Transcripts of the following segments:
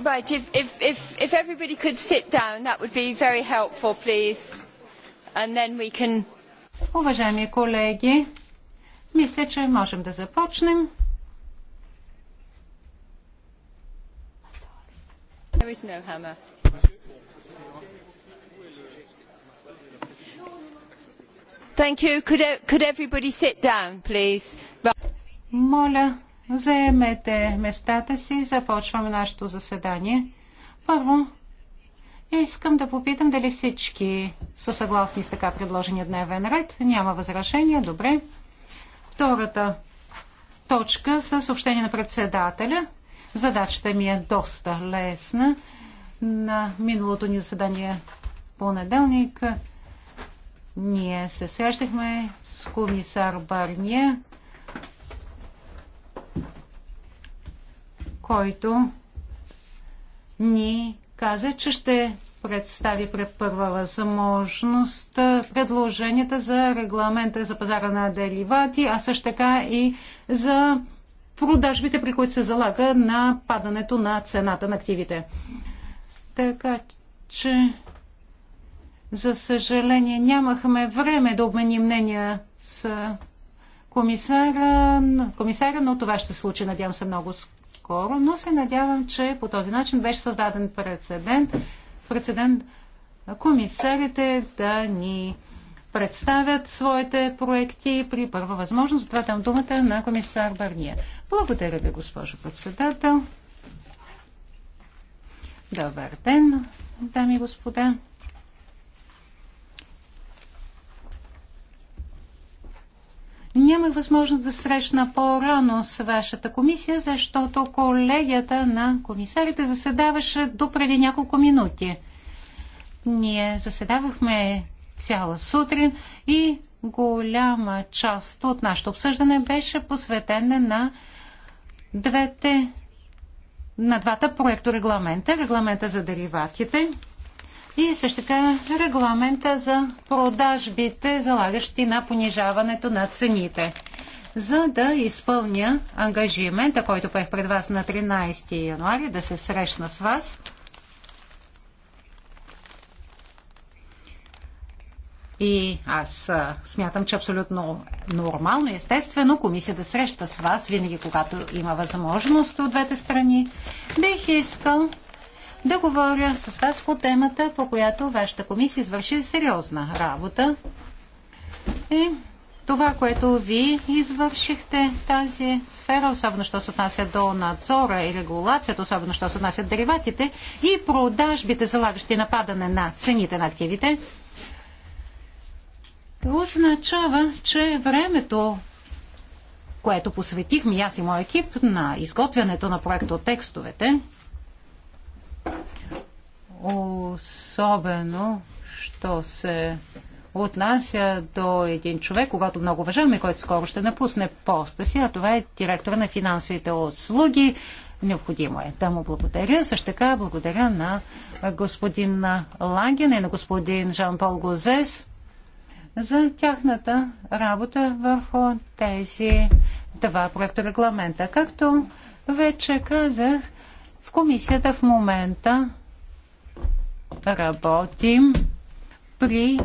Right, if, if, if, if everybody could sit down, that would be very helpful, please. And then we can... Уважаеми колеги, мисля, че можем да започнем. There is no hammer. Thank you. Could, could everybody sit down, please? Моля, Заемете местата си и започваме нашето заседание. Първо, искам да попитам дали всички са съгласни с така предложения дневен ред. Няма възражения. Добре. Втората точка са съобщение на председателя. Задачата ми е доста лесна. На миналото ни заседание понеделник ние се срещахме с комисар Барния който ни каза, че ще представи пред първа възможност предложенията за регламента за пазара на деривати, а също така и за продажбите, при които се залага на падането на цената на активите. Така че, за съжаление, нямахме време да обменим мнения с комисара, комисара, но това ще се случи, надявам се, много по-скоро, но се надявам, че по този начин беше създаден прецедент, прецедент комисарите да ни представят своите проекти при първа възможност. Затова дам думата на комисар Барния. Благодаря ви, госпожо председател. Добър ден, дами и господа. Нямах възможност да срещна по-рано с вашата комисия, защото колегията на комисарите заседаваше до преди няколко минути. Ние заседавахме цяла сутрин и голяма част от нашето обсъждане беше посветена на двете на двата проекта регламента за дериватите и също така регламента за продажбите, залагащи на понижаването на цените. За да изпълня ангажимента, който поех пред вас на 13 януаря, да се срещна с вас, И аз смятам, че абсолютно нормално и естествено комисия да среща с вас винаги, когато има възможност от двете страни. Бих искал да говоря с вас по темата, по която вашата комисия извърши сериозна работа. И това, което ви извършихте в тази сфера, особено що се отнася до надзора и регулацията, особено що се отнася до дериватите и продажбите, залагащи нападане на цените на активите, означава, че времето, което посветихме аз и моят екип на изготвянето на проекта от текстовете, особено, що се отнася до един човек, когато много уважаваме, който скоро ще напусне поста си, а това е директор на финансовите услуги. Необходимо е да му благодаря. Също така благодаря на господин Ланген и на господин Жан-Пол Гозес за тяхната работа върху тези два проекта регламента. Както вече казах, в комисията в момента работим при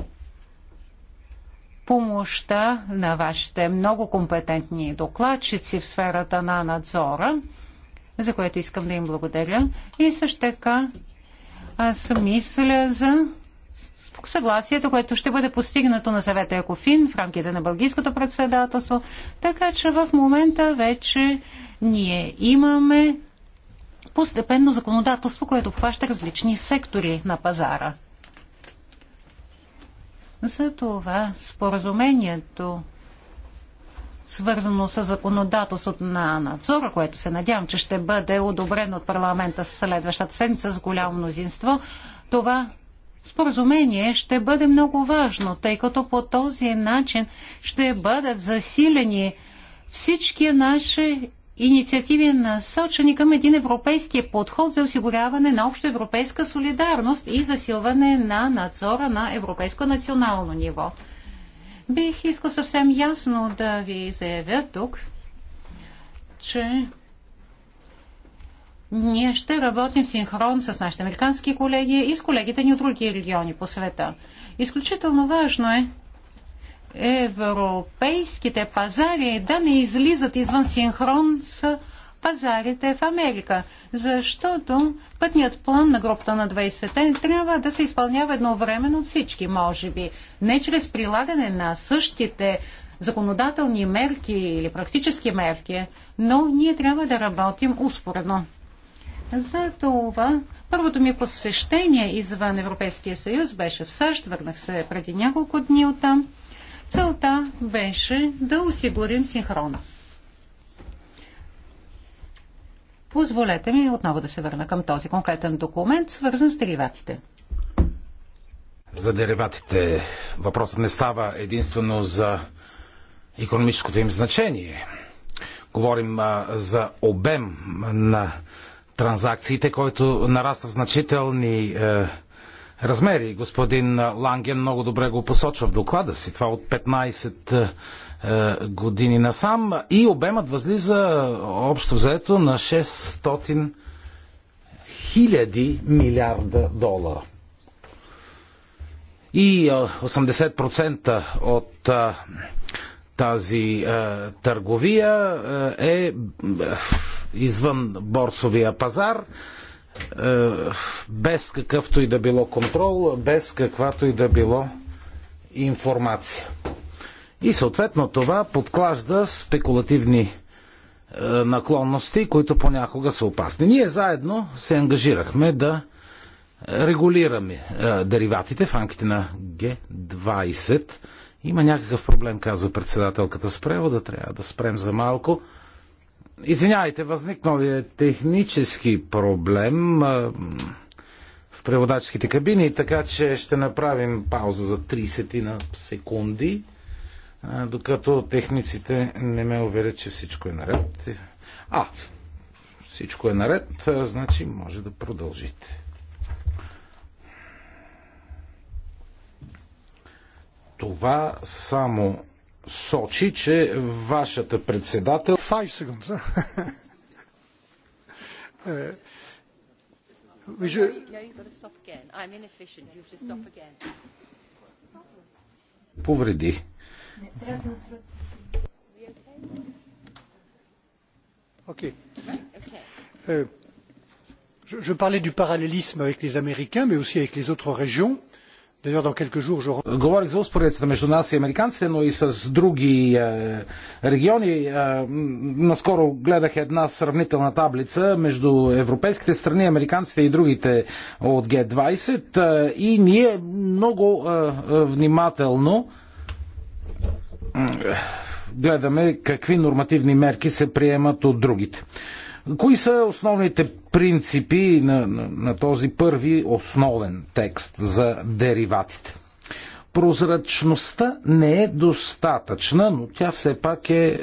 помощта на вашите много компетентни докладчици в сферата на надзора, за което искам да им благодаря. И също така аз мисля за съгласието, което ще бъде постигнато на съвета Екофин в рамките на Бългийското председателство. Така че в момента вече ние имаме постепенно законодателство, което обхваща различни сектори на пазара. Затова споразумението, свързано с законодателството на надзора, което се надявам, че ще бъде одобрено от парламента следващата седмица с голямо мнозинство, това споразумение ще бъде много важно, тъй като по този начин ще бъдат засилени всички наши инициативи насочени към един европейски подход за осигуряване на общо европейска солидарност и засилване на надзора на европейско национално ниво. Бих искал съвсем ясно да ви заявя тук, че ние ще работим синхрон с нашите американски колеги и с колегите ни от други региони по света. Изключително важно е европейските пазари да не излизат извън синхрон с пазарите в Америка, защото пътният план на групата на 20-те трябва да се изпълнява едновременно от всички, може би. Не чрез прилагане на същите законодателни мерки или практически мерки, но ние трябва да работим успоредно. За това първото ми посещение извън Европейския съюз беше в САЩ, върнах се преди няколко дни оттам. Целта беше да осигурим синхрона. Позволете ми отново да се върна към този конкретен документ, свързан с дериватите. За дериватите въпросът не става единствено за економическото им значение. Говорим а, за обем на транзакциите, който нараства в значителни А, е, размери. Господин Ланген много добре го посочва в доклада си. Това от 15 е, е, години насам и обемът възлиза общо взето на 600 хиляди милиарда долара. И 80% е, от тази търговия е извън борсовия пазар. Е, без какъвто и да било контрол, без каквато и да било информация. И съответно това подклажда спекулативни е, наклонности, които понякога са опасни. Ние заедно се ангажирахме да регулираме е, дериватите в рамките на Г20. Има някакъв проблем, казва председателката с превода, трябва да спрем за малко. Извинявайте, възникнал е технически проблем в преводаческите кабини, така че ще направим пауза за 30 на секунди, докато техниците не ме уверят, че всичко е наред. А, всичко е наред, значи може да продължите. Това само сочи, че вашата председател... 5 секунди. Повреди. Okay. Je parlais du parallélisme avec les Américains, mais aussi avec les autres régions Говорих за успоредицата между нас и американците, но и с други е, региони. Е, наскоро гледах една сравнителна таблица между европейските страни, американците и другите от Г20. Е, и ние много е, внимателно гледаме какви нормативни мерки се приемат от другите. Кои са основните принципи на, на, на този първи основен текст за дериватите? Прозрачността не е достатъчна, но тя все пак е, е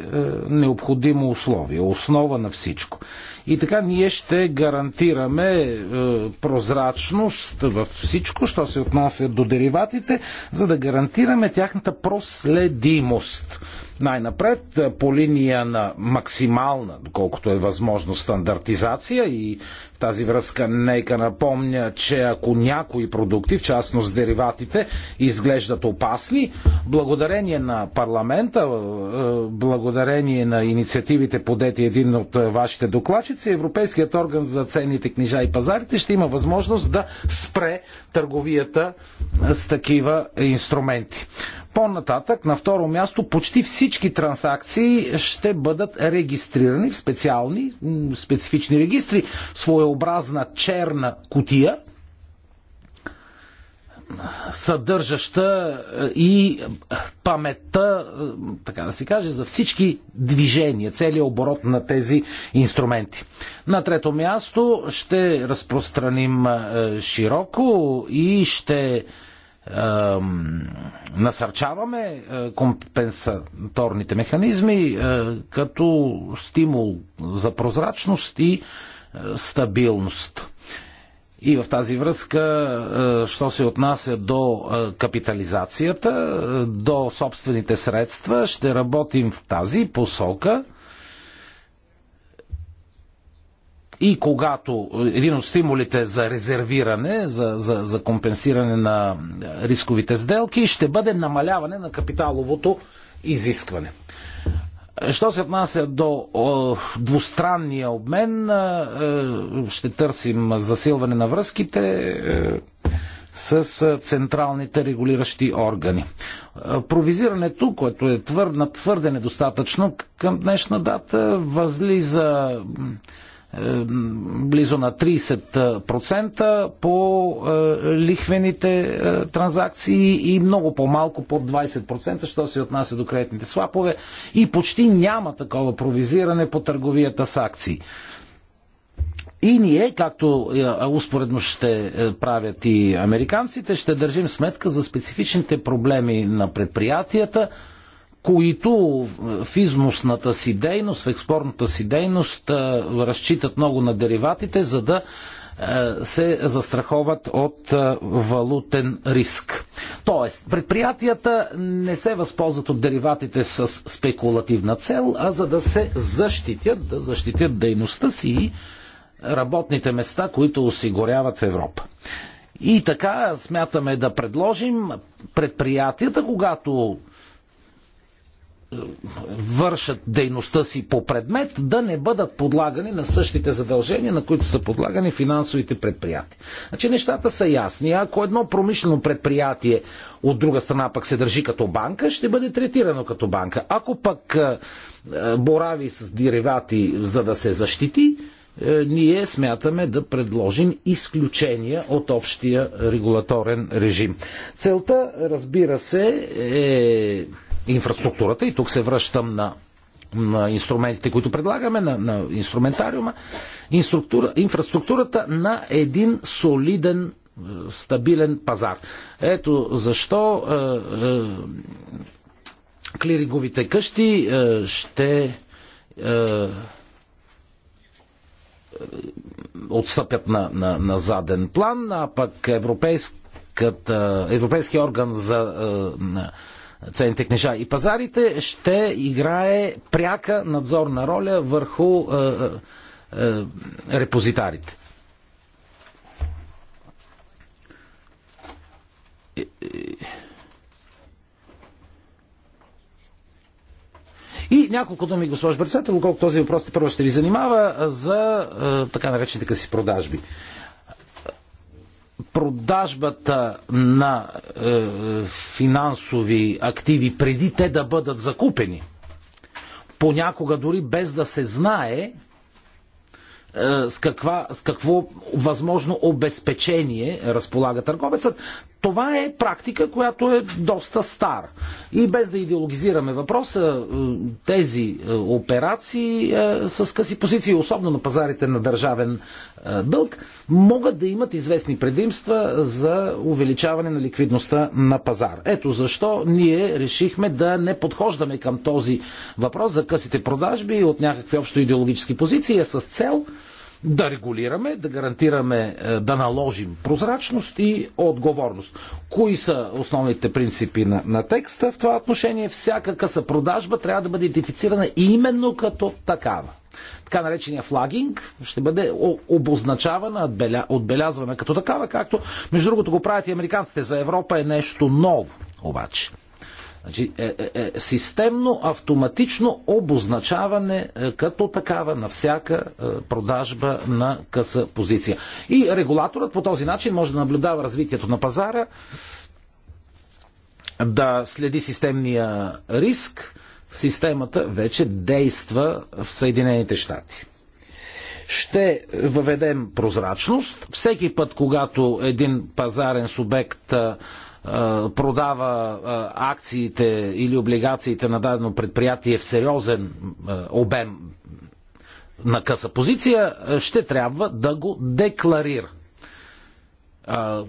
необходимо условие, основа на всичко. И така ние ще гарантираме е, прозрачност във всичко, що се отнася до дериватите, за да гарантираме тяхната проследимост. Най-напред по линия на максимална, доколкото е възможно, стандартизация и в тази връзка нека напомня, че ако някои продукти, в частност дериватите, изглеждат опасни, благодарение на парламента, е, благодарение на инициативите подети един от е, вашите докладчици, Европейският орган за ценните книжа и пазарите ще има възможност да спре търговията е, с такива инструменти. По-нататък, на второ място, почти всички транзакции ще бъдат регистрирани в специални, специфични регистри. Своя своеобразна черна кутия, съдържаща е, и паметта, е, така да се каже, за всички движения, целият оборот на тези инструменти. На трето място ще разпространим е, широко и ще насърчаваме компенсаторните механизми като стимул за прозрачност и стабилност. И в тази връзка, е, що се отнася до е, капитализацията, е, до собствените средства, ще работим в тази посока. И когато един от стимулите за резервиране, за, за, за компенсиране на рисковите сделки, ще бъде намаляване на капиталовото изискване. Що се отнася до двустранния обмен, е, ще търсим засилване на връзките е, с централните регулиращи органи. Провизирането, което е твърд, твърде недостатъчно към днешна дата, възлиза близо на 30% по е, лихвените е, транзакции и много по-малко под 20%, що се отнася до кредитните слапове и почти няма такова провизиране по търговията с акции. И ние, както е, успоредно ще правят и американците, ще държим сметка за специфичните проблеми на предприятията – които в износната си дейност, в експортната си дейност разчитат много на дериватите, за да се застраховат от валутен риск. Тоест, предприятията не се възползват от дериватите с спекулативна цел, а за да се защитят, да защитят дейността си и работните места, които осигуряват в Европа. И така смятаме да предложим предприятията, когато вършат дейността си по предмет, да не бъдат подлагани на същите задължения, на които са подлагани финансовите предприятия. Значи нещата са ясни. Ако едно промишлено предприятие от друга страна пък се държи като банка, ще бъде третирано като банка. Ако пък е, е, борави с деривати, за да се защити, е, ние смятаме да предложим изключения от общия регулаторен режим. Целта, разбира се, е инфраструктурата, и тук се връщам на, на инструментите, които предлагаме, на, на инструментариума, инфраструктурата на един солиден е, стабилен пазар. Ето защо е, е, клириговите къщи е, ще е, е отстъпят на, на, на заден план, а пък европейският европейския орган за е, ценните книжа и пазарите ще играе пряка надзорна роля върху е, е, е репозитарите. И няколко думи, госпожо председател, колко този въпрос те първо ще ви занимава за е, така наречените къси продажби продажбата на е, финансови активи преди те да бъдат закупени, понякога дори без да се знае е, с, каква, с какво възможно обезпечение разполага търговецът, това е практика, която е доста стар. И без да идеологизираме въпроса, е, тези е, операции е, с къси позиции, особено на пазарите на държавен е, дълг, могат да имат известни предимства за увеличаване на ликвидността на пазара. Ето защо ние решихме да не подхождаме към този въпрос за късите продажби от някакви общо идеологически позиции, а с цел да регулираме, да гарантираме, е, да наложим прозрачност и отговорност. Кои са основните принципи на, на текста в това отношение? Всяка къса продажба трябва да бъде идентифицирана именно като такава. Така наречения флагинг ще бъде обозначавана, отбелязвана като такава, както между другото го правят и американците. За Европа е нещо ново, обаче. Значи, е, е, е, системно, автоматично обозначаване е, като такава на всяка е, продажба на къса позиция. И регулаторът по този начин може да наблюдава развитието на пазара, да следи системния риск. Системата вече действа в Съединените щати ще въведем прозрачност. Всеки път, когато един пазарен субект е, продава акциите или облигациите на дадено предприятие в сериозен обем на къса позиция, ще трябва да го декларира.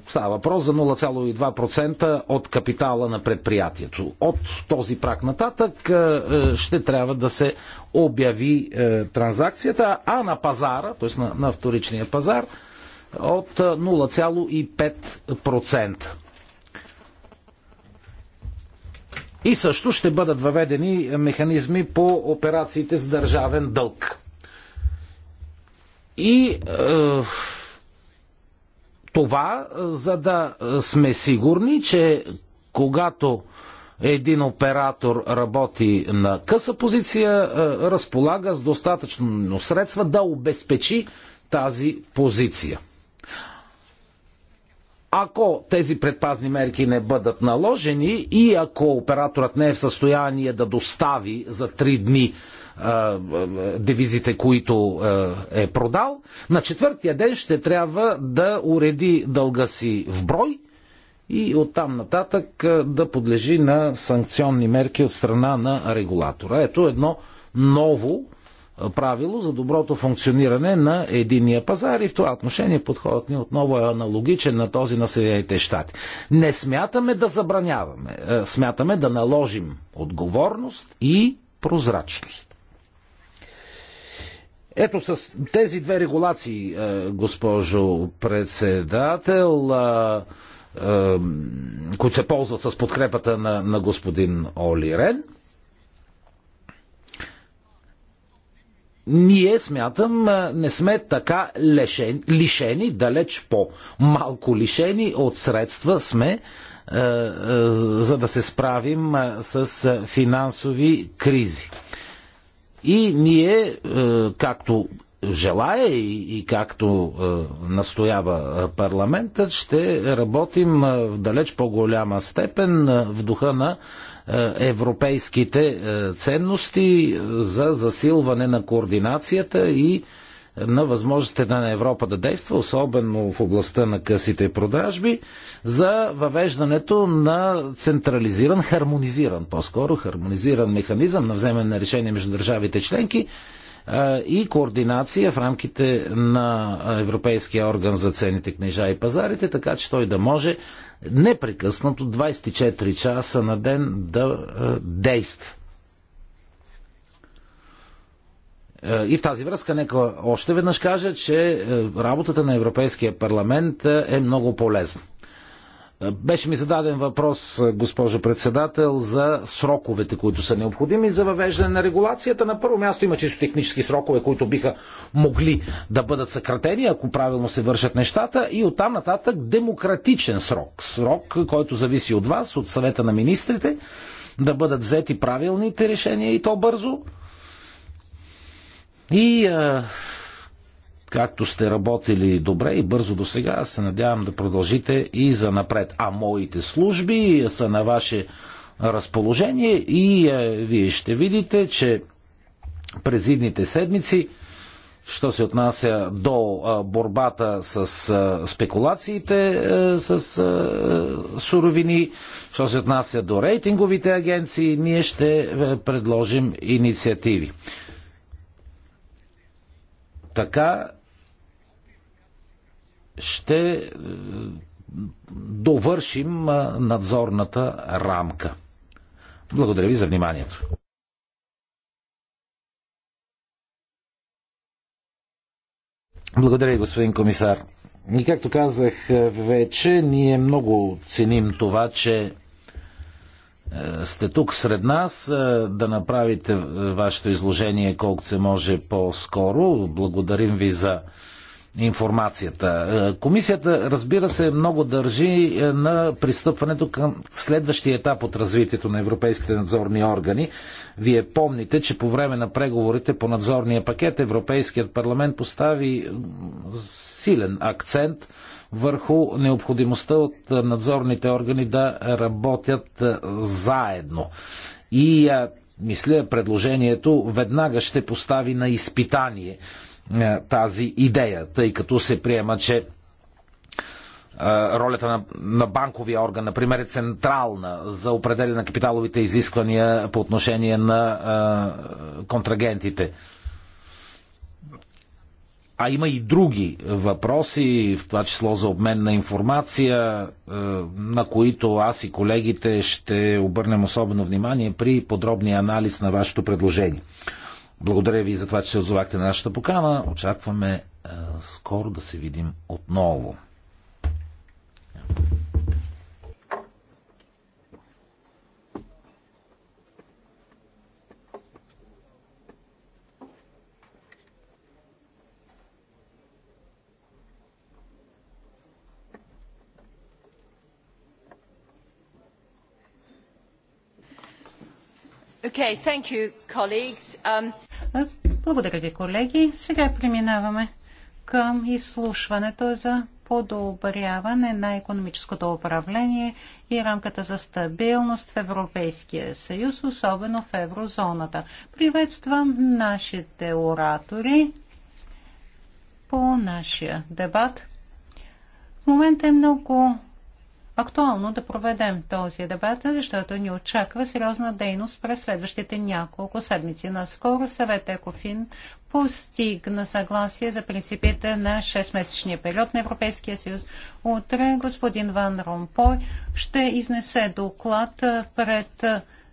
Става въпрос за 0,2% от капитала на предприятието. От този прак нататък ще трябва да се обяви транзакцията, а на пазара, т.е. на вторичния пазар, от 0,5%. И също ще бъдат въведени механизми по операциите с държавен дълг. И е, това, за да сме сигурни, че когато един оператор работи на къса позиция, е, разполага с достатъчно средства да обезпечи тази позиция. Ако тези предпазни мерки не бъдат наложени и ако операторът не е в състояние да достави за три дни е, е, девизите, които е, е продал, на четвъртия ден ще трябва да уреди дълга си в брой и оттам нататък да подлежи на санкционни мерки от страна на регулатора. Ето едно ново правило за доброто функциониране на единия пазар и в това отношение подходът ни отново е аналогичен на този на Съединените щати. Не смятаме да забраняваме, е, смятаме да наложим отговорност и прозрачност. Ето с тези две регулации, е, госпожо председател, е, които се ползват с подкрепата на, на господин Оли Рен – ние, смятам, не сме така лишени, лишени далеч по-малко лишени от средства сме, за да се справим с финансови кризи. И ние, както желая и, както настоява парламентът, ще работим в далеч по-голяма степен в духа на е, европейските е, ценности е, за засилване на координацията и на възможностите на Европа да действа, особено в областта на късите продажби, за въвеждането на централизиран, хармонизиран, по-скоро хармонизиран механизъм на вземане на решение между държавите членки и координация в рамките на Европейския орган за цените, книжа и пазарите, така че той да може непрекъснато 24 часа на ден да е, действа. Е, и в тази връзка нека още веднъж кажа, че е, работата на Европейския парламент е много полезна. Беше ми зададен въпрос, госпожо председател, за сроковете, които са необходими за въвеждане на регулацията. На първо място има чисто технически срокове, които биха могли да бъдат съкратени, ако правилно се вършат нещата. И оттам нататък демократичен срок. Срок, който зависи от вас, от съвета на министрите, да бъдат взети правилните решения и то бързо. И а, както сте работили добре и бързо до сега, се надявам да продължите и за напред. А моите служби са на ваше разположение и е, вие ще видите, че през идните седмици, що се отнася до е, борбата с е, спекулациите е, с е, суровини, що се отнася до рейтинговите агенции, ние ще е, предложим инициативи. Така ще е, довършим е, надзорната рамка. Благодаря ви за вниманието. Благодаря, господин комисар. И както казах е, вече, ние много ценим това, че сте тук сред нас да направите вашето изложение колкото се може по-скоро. Благодарим ви за информацията. Е, комисията, разбира се, много държи е, на пристъпването към следващия етап от развитието на европейските надзорни органи. Вие помните, че по време на преговорите по надзорния пакет Европейският парламент постави силен акцент върху необходимостта от е, надзорните органи да работят заедно. И мисля, предложението веднага ще постави на изпитание е, тази идея, тъй като се приема, че е, ролята на, на банковия орган, например, е централна за определяне на капиталовите изисквания по отношение на а, е, контрагентите. А има и други въпроси, в това число за обмен на информация, на които аз и колегите ще обърнем особено внимание при подробния анализ на вашето предложение. Благодаря ви за това, че се озовахте на нашата покана. Очакваме скоро да се видим отново. Um, благодаря ви, колеги. Сега преминаваме към изслушването за подобряване на економическото управление и рамката за стабилност в Европейския съюз, особено в еврозоната. Приветствам нашите оратори по нашия дебат. В момента е много актуално да проведем този дебат, защото ни очаква сериозна дейност през следващите няколко седмици. Наскоро съвет Екофин постигна съгласие за принципите на 6-месечния период на Европейския съюз. Утре господин Ван Ромпой ще изнесе доклад пред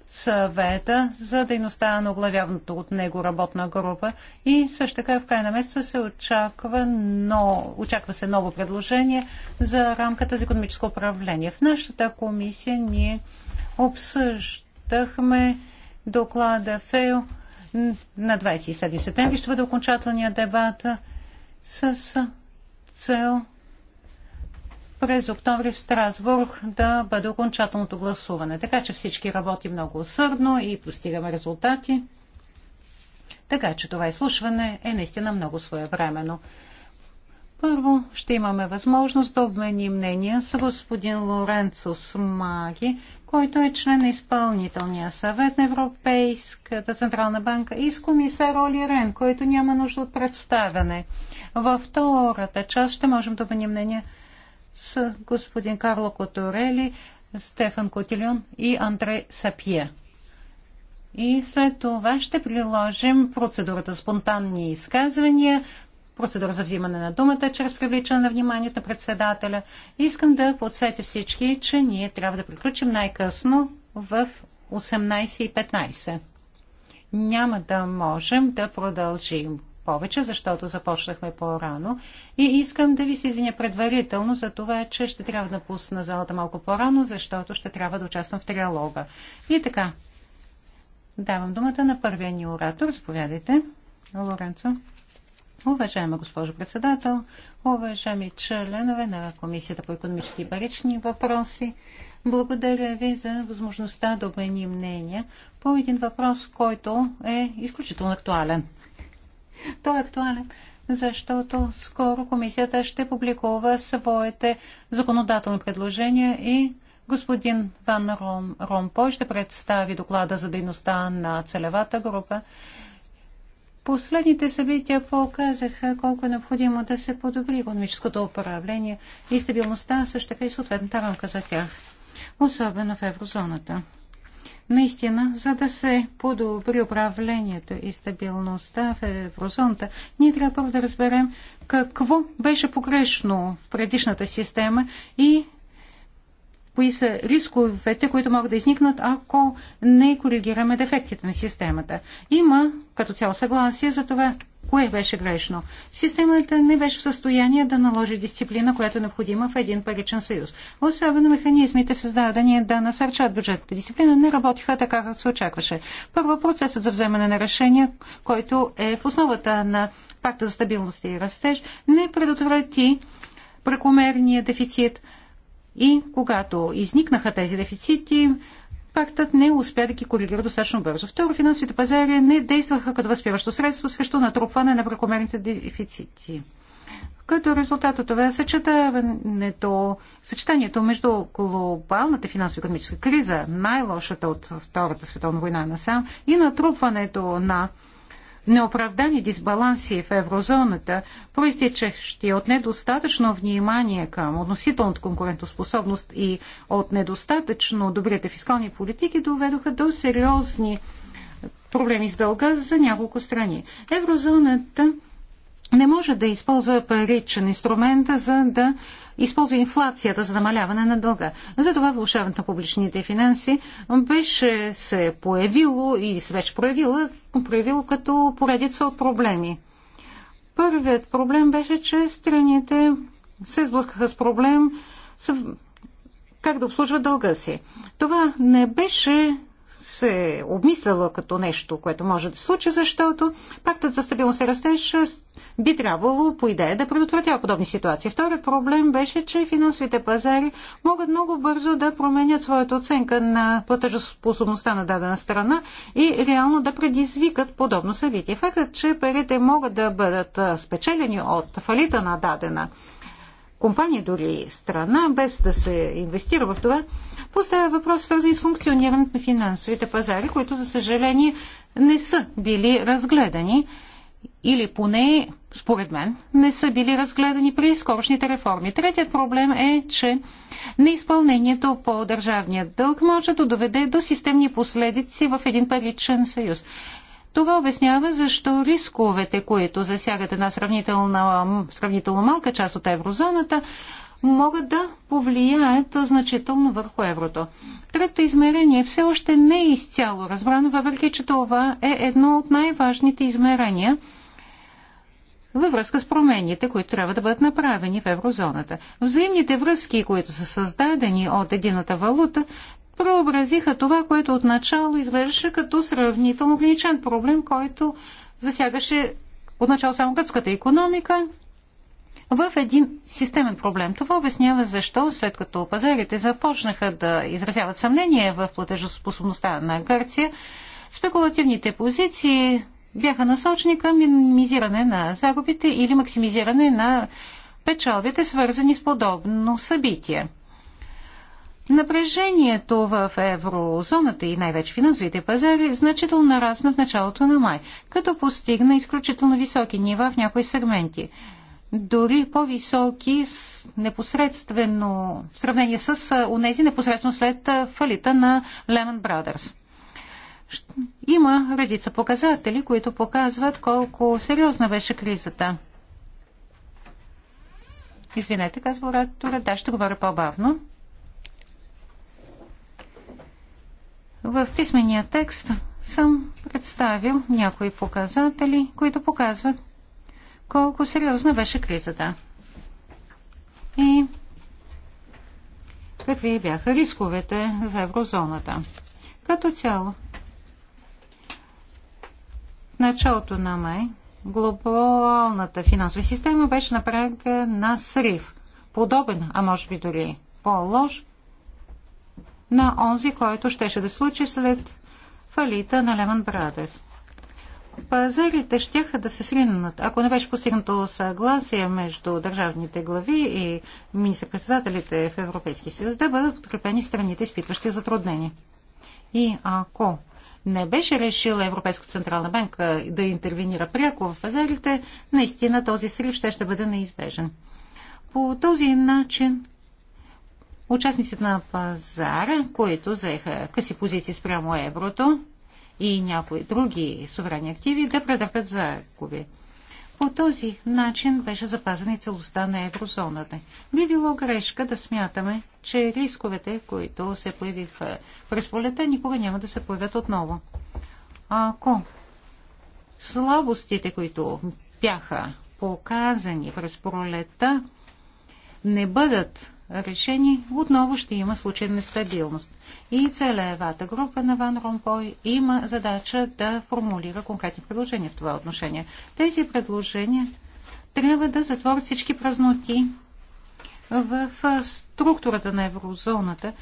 съвета за дейността на оглавяваното от него работна група и също така в края на месеца се очаква, но, очаква се ново предложение за рамката за економическо управление. В нашата комисия ние обсъждахме доклада ФЕО на 27 септември ще бъде окончателният дебат с цел през октомври в Страсбург да бъде окончателното гласуване. Така че всички работи много усърдно и постигаме резултати. Така че това изслушване е наистина много своевременно. Първо ще имаме възможност да обменим мнение с господин Лоренцо Маги, който е член на изпълнителния съвет на Европейската Централна банка и с комисар Оли Рен, който няма нужда от представяне. Във втората част ще можем да обменим мнение с господин Карло Которели, Стефан Котилион и Андре Сапие. И след това ще приложим процедурата спонтанни изказвания, процедура за взимане на думата чрез привличане на вниманието на председателя. Искам да подсетя всички, че ние трябва да приключим най-късно в 18.15. Няма да можем да продължим повече, защото започнахме по-рано. И искам да ви се извиня предварително за това, че ще трябва да пусна залата малко по-рано, защото ще трябва да участвам в триалога. И така, давам думата на първия ни оратор. Заповядайте, Лоренцо. Уважаема госпожо председател, уважаеми членове на Комисията по економически и парични въпроси, благодаря ви за възможността да обменим мнения по един въпрос, който е изключително актуален – той е актуален, защото скоро комисията ще публикува своите законодателни предложения и господин Ван Ром, Ромпой ще представи доклада за дейността на целевата група. Последните събития показаха колко е необходимо да се подобри економическото управление и стабилността, също така и съответната рамка за тях, особено в еврозоната. Наистина, за да се подобри управлението и стабилността в еврозоната, ние трябва да разберем какво беше погрешно в предишната система и кои са рисковете, които могат да изникнат, ако не коригираме дефектите на системата. Има като цяло съгласие за това, кое беше грешно. Системата не беше в състояние да наложи дисциплина, която е необходима в един паричен съюз. Особено механизмите, създадени да насърчат бюджетната дисциплина, не работиха така, както се очакваше. Първо, процесът за вземане на решения, който е в основата на пакта за стабилност и растеж, не предотврати прекомерния дефицит. И когато изникнаха тези дефицити, пактът не успя да ги коригира достатъчно бързо. Второ, финансовите пазари не действаха като възпиращо средство срещу натрупване на прекомерните дефицити. Като резултат от това съчетаването, съчетанието между глобалната финансово-економическа криза, най-лошата от Втората световна война насам, и натрупването на неоправдани дисбаланси в еврозоната, проистичащи от недостатъчно внимание към относителната конкурентоспособност и от недостатъчно добрите фискални политики, доведоха до сериозни проблеми с дълга за няколко страни. Еврозоната не може да използва паричен инструмент, за да използва инфлацията за намаляване на дълга. Затова влушаването на публичните финанси беше се появило и се беше проявила проявило като поредица от проблеми. Първият проблем беше, че страните се сблъскаха с проблем с как да обслужват дълга си. Това не беше се обмисляла като нещо, което може да се случи, защото пактът за стабилност и растеж би трябвало по идея да предотвратява подобни ситуации. Вторият проблем беше, че финансовите пазари могат много бързо да променят своята оценка на платежоспособността на дадена страна и реално да предизвикат подобно събитие. Фактът, че парите могат да бъдат спечелени от фалита на дадена компания, дори страна, без да се инвестира в това, поставя въпрос свързан с функционирането на финансовите пазари, които, за съжаление, не са били разгледани или поне, според мен, не са били разгледани при скорошните реформи. Третият проблем е, че неизпълнението по държавния дълг може да доведе до системни последици в един паричен съюз. Това обяснява защо рисковете, които засягат една сравнително, сравнително малка част от еврозоната, могат да повлияят значително върху еврото. Трето измерение все още не е изцяло разбрано, въпреки че това е едно от най-важните измерения във връзка с промените, които трябва да бъдат направени в еврозоната. Взаимните връзки, които са създадени от едината валута, преобразиха това, което отначало изглеждаше като сравнително ограничен проблем, който засягаше отначало само гръцката економика в един системен проблем. Това обяснява защо, след като пазарите започнаха да изразяват съмнение в платежоспособността на Гърция, спекулативните позиции бяха насочени към минимизиране на загубите или максимизиране на печалбите, свързани с подобно събитие. Напрежението в еврозоната и най-вече финансовите пазари значително нарасна в началото на май, като постигна изключително високи нива в някои сегменти. Дори по-високи непосредствено в сравнение с унези, непосредствено след фалита на Lehman Brothers. Има редица показатели, които показват колко сериозна беше кризата. Извинете, казва оратора. Да, ще говоря по-бавно. В писмения текст съм представил някои показатели, които показват колко сериозна беше кризата и какви бяха рисковете за еврозоната. Като цяло, в началото на май глобалната финансова система беше на прага на срив, подобен, а може би дори по-лош на онзи, който щеше да случи след фалита на Леман Брадес. Пазарите щеха да се сринат, ако не беше постигнато съгласие между държавните глави и министър-председателите в Европейския съюз, да бъдат подкрепени страните, изпитващи затруднения. И ако не беше решила Европейска централна банка да интервенира пряко в пазарите, наистина този срив ще, ще бъде неизбежен. По този начин Участниците на пазара, които заеха къси позиции спрямо еврото и някои други суверени активи, да претърпят загуби. По този начин беше запазена и целостта на еврозоната. Би било грешка да смятаме, че рисковете, които се появиха през полета, никога няма да се появят отново. Ако слабостите, които бяха показани през пролета, не бъдат решени, отново ще има случай на нестабилност. И целевата група на Ван Ромпой има задача да формулира конкретни предложения в това отношение. Тези предложения трябва да затворят всички празноти в структурата на еврозоната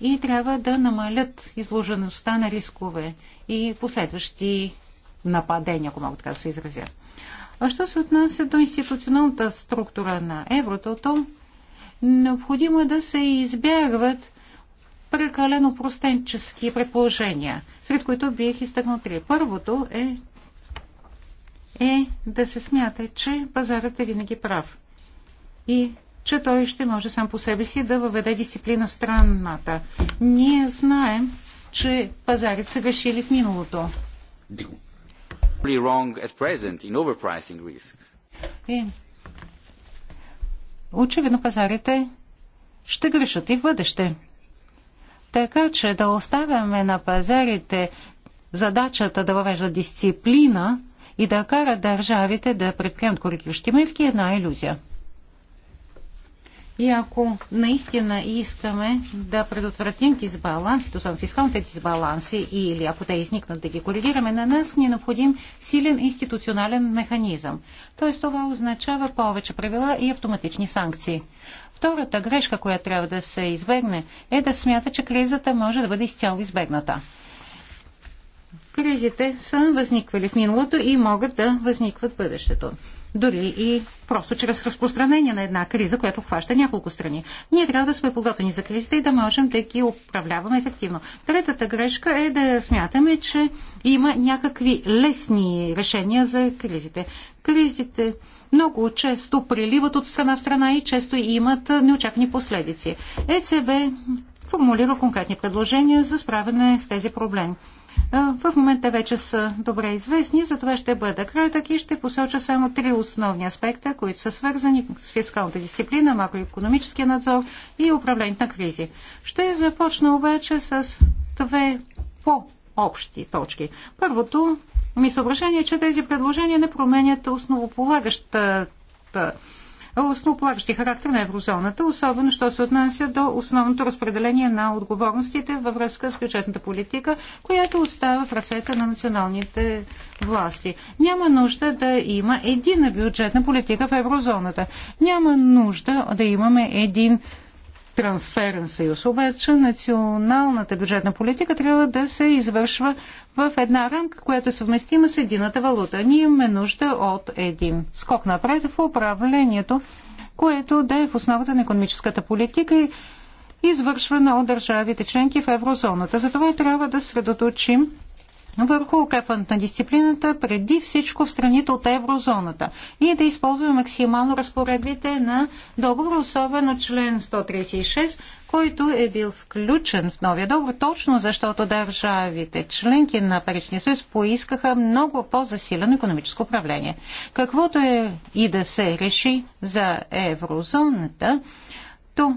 и трябва да намалят изложеността на рискове и последващи нападения, ако мога така да се изразя. А що се отнася до институционалната структура на еврото, то Необходимо е да се избягват прекалено простенчески предположения, сред които бих изтъкнал три. Първото е, е да се смята, че пазарът е винаги прав и че той ще може сам по себе си да въведе дисциплина в страната. Ние знаем, че пазарите са грешили в миналото. И очевидно пазарите ще грешат и в бъдеще. Така че да оставяме на пазарите задачата да въвежда дисциплина и да кара държавите да предприемат коригиращи мерки е една иллюзия. И ако наистина искаме да предотвратим то особено фискалните дисбаланси, или ако те изникнат да ги коригираме, на нас ни е необходим силен институционален механизъм. Тоест това означава повече правила и автоматични санкции. Втората грешка, която трябва да се избегне, е да смята, че кризата може да бъде изцяло избегната. Кризите са възниквали в миналото и могат да възникват в бъдещето дори и просто чрез разпространение на една криза, която хваща няколко страни. Ние трябва да сме подготвени за кризите и да можем да ги управляваме ефективно. Третата грешка е да смятаме, че има някакви лесни решения за кризите. Кризите много често приливат от страна в страна и често имат неочаквани последици. ЕЦБ формулира конкретни предложения за справяне с тези проблеми. В момента вече са добре известни, затова ще бъда кратък и ще посоча само три основни аспекта, които са свързани с фискалната дисциплина, макроекономическия надзор и управлението на кризи. Ще започна обаче с две по-общи точки. Първото ми съображение е, че тези предложения не променят основополагащата основополагащи характер на еврозоната, особено що се отнася до основното разпределение на отговорностите във връзка с бюджетната политика, която остава в ръцете на националните власти. Няма нужда да има единна бюджетна политика в еврозоната. Няма нужда да имаме един трансферен съюз. Обаче националната бюджетна политика трябва да се извършва в една рамка, която е съвместима с едината валута. Ние имаме нужда от един скок напред в управлението, което да е в основата на економическата политика и извършвана от държавите членки в еврозоната. Затова и трябва да средоточим върху укрепването на дисциплината преди всичко в страните от еврозоната и да използваме максимално разпоредбите на договор, особено член 136, който е бил включен в новия договор, точно защото държавите, членки на Паричния съюз, поискаха много по-засилено економическо управление. Каквото е и да се реши за еврозоната, то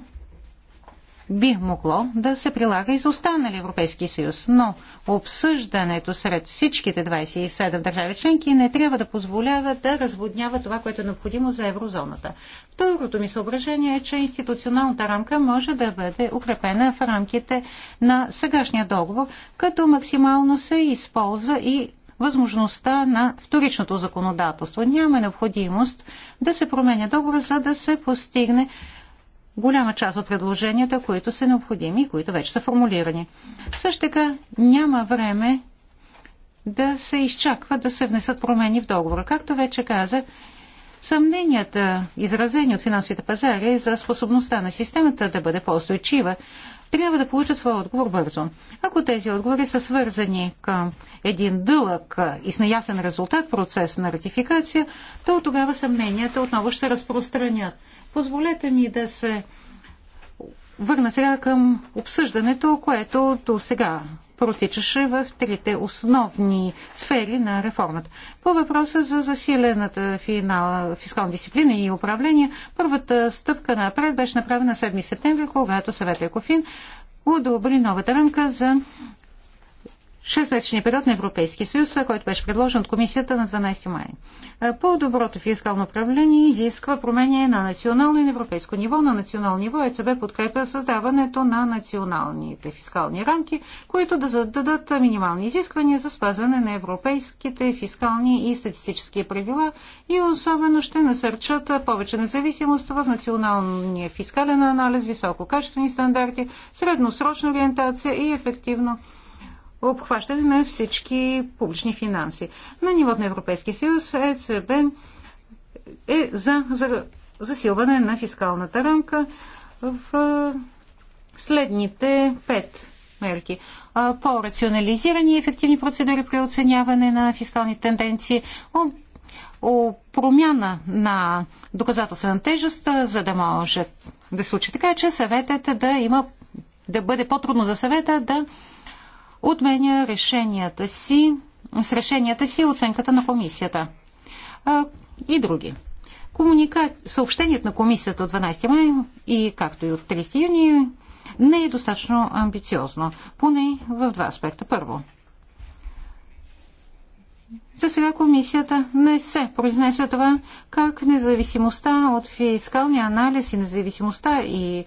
би могло да се прилага и за останали Европейски съюз. Но обсъждането сред всичките 27 държави членки не трябва да позволява да разводнява това, което е необходимо за еврозоната. Второто ми съображение е, че институционалната рамка може да бъде укрепена в рамките на сегашния договор, като максимално се използва и възможността на вторичното законодателство. Няма необходимост да се променя договор, за да се постигне голяма част от предложенията, които са необходими и които вече са формулирани. Също така няма време да се изчаква да се внесат промени в договора. Както вече каза, съмненията, изразени от финансовите пазари за способността на системата да бъде по-устойчива, трябва да получат своя отговор бързо. Ако тези отговори са свързани към един дълъг и с неясен резултат процес на ратификация, то тогава съмненията отново ще се разпространят. Позволете ми да се върна сега към обсъждането, което до сега протичаше в трите основни сфери на реформата. По въпроса за засилената финал, фискална дисциплина и управление, първата стъпка напред беше направена 7 септември, когато съвет Екофин одобри новата рамка за 6-месечния период на Европейския съюз, който беше предложен от комисията на 12 май. По-доброто фискално управление изисква промени на национално и на европейско ниво. На национално ниво ЕЦБ подкрепя създаването на националните фискални рамки, които да зададат минимални изисквания за спазване на европейските фискални и статистически правила и особено ще насърчат повече независимост в националния фискален анализ, висококачествени стандарти, средносрочна ориентация и ефективно обхващане на всички публични финанси. На нивото на Европейския съюз ЕЦБ е за, за засилване на фискалната рамка в следните пет мерки. По-рационализирани и ефективни процедури при оценяване на фискални тенденции, о промяна на доказателствена тежест, за да може да случи така, че съветът да има да бъде по-трудно за съвета да отменя решенията си, с решенията си оценката на комисията а, и други. Комуника... Съобщението на комисията от 12 май и както и от 30 юни не е достатъчно амбициозно, поне в два аспекта. Първо, за сега комисията не се произнесе това как независимостта от фискалния анализ и независимостта и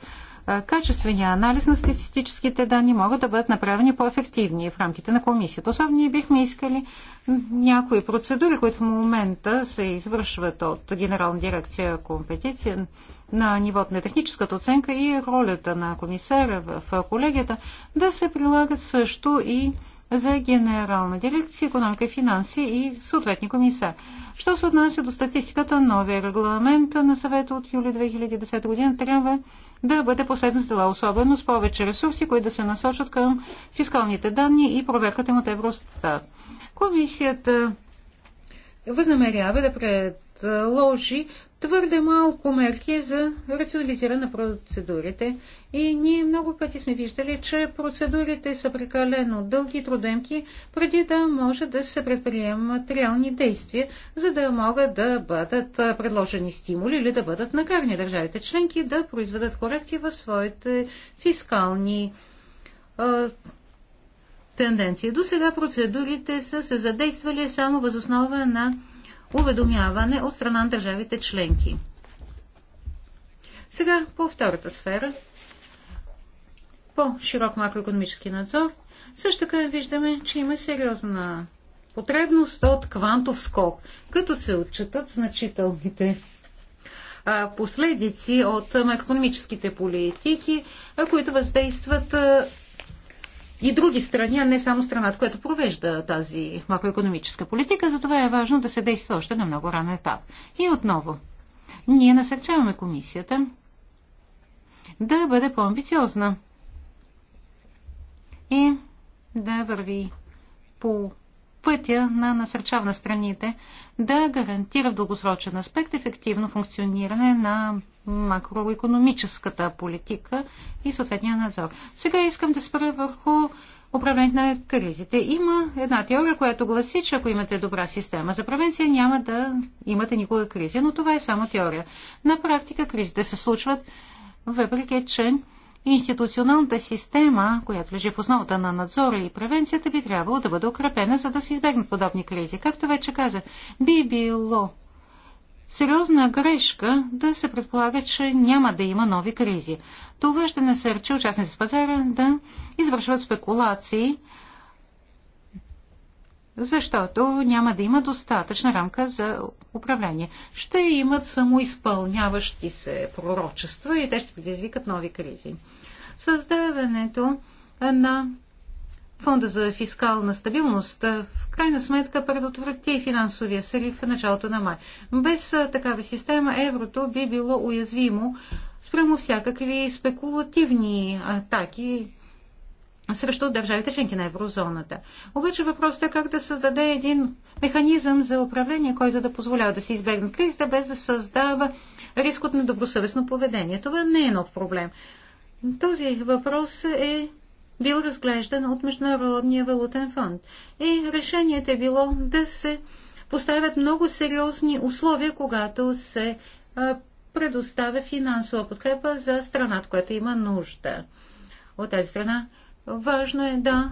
качествения анализ на статистическите данни могат да бъдат направени по-ефективни в рамките на комисията. Особено ние бихме искали някои процедури, които в момента се извършват от Генерална дирекция компетиция на нивото на техническата оценка и ролята на комисара в колегията, да се прилагат също и за Генерална дирекция економика и финанси и съответни комисар. Що се отнася до статистиката, новия регламент на съвета от юли 2010 година трябва да бъде последна с дела, особено с повече ресурси, които да се насочат към фискалните данни и проверката им от Евростат. Комисията възнамерява да предложи твърде малко мерки за рационализиране на процедурите. И ние много пъти сме виждали, че процедурите са прекалено дълги и трудемки, преди да може да се предприемат реални действия, за да могат да бъдат предложени стимули или да бъдат накарани държавите членки да произведат корекции в своите фискални тенденции. До сега процедурите са се задействали само възоснова на уведомяване от страна на държавите членки. Сега по втората сфера, по-широк макроекономически надзор, също така виждаме, че има сериозна потребност от квантов скок, като се отчитат значителните последици от макроекономическите политики, които въздействат и други страни, а не само страната, която провежда тази макроекономическа политика. Затова е важно да се действа още на много ранен етап. И отново, ние насърчаваме комисията да бъде по-амбициозна и да върви по пътя на насърчава на страните да гарантира в дългосрочен аспект ефективно функциониране на макроекономическата политика и съответния надзор. Сега искам да спра върху управлението на кризите. Има една теория, която гласи, че ако имате добра система за превенция, няма да имате никога кризи, но това е само теория. На практика кризите се случват, въпреки че институционалната система, която лежи в основата на надзора и превенцията, би трябвало да бъде укрепена, за да се избегнат подобни кризи. Както вече казах, би било сериозна грешка да се предполага, че няма да има нови кризи. Това ще насърчи участниците в пазара да извършват спекулации, защото няма да има достатъчна рамка за управление. Ще имат самоизпълняващи се пророчества и те ще предизвикат нови кризи. Създаването на Фонда за фискална стабилност в крайна сметка предотврати финансовия срив в началото на май. Без такава система еврото би било уязвимо спрямо всякакви спекулативни атаки срещу държавите членки на еврозоната. Обаче въпросът е как да създаде един механизъм за управление, който да позволява да се избегне кризата, без да създава риск от недобросъвестно поведение. Това не е нов проблем. Този въпрос е бил разглеждан от Международния валутен фонд. И решението е било да се поставят много сериозни условия, когато се предоставя финансова подкрепа за страната, която има нужда. От тази страна важно е да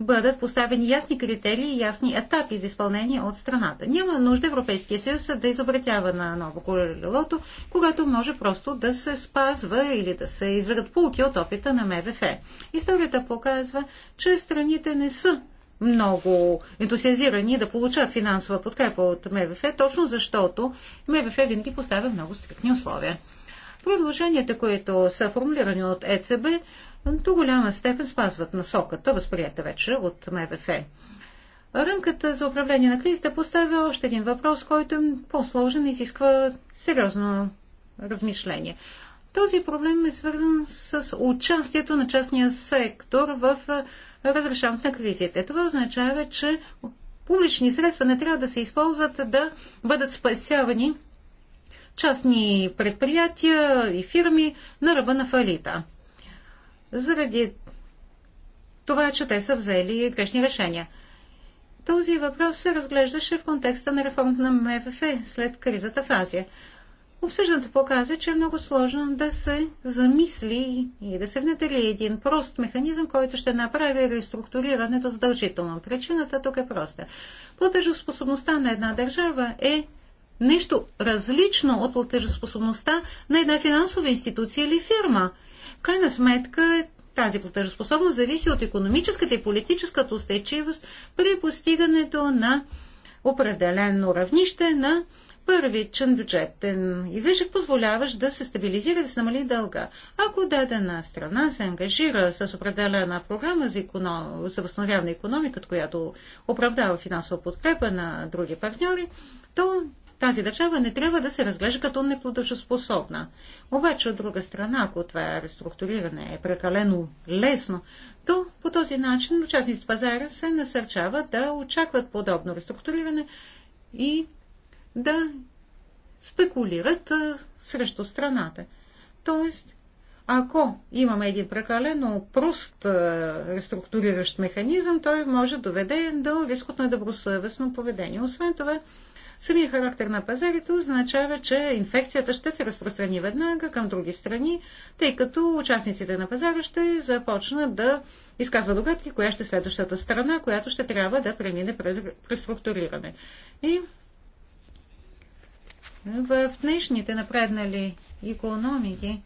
бъдат поставени ясни критерии и ясни етапи за изпълнение от страната. Няма нужда Европейския съюз да изобретява на ново колелото, когато може просто да се спазва или да се изведат полки от опита на МВФ. Историята показва, че страните не са много ентусиазирани да получат финансова подкрепа от МВФ, точно защото МВФ винаги поставя много стрикни условия. Предложенията, които са формулирани от ЕЦБ, до голяма степен спазват насоката, възприята вече от МВФ. Ръмката за управление на кризата поставя още един въпрос, който е по-сложен и изисква сериозно размишление. Този проблем е свързан с участието на частния сектор в разрешаването на кризите. Това означава, че публични средства не трябва да се използват да бъдат спасявани частни предприятия и фирми на ръба на фалита заради това, че те са взели грешни решения. Този въпрос се разглеждаше в контекста на реформата на МВФ след кризата в Азия. Обсъждането показа, че е много сложно да се замисли и да се внедри един прост механизъм, който ще направи реструктурирането задължително. Причината тук е проста. Платежоспособността на една държава е нещо различно от платежоспособността на една финансова институция или фирма – крайна сметка тази платежоспособност зависи от економическата и политическата устойчивост при постигането на определено равнище на първичен бюджетен излишък, позволяващ да се стабилизира и да се намали дълга. Ако дадена страна се ангажира с определена програма за, економ... за възстановяване на економиката, която оправдава финансова подкрепа на други партньори, то тази държава не трябва да се разглежда като неплодъжоспособна. Обаче, от друга страна, ако това реструктуриране е прекалено лесно, то по този начин участниците пазара се насърчават да очакват подобно реструктуриране и да спекулират срещу страната. Тоест, ако имаме един прекалено прост реструктуриращ механизъм, той може да доведе до риск от недобросъвестно поведение. Освен това, Самия характер на пазарите означава, че инфекцията ще се разпространи веднага към други страни, тъй като участниците на пазара ще започнат да изказват догадки, коя ще е следващата страна, която ще трябва да премине през преструктуриране. И в днешните напреднали економики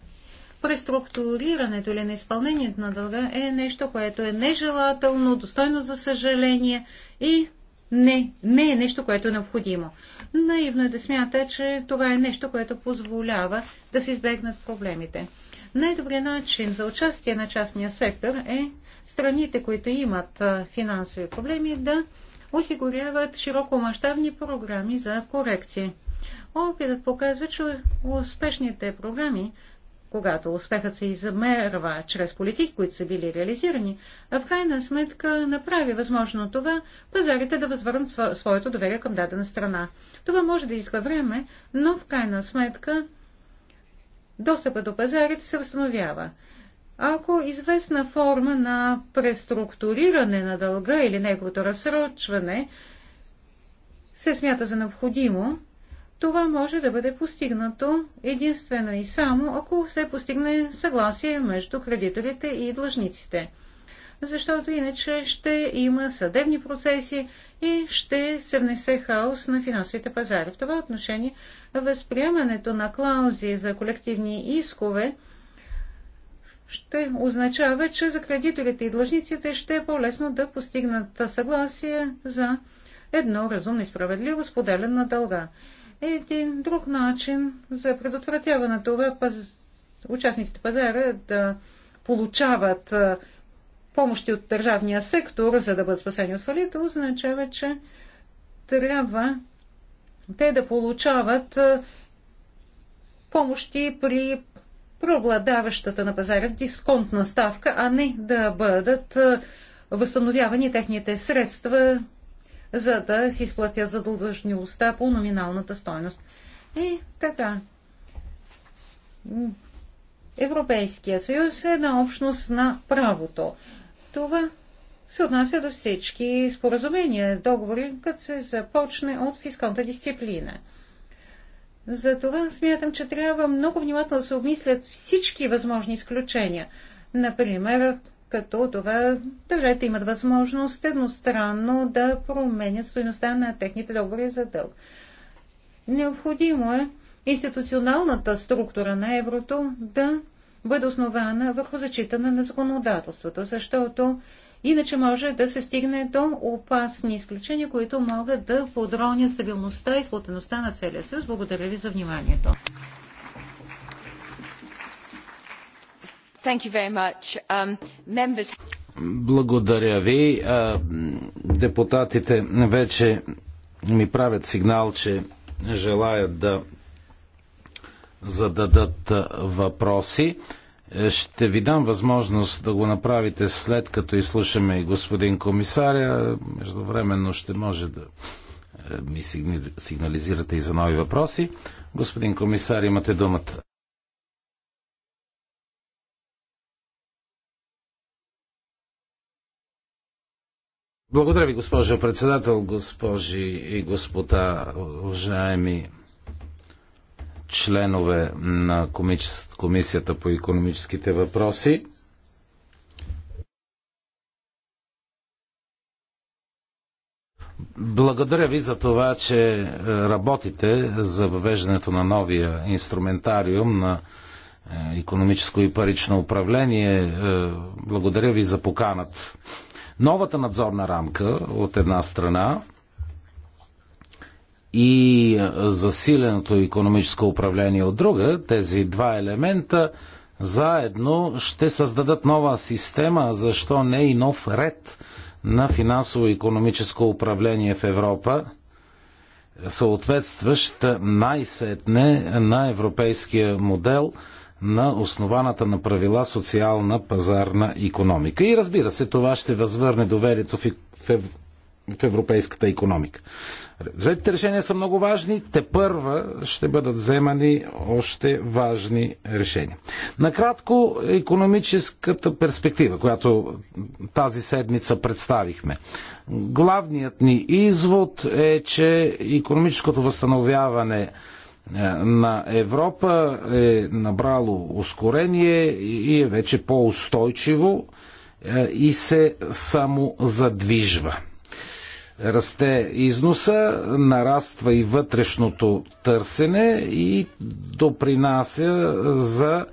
преструктурирането или на изпълнението на дълга е нещо, което е нежелателно, достойно за съжаление и не, не е нещо, което е необходимо. Наивно е да смята, че това е нещо, което позволява да се избегнат проблемите. Най-добрият начин за участие на частния сектор е страните, които имат финансови проблеми, да осигуряват широкомащабни програми за корекции. Опитът показва, че успешните програми когато успехът се измерва чрез политики, които са били реализирани, а в крайна сметка направи възможно това пазарите да възвърнат своето доверие към дадена страна. Това може да иска време, но в крайна сметка достъпа до пазарите се възстановява. Ако известна форма на преструктуриране на дълга или неговото разсрочване се смята за необходимо, това може да бъде постигнато единствено и само, ако се постигне съгласие между кредиторите и длъжниците. Защото иначе ще има съдебни процеси и ще се внесе хаос на финансовите пазари. В това отношение възприемането на клаузи за колективни искове ще означава, че за кредиторите и длъжниците ще е по-лесно да постигнат съгласие за едно разумно и справедливо споделен на дълга. Е един друг начин за предотвратяване на това паз... участниците пазара да получават помощи от държавния сектор, за да бъдат спасени от фалита, означава, че трябва те да получават помощи при прогладаващата на пазара дисконтна ставка, а не да бъдат възстановявани техните средства за да си изплатят задължността по номиналната стойност. И така. Европейският съюз е една общност на правото. Това се отнася до всички споразумения, договори, като се започне от фискалната дисциплина. Затова смятам, че трябва много внимателно да се обмислят всички възможни изключения. Например, като това държавите имат възможност едностранно да променят стоеността на техните договори за дълг. Необходимо е институционалната структура на еврото да бъде основана върху зачитане на законодателството, защото иначе може да се стигне до опасни изключения, които могат да подронят стабилността и сплотеността на целия съюз. Благодаря ви за вниманието. Um, Благодаря ви. Депутатите вече ми правят сигнал, че желаят да зададат въпроси. Ще ви дам възможност да го направите след като изслушаме и господин комисаря. Междувременно ще може да е, ми сигнализирате и за нови въпроси. Господин комисар, имате думата. Благодаря ви, госпожо председател, госпожи и господа, уважаеми членове на Комисията по економическите въпроси. Благодаря ви за това, че е, работите за въвеждането на новия инструментариум на економическо и парично управление. Е, благодаря ви за поканата новата надзорна рамка от една страна и засиленото економическо управление от друга, тези два елемента заедно ще създадат нова система, защо не и нов ред на финансово-економическо управление в Европа, съответстващ най-сетне на европейския модел – на основаната на правила социална пазарна економика. И разбира се, това ще възвърне доверието в, в, в европейската економика. Взетите решения са много важни, те първа ще бъдат вземани още важни решения. Накратко, економическата перспектива, която тази седмица представихме. Главният ни извод е, че економическото възстановяване е, на Европа е набрало ускорение и е вече по-устойчиво е, и се само задвижва. Расте износа, нараства и вътрешното търсене и допринася за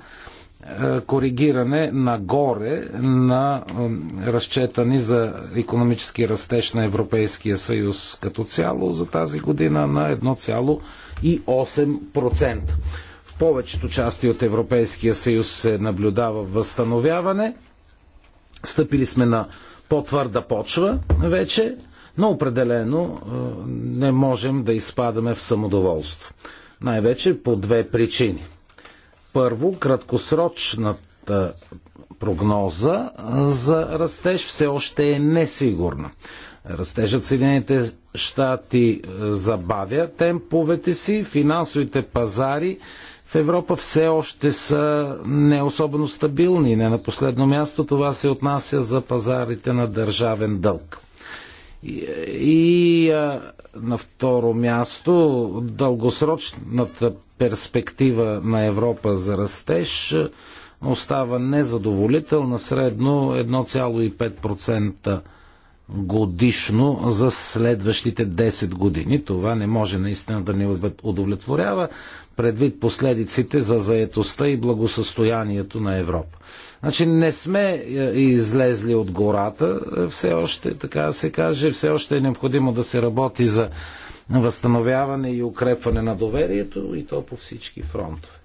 е, коригиране нагоре на разчетани за економически растеж на Европейския съюз като цяло за тази година на 8%. В повечето части от Европейския съюз се наблюдава възстановяване. Стъпили сме на по-твърда почва вече, но определено е, не можем да изпадаме в самодоволство. Най-вече по две причини. Първо, краткосрочната прогноза е, за растеж все още е несигурна. Растежът Съединените щати е, забавя темповете си, финансовите пазари в Европа все още са не особено стабилни. Не на последно място това се отнася за пазарите на държавен дълг. И, и а, е, на второ място, дългосрочната перспектива на Европа за растеж е, остава незадоволителна, средно 1,5% годишно за следващите 10 години. Това не може наистина да ни удовлетворява предвид последиците за заетостта и благосъстоянието на Европа. Значи не сме е, излезли от гората, е, все още, така се каже, все още е необходимо да се работи за възстановяване и укрепване на доверието и то по всички фронтове.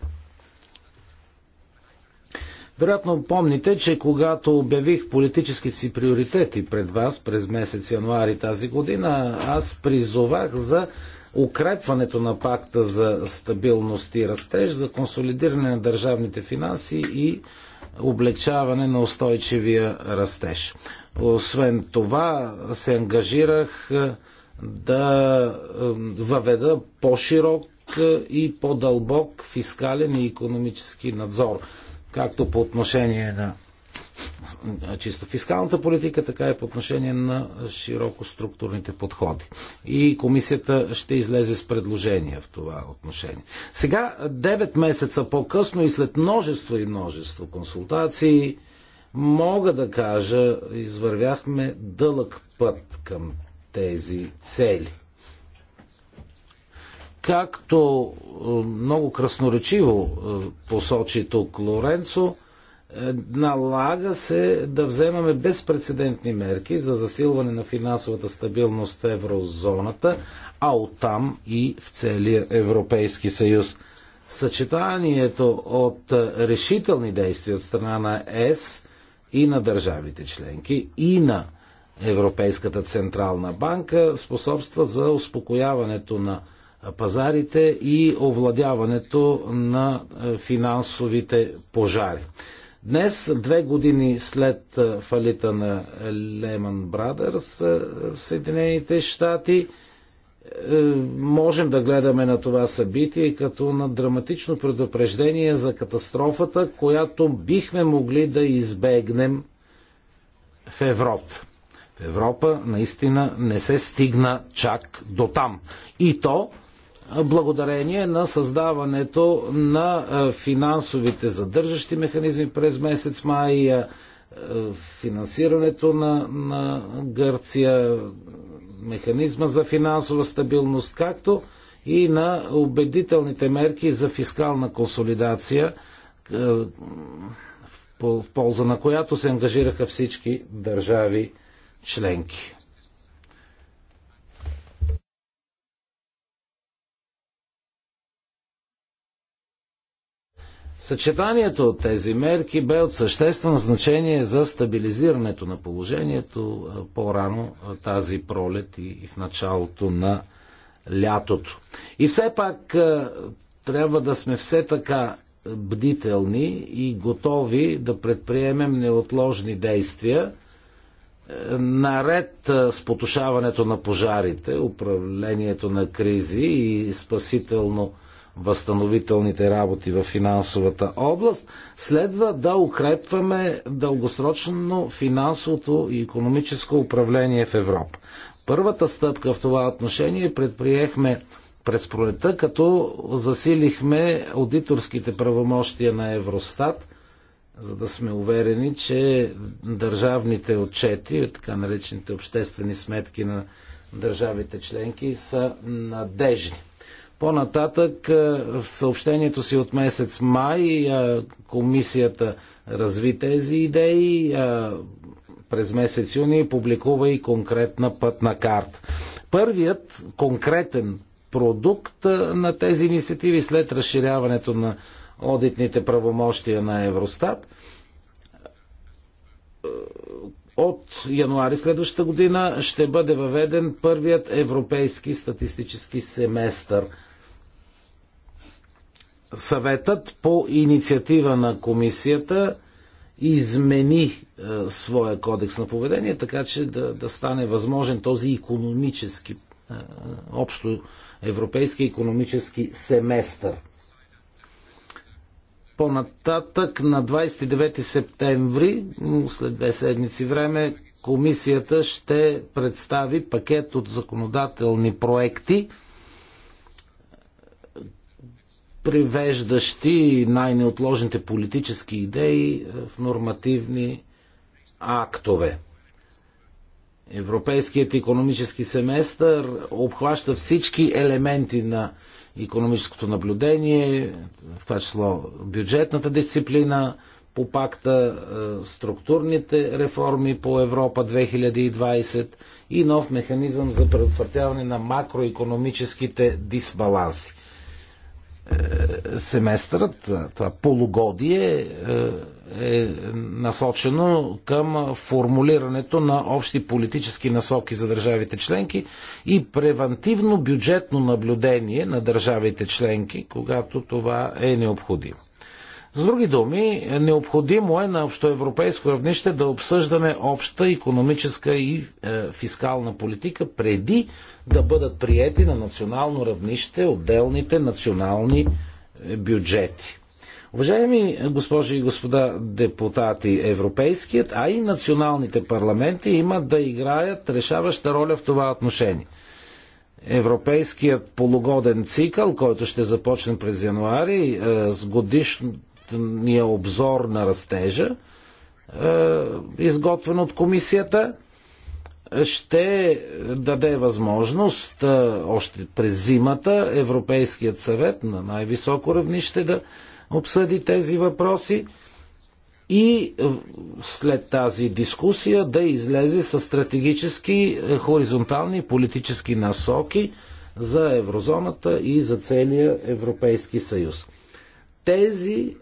Вероятно помните, че когато обявих политическите си приоритети пред вас през месец януари тази година, аз призовах за укрепването на пакта за стабилност и растеж, за консолидиране на държавните финанси и облегчаване на устойчивия растеж. Освен това, се ангажирах е, да е, въведа по-широк е, и по-дълбок фискален и економически надзор както по отношение на чисто фискалната политика, така и по отношение на широко структурните подходи. И комисията ще излезе с предложения в това отношение. Сега, 9 месеца по-късно и след множество и множество консултации, мога да кажа, извървяхме дълъг път към тези цели. Както е, много красноречиво е, посочи тук Лоренцо, е, налага се да вземаме безпредседентни мерки за засилване на финансовата стабилност в еврозоната, а оттам и в целия Европейски съюз. Съчетанието от решителни действия от страна на ЕС и на държавите членки и на Европейската централна банка способства за успокояването на пазарите и овладяването на е, финансовите пожари. Днес, две години след е, фалита на Lehman Brothers е, в Съединените щати, можем да гледаме на това събитие като на драматично предупреждение за катастрофата, която бихме могли да избегнем в Европа. В Европа наистина не се стигна чак до там. И то благодарение на създаването на финансовите задържащи механизми през месец май, финансирането на, на Гърция, механизма за финансова стабилност, както и на убедителните мерки за фискална консолидация, в полза на която се ангажираха всички държави членки. Съчетанието от тези мерки бе от съществено значение за стабилизирането на положението по-рано тази пролет и в началото на лятото. И все пак трябва да сме все така бдителни и готови да предприемем неотложни действия е, наред с потушаването на пожарите, управлението на кризи и спасително възстановителните работи в финансовата област, следва да укрепваме дългосрочно финансовото и економическо управление в Европа. Първата стъпка в това отношение е предприехме през пролета, като засилихме аудиторските правомощия на Евростат, за да сме уверени, че държавните отчети, така наречените обществени сметки на държавите членки, са надежни. По-нататък е, в съобщението си от месец май е, комисията разви тези идеи, е, през месец юни публикува и конкретна пътна карта. Първият конкретен продукт на тези инициативи след разширяването на одитните правомощия на Евростат от януари следващата година ще бъде въведен първият европейски статистически семестър. Съветът по инициатива на комисията измени е, своя кодекс на поведение, така че да, да стане възможен този економически, е, е, общо европейски економически семестър. По-нататък на 29 септември, след две седмици време, комисията ще представи пакет от законодателни проекти, привеждащи най-неотложните политически идеи е, в нормативни актове. Европейският економически семестър обхваща всички елементи на економическото наблюдение, в това число бюджетната дисциплина по пакта, е, структурните реформи по Европа 2020 и нов механизъм за предотвратяване на макроекономическите дисбаланси. Е, семестърът, е, това полугодие, е насочено към формулирането на общи политически насоки за държавите членки и превантивно бюджетно наблюдение на държавите членки, когато това е необходимо. С други думи, необходимо е на общоевропейско равнище да обсъждаме обща економическа и е, фискална политика преди да бъдат приети на национално равнище отделните национални е, бюджети. Уважаеми госпожи и господа депутати, Европейският, а и националните парламенти имат да играят решаваща роля в това отношение. Европейският полугоден цикъл, който ще започне през януари е, с годишния обзор на растежа, е, изготвен от комисията, ще даде възможност е, още през зимата Европейският съвет на най-високо равнище да обсъди тези въпроси и след тази дискусия да излезе с стратегически е, хоризонтални политически насоки за еврозоната и за целия Европейски съюз. Тези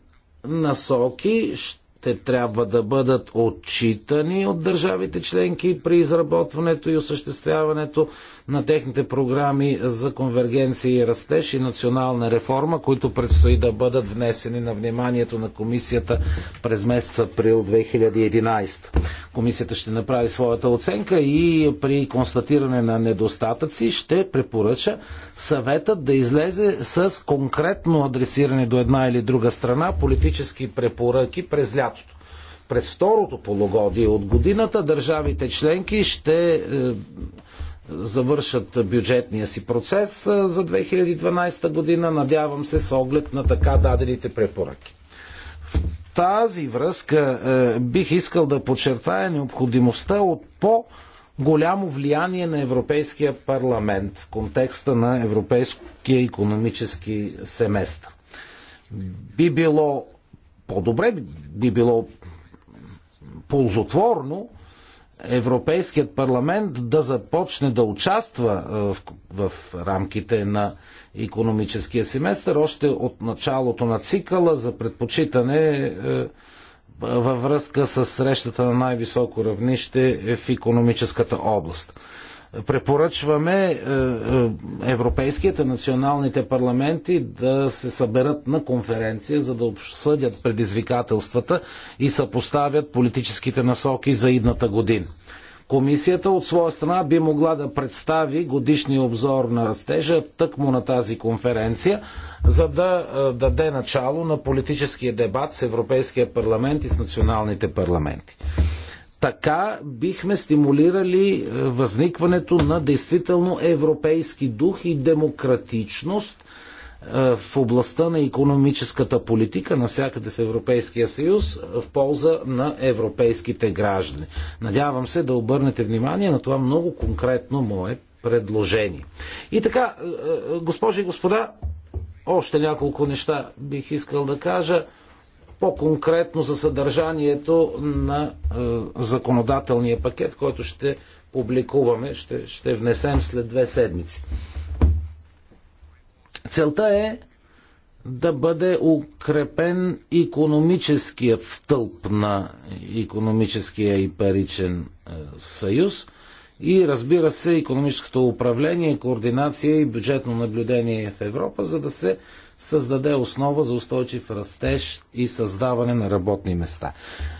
насоки ще трябва да бъдат отчитани от държавите членки при изработването и осъществяването на техните програми за конвергенция и растеж и национална реформа, които предстои да бъдат внесени на вниманието на комисията през месец април 2011. Комисията ще направи своята оценка и при констатиране на недостатъци ще препоръча съветът да излезе с конкретно адресиране до една или друга страна политически препоръки през лятото през второто полугодие от годината държавите членки ще е, завършат бюджетния си процес за 2012 година, надявам се с оглед на така дадените препоръки. В тази връзка е, бих искал да подчертая необходимостта от по-голямо влияние на Европейския парламент в контекста на Европейския економически семестър. Би било по-добре, би било ползотворно, Европейският парламент да започне да участва е, в, в рамките на економическия семестър още от началото на цикъла за предпочитане е, във връзка с срещата на най-високо равнище в економическата област препоръчваме е, е, Европейските и националните парламенти да се съберат на конференция, за да обсъдят предизвикателствата и съпоставят политическите насоки за идната година. Комисията от своя страна би могла да представи годишния обзор на растежа тъкмо на тази конференция, за да е, даде начало на политическия дебат с Европейския парламент и с националните парламенти. Така бихме стимулирали е, възникването на действително европейски дух и демократичност е, в областта на економическата политика навсякъде в Европейския съюз е, в полза на европейските граждани. Надявам се да обърнете внимание на това много конкретно мое предложение. И така, госпожи и господа, още няколко неща бих искал да кажа по-конкретно за съдържанието на е, законодателния пакет, който ще публикуваме, ще, ще внесем след две седмици. Целта е да бъде укрепен економическият стълб на економическия и паричен е, съюз – и разбира се економическото управление, координация и бюджетно наблюдение е в Европа, за да се създаде основа за устойчив растеж и създаване на работни места.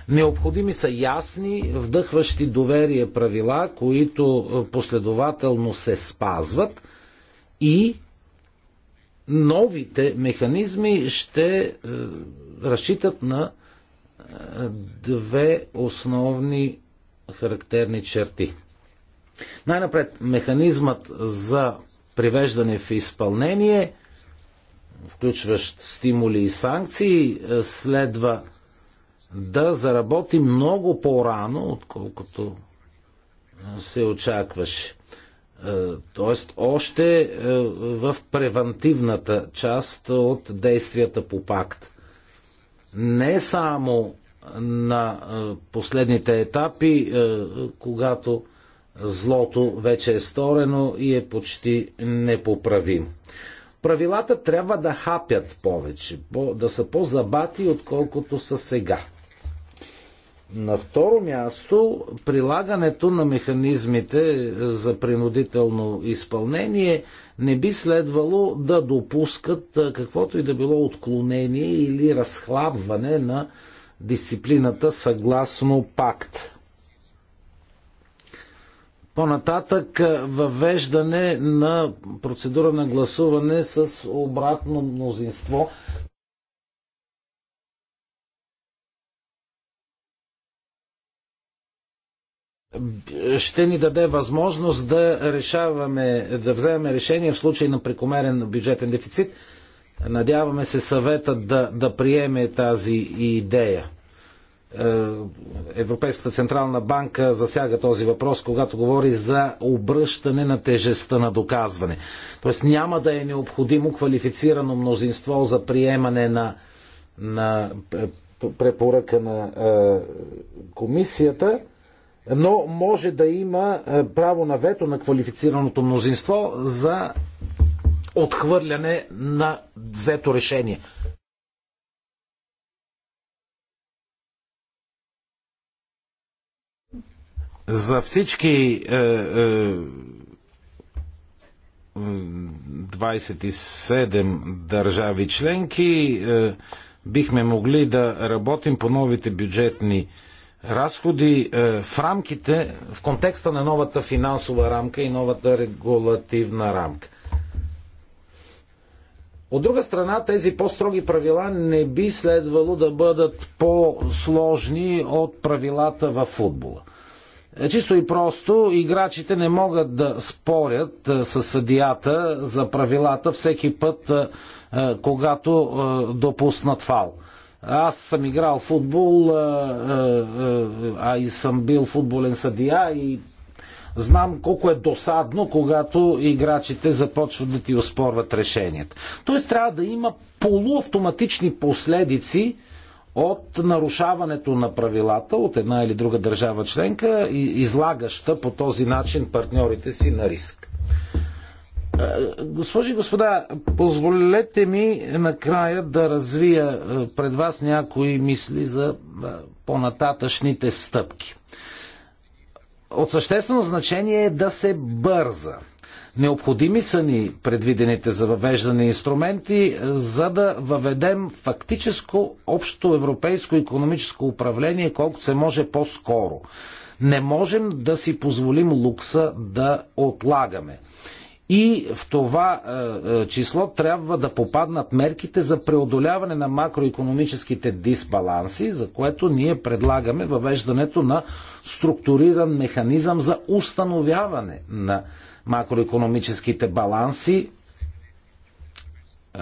Необходими са ясни, вдъхващи доверие правила, които е, последователно се спазват и новите механизми ще е, разчитат на две основни характерни черти. Най-напред, механизмът за привеждане в изпълнение, включващ стимули и санкции, е, следва да заработи много по-рано, отколкото е, се очакваше. Е, тоест, още в превантивната част от действията по пакт. Не само на последните етапи, когато Злото вече е сторено и е почти непоправимо. Правилата трябва да хапят повече, да са по-забати, отколкото са сега. На второ място, прилагането на механизмите за принудително изпълнение не би следвало да допускат каквото и да било отклонение или разхлабване на дисциплината съгласно пакт. По-нататък е, въвеждане на процедура на гласуване с обратно мнозинство. ще ни даде възможност да решаваме, да вземем решение в случай на прекомерен бюджетен дефицит. Надяваме се съветът да, да приеме тази идея. Е, Европейската централна банка засяга този въпрос, когато говори за обръщане на тежестта на доказване. Тоест няма да е необходимо квалифицирано мнозинство за приемане на, на е, препоръка на е, комисията, но може да има право на вето на квалифицираното мнозинство за отхвърляне на взето решение. за всички е, е, 27 държави членки е, бихме могли да работим по новите бюджетни разходи е, в рамките, в контекста на новата финансова рамка и новата регулативна рамка. От друга страна, тези по-строги правила не би следвало да бъдат по-сложни от правилата във футбола. Е, чисто и просто, играчите не могат да спорят е, с съдията за правилата всеки път, е, когато допуснат фал. Аз съм играл футбол, а и съм бил футболен съдия и знам колко е досадно, когато играчите започват да ти оспорват решението. Тоест трябва да има полуавтоматични последици, от нарушаването на правилата от една или друга държава членка, излагаща по този начин партньорите си на риск. Е, госпожи и господа, позволете ми накрая да развия е, пред вас някои мисли за е, по-нататъчните стъпки. От съществено значение е да се бърза – Необходими са ни предвидените за въвеждане инструменти, за да въведем фактическо общо европейско економическо управление колкото се може по-скоро. Не можем да си позволим лукса да отлагаме и в това е, е, число трябва да попаднат мерките за преодоляване на макроекономическите дисбаланси, за което ние предлагаме въвеждането на структуриран механизъм за установяване на макроекономическите баланси е,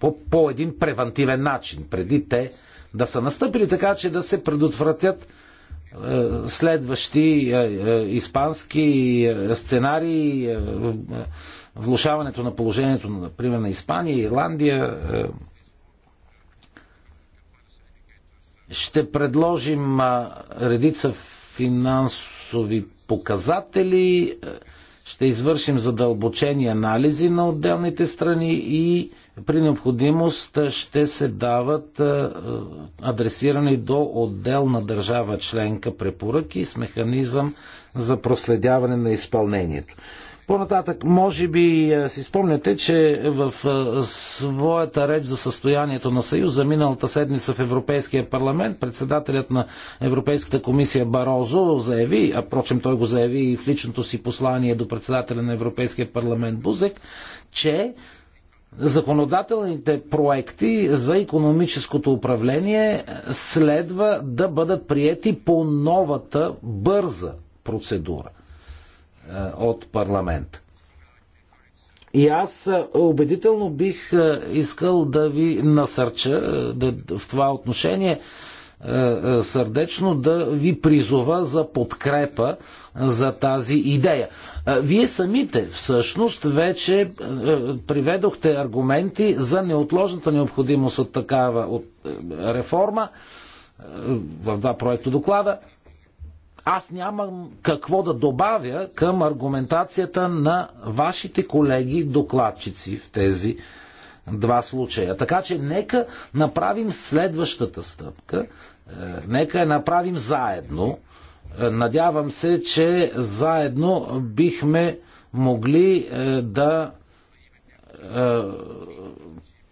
по, по един превантивен начин, преди те да са настъпили така, че да се предотвратят е, следващи е, е, испански сценарии, влушаването на положението, например, на Испания, Ирландия. Ще предложим редица финансови показатели, ще извършим задълбочени анализи на отделните страни и при необходимост ще се дават адресирани до отделна държава членка препоръки с механизъм за проследяване на изпълнението. По-нататък, може би си спомняте, че в своята реч за състоянието на Съюз за миналата седмица в Европейския парламент председателят на Европейската комисия Барозо заяви, а прочем той го заяви и в личното си послание до председателя на Европейския парламент Бузек, че законодателните проекти за економическото управление следва да бъдат приети по новата бърза процедура е, от парламент. И аз е, убедително бих е, искал да ви насърча да, в това отношение е, е, сърдечно да ви призова за подкрепа за тази идея. Е, вие самите всъщност вече приведохте аргументи за неотложната необходимост от такава от реформа в два проекта доклада. Аз нямам какво да добавя към аргументацията на вашите колеги докладчици в тези два случая. Така че нека направим следващата стъпка, е, нека я направим заедно. Е, надявам се, че заедно бихме могли е, да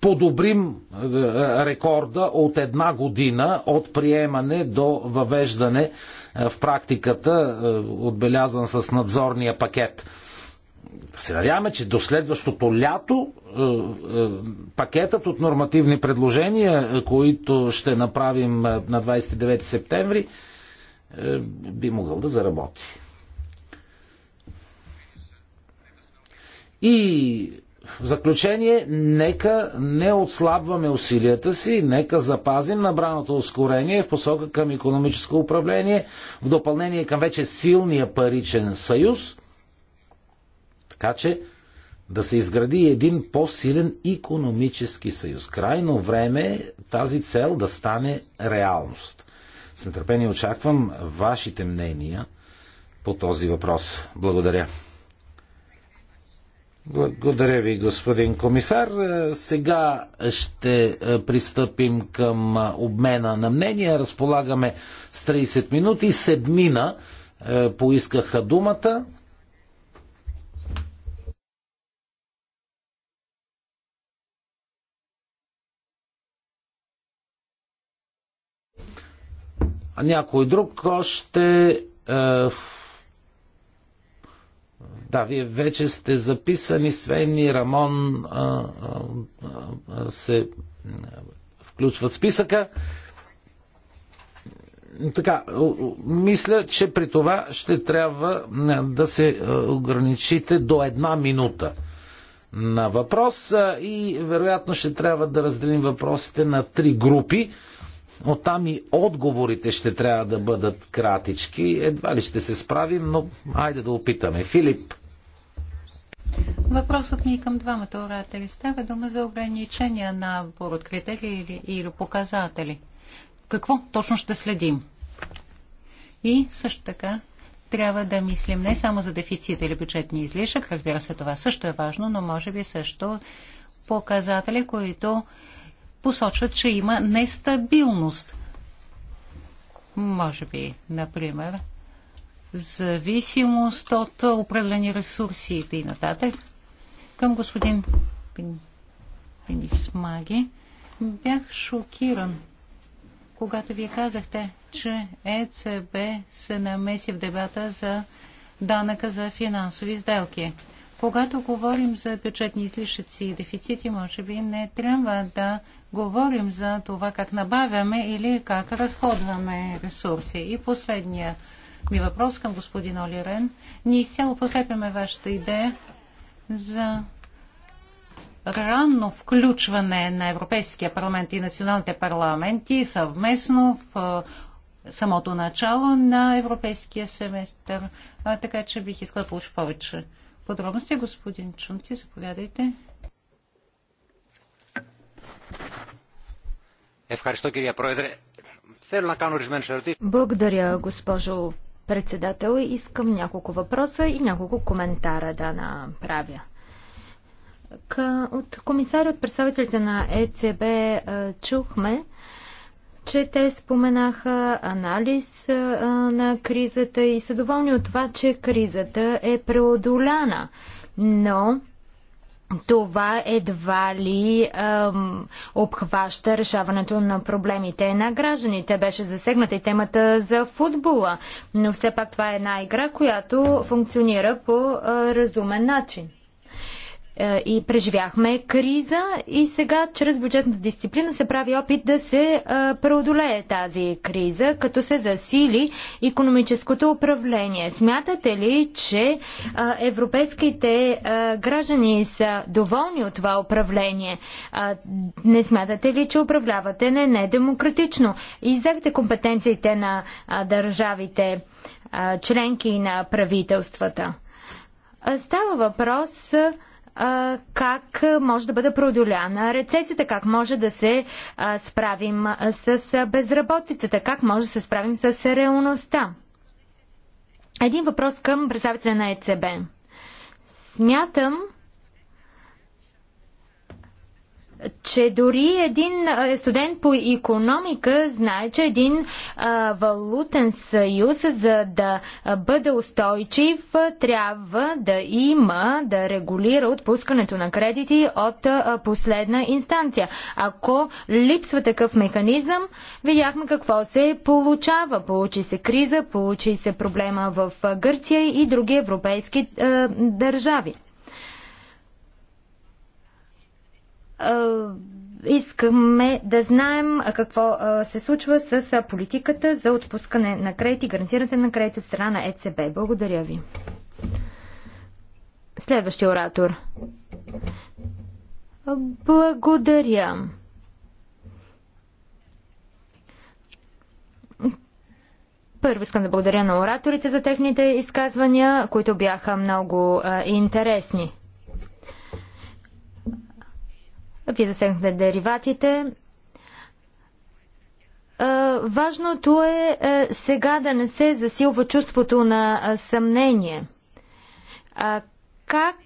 подобрим рекорда от една година от приемане до въвеждане в практиката, отбелязан с надзорния пакет се надяваме, че до следващото лято е, е, пакетът от нормативни предложения, е, които ще направим на 29 септември, би могъл да заработи. И в заключение, нека не отслабваме усилията си, нека запазим набраното ускорение в посока към економическо управление, в допълнение към вече силния паричен съюз – така че да се изгради един по-силен економически съюз. Крайно време е тази цел да стане реалност. С нетърпение очаквам вашите мнения по този въпрос. Благодаря. Благодаря ви, господин комисар. Сега ще е, пристъпим към е, обмена на мнения. Разполагаме с 30 минути. Седмина е, поискаха думата. а някой друг още. Е, да, вие вече сте записани, Свен и Рамон е, е, се включват в списъка. Така, мисля, че при това ще трябва да се ограничите до една минута на въпрос и вероятно ще трябва да разделим въпросите на три групи. Оттам и отговорите ще трябва да бъдат кратички. Едва ли ще се справим, но айде да опитаме. Филип. Въпросът ми е към двамата оратели. Става дума за ограничения на набор от критерии или, или показатели. Какво точно ще следим? И също така трябва да мислим не само за дефицит или бюджетни излишък, разбира се, това също е важно, но може би също показатели, които посочват, че има нестабилност. Може би, например, зависимост от определени ресурси и нататък. Към господин Пенисмаги бях шокиран, когато вие казахте, че ЕЦБ се намеси в дебата за данъка за финансови сделки. Когато говорим за бюджетни излишъци и дефицити, може би не трябва да говорим за това как набавяме или как разходваме ресурси. И последния ми въпрос към господин Оли Рен. Ние изцяло подкрепяме вашата идея за ранно включване на Европейския парламент и националните парламенти съвместно в самото начало на европейския семестър. А, така че бих искала да получа повече подробности. Господин Чунти, заповядайте. Благодаря, госпожо председател. Искам няколко въпроса и няколко коментара да направя. От комисаря от представителите на ЕЦБ чухме, че те споменаха анализ на кризата и са доволни от това, че кризата е преодоляна. Но това едва ли ем, обхваща решаването на проблемите на гражданите. Беше засегната и темата за футбола, но все пак това е една игра, която функционира по е, разумен начин. Е, и преживяхме криза и сега чрез бюджетната дисциплина се прави опит да се е, преодолее тази криза, като се засили економическото управление. Смятате ли, че е, европейските граждани са доволни от това управление? Не смятате ли, че управлявате не недемократично? Иззехте компетенциите на държавите членки на правителствата. Става въпрос как може да бъде продоляна рецесията, как може да се справим с безработицата, как може да се справим с реалността. Един въпрос към представителя на ЕЦБ. Смятам, че дори един студент по економика знае, че един а, валутен съюз, за да бъде устойчив, трябва да има, да регулира отпускането на кредити от а, последна инстанция. Ако липсва такъв механизъм, видяхме какво се получава. Получи се криза, получи се проблема в Гърция и други европейски а, държави. искаме да знаем какво се случва с политиката за отпускане на кредити, гарантиране на кредити от страна на ЕЦБ. Благодаря ви. Следващия оратор. Благодаря. Първо искам да благодаря на ораторите за техните изказвания, които бяха много а, интересни. Вие засегнахте дериватите. Важното е сега да не се засилва чувството на съмнение. Как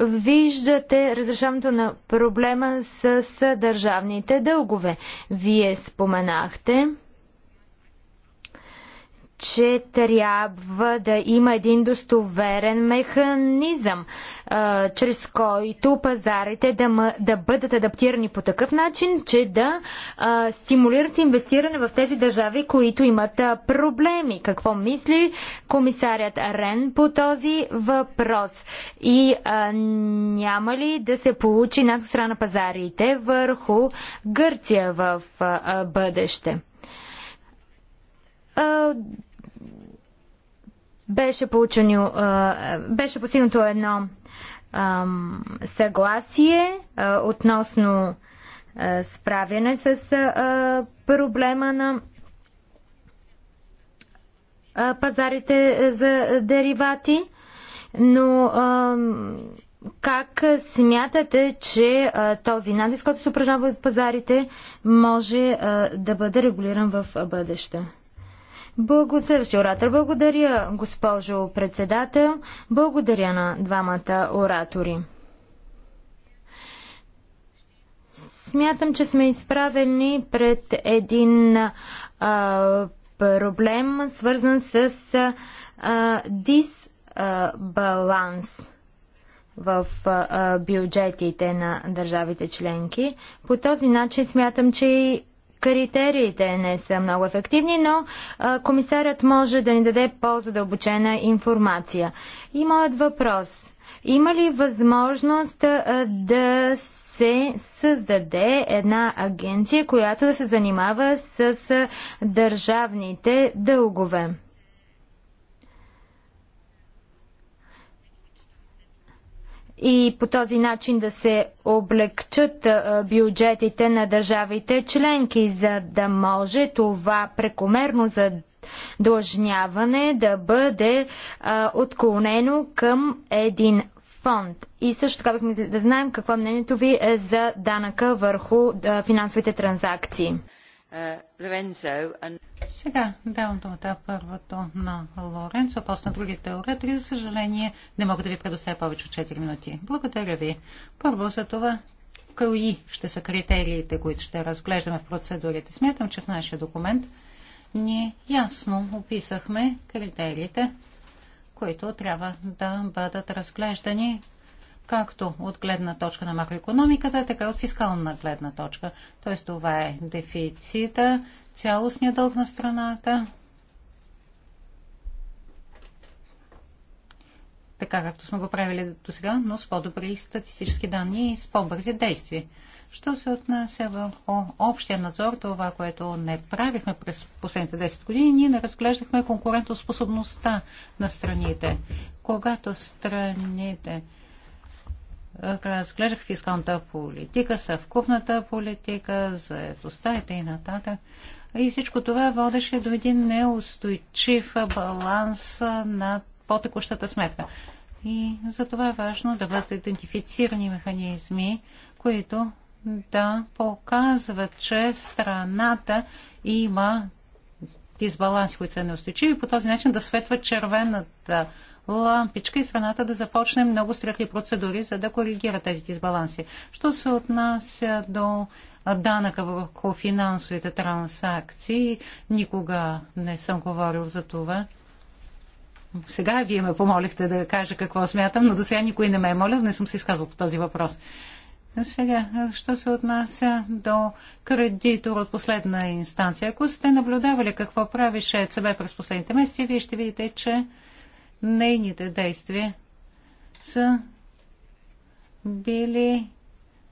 виждате разрешаването на проблема с държавните дългове? Вие споменахте че трябва да има един достоверен механизъм, а, чрез който пазарите да, ма, да бъдат адаптирани по такъв начин, че да а, стимулират инвестиране в тези държави, които имат а, проблеми. Какво мисли комисарят Рен по този въпрос? И а, няма ли да се получи над страна пазарите върху Гърция в а, бъдеще? беше, получено, беше постигнато едно съгласие относно справяне с проблема на пазарите за деривати, но как смятате, че този натиск, който се упражнява от пазарите, може да бъде регулиран в бъдеще? Благодаря, оратор. Благодаря, госпожо председател. Благодаря на двамата оратори. Смятам, че сме изправени пред един а, проблем, свързан с а, дисбаланс в а, бюджетите на държавите членки. По този начин смятам, че и Критериите не са много ефективни, но а, комисарят може да ни даде по-задълбочена информация. И моят въпрос. Има ли възможност а, да се създаде една агенция, която да се занимава с а, държавните дългове? и по този начин да се облегчат бюджетите на държавите членки, за да може това прекомерно задлъжняване да бъде отклонено към един фонд. И също така бихме да знаем какво е мнението ви е за данъка върху финансовите транзакции. Е, сега давам думата първото на Лоренцо, после на другите оратори. За съжаление, не мога да ви предоставя повече от 4 минути. Благодаря ви. Първо за това, кои ще са критериите, които ще разглеждаме в процедурите. Смятам, че в нашия документ ние ясно описахме критериите, които трябва да бъдат разглеждани както от гледна точка на макроекономиката, така и от фискална гледна точка. Тоест, това е дефицита, цялостния дълг на страната, така както сме го правили до сега, но с по-добри статистически данни и с по-бързи действия. Що се отнася върху общия надзор, това, което не правихме през последните 10 години, ние не разглеждахме конкурентоспособността на страните. Когато страните разглеждах фискалната политика, съвкупната политика, заедостта и нататък, и всичко това водеше до един неустойчив баланс на по-текущата сметка. И за това е важно да бъдат идентифицирани механизми, които да показват, че страната има дисбаланси, които са неустойчиви, по този начин да светва червената лампичка и страната да започне много стрехли процедури, за да коригира тези дисбаланси. Що се отнася до данъка върху финансовите трансакции. Никога не съм говорил за това. Сега вие ме помолихте да кажа какво смятам, но до сега никой не ме е молил, не съм се изказал по този въпрос. Сега, що се отнася до кредитор от последна инстанция, ако сте наблюдавали какво правише ЦБ през последните месеци, вие ще видите, че нейните действия са били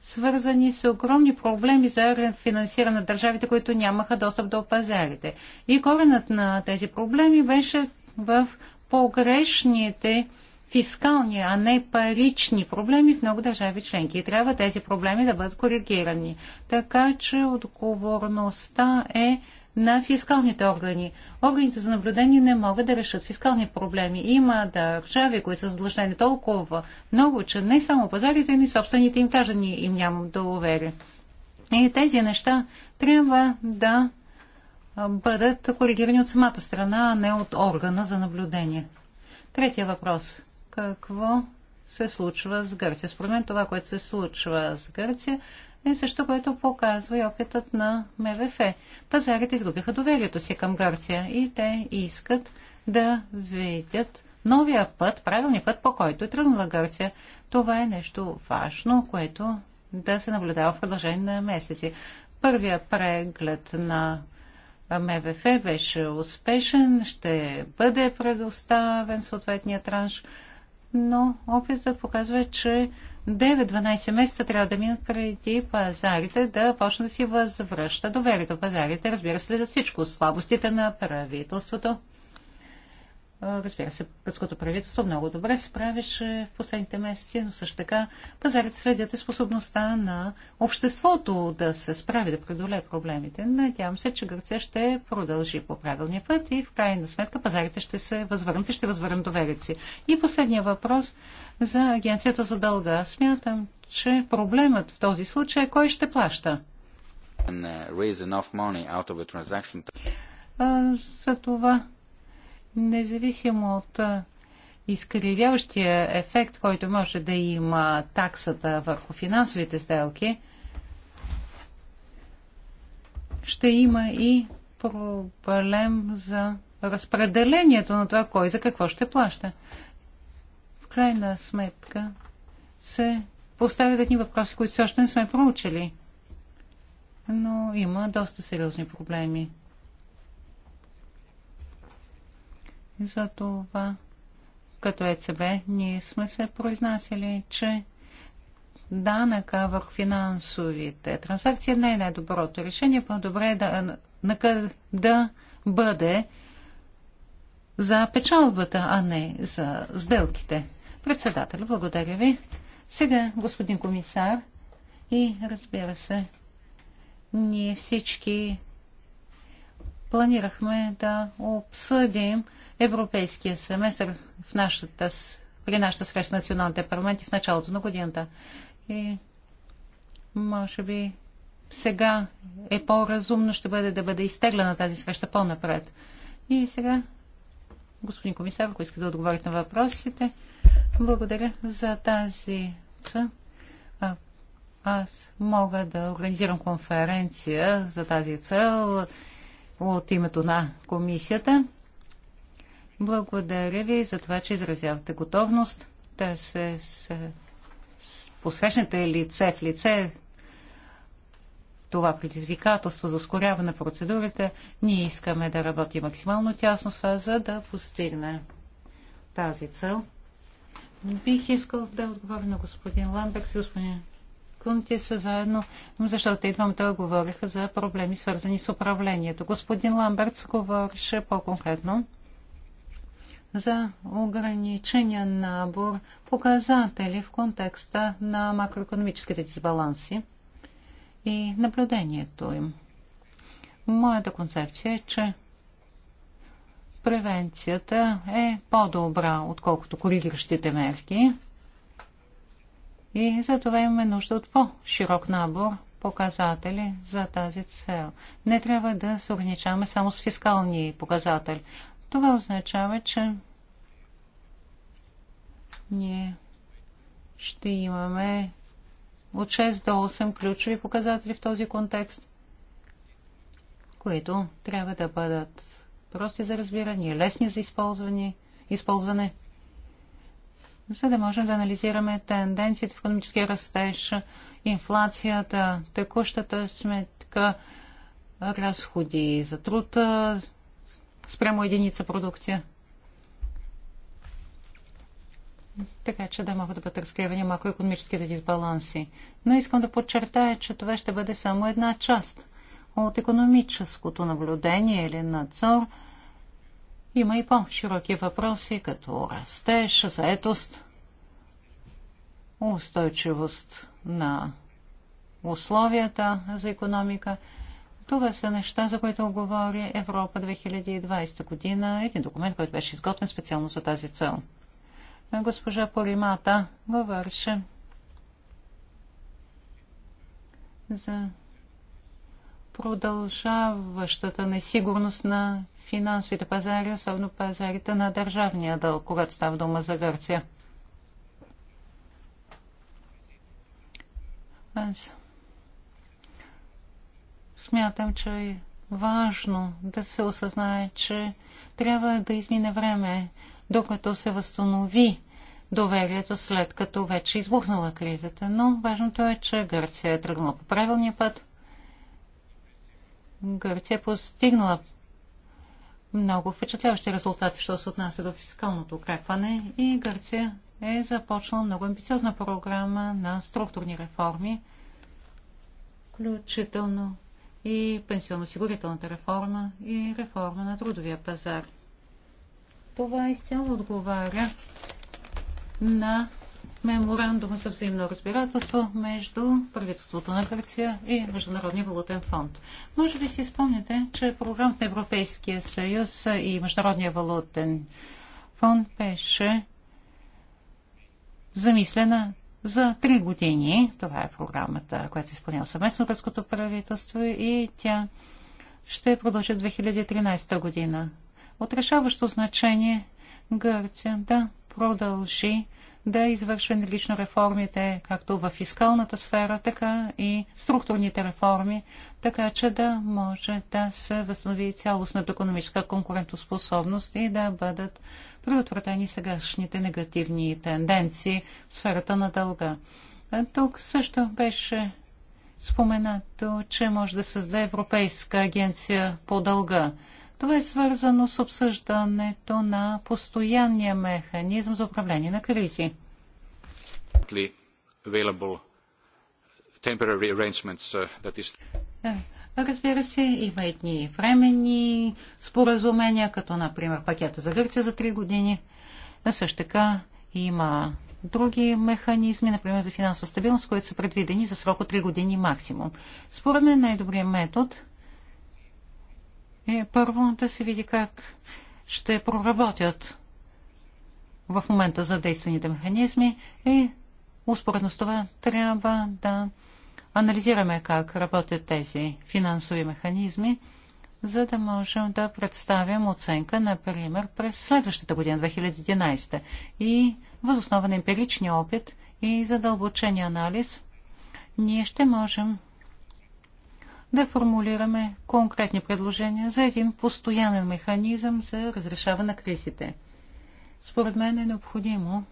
свързани с огромни проблеми за финансиране на държавите, които нямаха достъп до пазарите. И коренът на тези проблеми беше в погрешните фискални, а не парични проблеми в много държави членки. И трябва тези проблеми да бъдат коригирани. Така че отговорността е на фискалните органи. Органите за наблюдение не могат да решат фискални проблеми. Има държави, които са задължени толкова много, че не само пазарите, но и собствените им граждани им нямам уверя. И тези неща трябва да бъдат коригирани от самата страна, а не от органа за наблюдение. Третия въпрос. Какво се случва с Гърция? Според мен това, което се случва с Гърция, е също, което показва и опитът на МВФ. Пазарите изгубиха доверието си към Гърция и те искат да видят новия път, правилния път, по който е тръгнала Гърция. Това е нещо важно, което да се наблюдава в продължение на месеци. Първия преглед на МВФ беше успешен, ще бъде предоставен съответния транш, но опитът показва, че 9-12 месеца трябва да минат преди пазарите да почне да си възвръща доверието. Пазарите, разбира се, за всичко. Слабостите на правителството Разбира се, гръцкото правителство много добре се справише в последните месеци, но също така пазарите следят и способността на обществото да се справи, да преодолее проблемите. Надявам се, че Гърция ще продължи по правилния път и в крайна сметка пазарите ще се възвърнат и ще възвърнат доверието си. И последния въпрос за Агенцията за дълга. Смятам, че проблемът в този случай е кой ще плаща. Uh, за това Независимо от изкривяващия ефект, който може да има таксата върху финансовите сделки, ще има и проблем за разпределението на това, кой за какво ще плаща. В крайна сметка се поставят едни въпроси, които все още не сме проучили. Но има доста сериозни проблеми. За това като ЕЦБ ние сме се произнасяли, че данъка върху финансовите транзакции не е най-доброто решение. По-добре е да, да бъде за печалбата, а не за сделките. Председател, благодаря ви. Сега, господин комисар, и разбира се, ние всички планирахме да обсъдим европейския семестър в нашата, при нашата среща на националните парламенти в началото на годината. И може би сега е по-разумно ще бъде да бъде изтеглена тази среща по-напред. И сега, господин комисар, ако иска да отговорите на въпросите, благодаря за тази а, аз мога да организирам конференция за тази цел от името на комисията. Благодаря ви за това, че изразявате готовност да се, посрещнете лице в лице това предизвикателство за ускоряване на процедурите. Ние искаме да работим максимално тясно с вас, за да постигне тази цел. Бих искал да отговоря на господин Ламбекс и господин Кунти са заедно, защото те двамата говориха за проблеми, свързани с управлението. Господин Ламберц говореше по-конкретно за ограничения набор показатели в контекста на макроекономическите дисбаланси и наблюдението им. Моята концепция е, че превенцията е по-добра, отколкото коригиращите мерки. И за това имаме нужда от по-широк набор показатели за тази цел. Не трябва да се ограничаваме само с фискални показатели, това означава, че ние ще имаме от 6 до 8 ключови показатели в този контекст, които трябва да бъдат прости за разбиране, лесни за използване, използване за да можем да анализираме тенденциите в економическия растеж, инфлацията, текущата сметка, разходи за труд, спрямо единица продукция. Така че да могат да бъдат разкривани макроекономическите дисбаланси. Но искам да подчертая, че това ще бъде само една част от економическото наблюдение или надзор. Има и по-широки въпроси, като растеж, заетост, устойчивост на условията за економика – това са неща, за които говори Европа 2020 година, един документ, който беше изготвен специално за тази цел. Госпожа Поримата, говореше за продължаващата несигурност на финансовите пазари, особено пазарите на държавния дълг, когато става дума за Гърция. Аз Смятам, че е важно да се осъзнае, че трябва да измине време, докато се възстанови доверието след като вече е избухнала кризата. Но важното е, че Гърция е тръгнала по правилния път. Гърция е постигнала много впечатляващи резултати, що се отнася до фискалното укрепване и Гърция е започнала много амбициозна програма на структурни реформи, включително и пенсионно-осигурителната реформа и реформа на трудовия пазар. Това изцяло отговаря на меморандума за взаимно разбирателство между правителството на Гърция и Международния валутен фонд. Може би си спомняте, че програмата на Европейския съюз и Международния валутен фонд беше замислена за три години, това е програмата, която се изпълнява съвместно Руското правителство и тя ще продължи 2013 година. От решаващо значение Гърция да продължи да извършва енергично реформите, както в фискалната сфера, така и структурните реформи, така че да може да се възстанови цялостната економическа конкурентоспособност и да бъдат предотвратени сегашните негативни тенденции в сферата на дълга. Тук също беше споменато, че може да създаде Европейска агенция по дълга. Това е свързано с обсъждането на постоянния механизъм за управление на кризи. Разбира се, има и дни временни споразумения, като например пакета за Гърция за 3 години. А също така има други механизми, например за финансова стабилност, които са предвидени за срок от 3 години максимум. Според мен най-добрият метод е първо да се види как ще проработят в момента за действените механизми и успоредно с това трябва да анализираме как работят тези финансови механизми, за да можем да представим оценка, например, през следващата година, 2011. И възоснован на емпиричния опит и задълбочения анализ, ние ще можем да формулираме конкретни предложения за един постоянен механизъм за разрешаване на кризите. Според мен е необходимо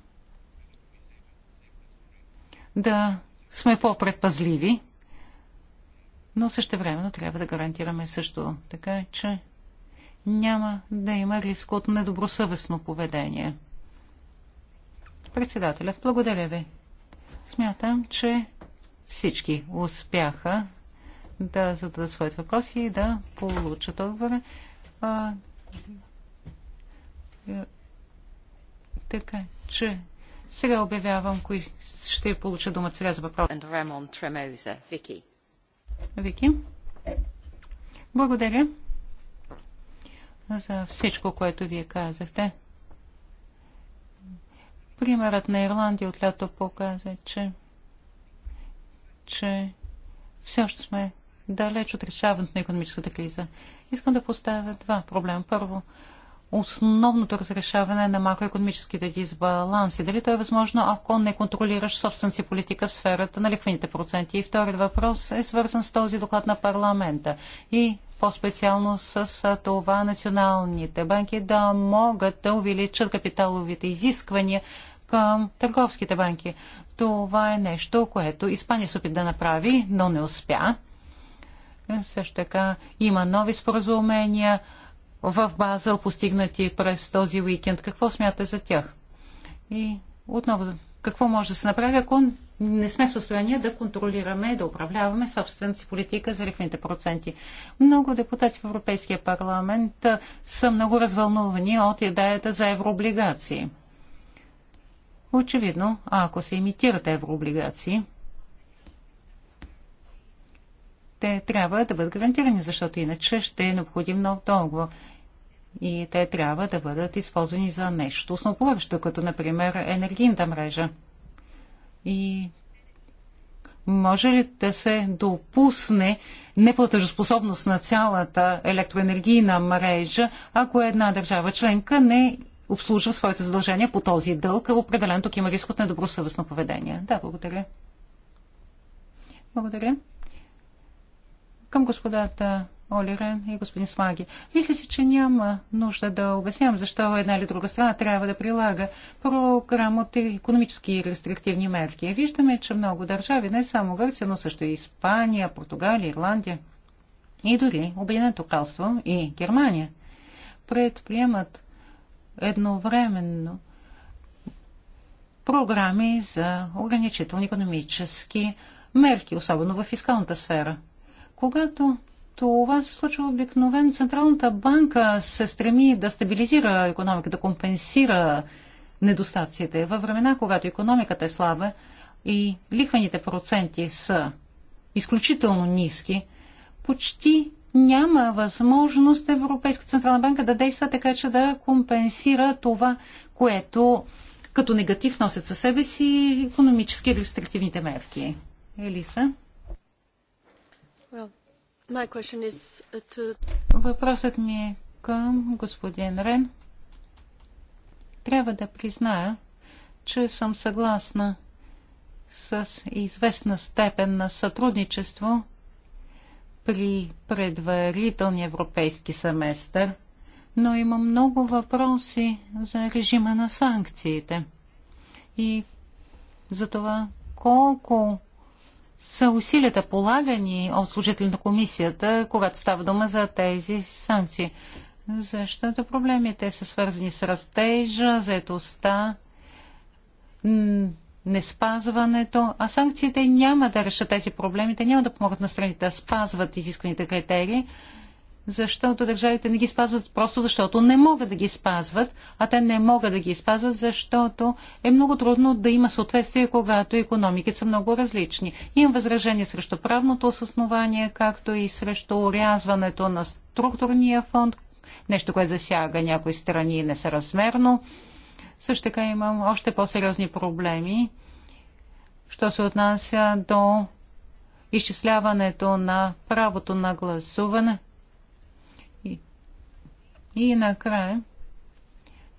да сме по-предпазливи, но също времено трябва да гарантираме също така, че няма да има риск от недобросъвестно поведение. Председателят, благодаря ви. Смятам, че всички успяха да зададат своите въпроси и да получат отговор. А, е, така че сега обявявам кои ще получа думата сега за въпрос. Вики. Вики. Благодаря за всичко, което вие казахте. Примерът на Ирландия от лято показва, че, че все още сме далеч от решаването на економическата криза. Искам да поставя два проблема. Първо, основното разрешаване на макроекономическите дисбаланси? Дали то е възможно, ако не контролираш собствената си политика в сферата на лихвените проценти? И вторият въпрос е свързан с този доклад на парламента и по-специално с това националните банки да могат да увеличат капиталовите изисквания към търговските банки. Това е нещо, което Испания се опит да направи, но не успя. Също така има нови споразумения в Базел, постигнати през този уикенд. Какво смятате за тях? И отново, какво може да се направи, ако не сме в състояние да контролираме, да управляваме собствената си политика за лихвените проценти. Много депутати в Европейския парламент са много развълнувани от идеята за еврооблигации. Очевидно, ако се имитират еврооблигации, те трябва да бъдат гарантирани, защото иначе ще е необходим нов договор и те трябва да бъдат използвани за нещо основополагащо, като например енергийната мрежа. И може ли да се допусне неплатежоспособност на цялата електроенергийна мрежа, ако една държава членка не обслужва своите задължения по този дълг, определен тук има риск от недобросъвестно поведение. Да, благодаря. Благодаря. Към господата Оли Рен и господин Смаги. Мисля си, че няма нужда да обяснявам защо една или друга страна трябва да прилага програма от економически и рестриктивни мерки. Виждаме, че много държави, не само Гърция, но също и Испания, Португалия, Ирландия и дори Обединеното кралство и Германия предприемат едновременно програми за ограничителни економически мерки, особено в фискалната сфера. Когато това се случва обикновено. Централната банка се стреми да стабилизира економиката, да компенсира недостатците. Във времена, когато економиката е слаба и лихвените проценти са изключително ниски, почти няма възможност Европейска Централна банка да действа така, че да компенсира това, което като негатив носят със себе си економически рестриктивните мерки. Елиса? Well, Uh, Въпросът ми е към господин Рен. Трябва да призная, че съм съгласна с известна степен на сътрудничество при предварителния европейски семестър, но има много въпроси за режима на санкциите и за това колко са усилията полагани от служители на комисията, когато става дума за тези санкции? Защото проблемите са свързани с растежа, заетостта, неспазването, а санкциите няма да решат тези проблеми, те няма да помогнат на страните да спазват изисканите критерии, защото държавите не ги спазват просто защото не могат да ги спазват, а те не могат да ги спазват, защото е много трудно да има съответствие, когато економиките са много различни. Имам възражение срещу правното основание, както и срещу урязването на структурния фонд, нещо, което засяга някои страни несъразмерно. Също така имам още по-сериозни проблеми, що се отнася до изчисляването на правото на гласуване – и накрая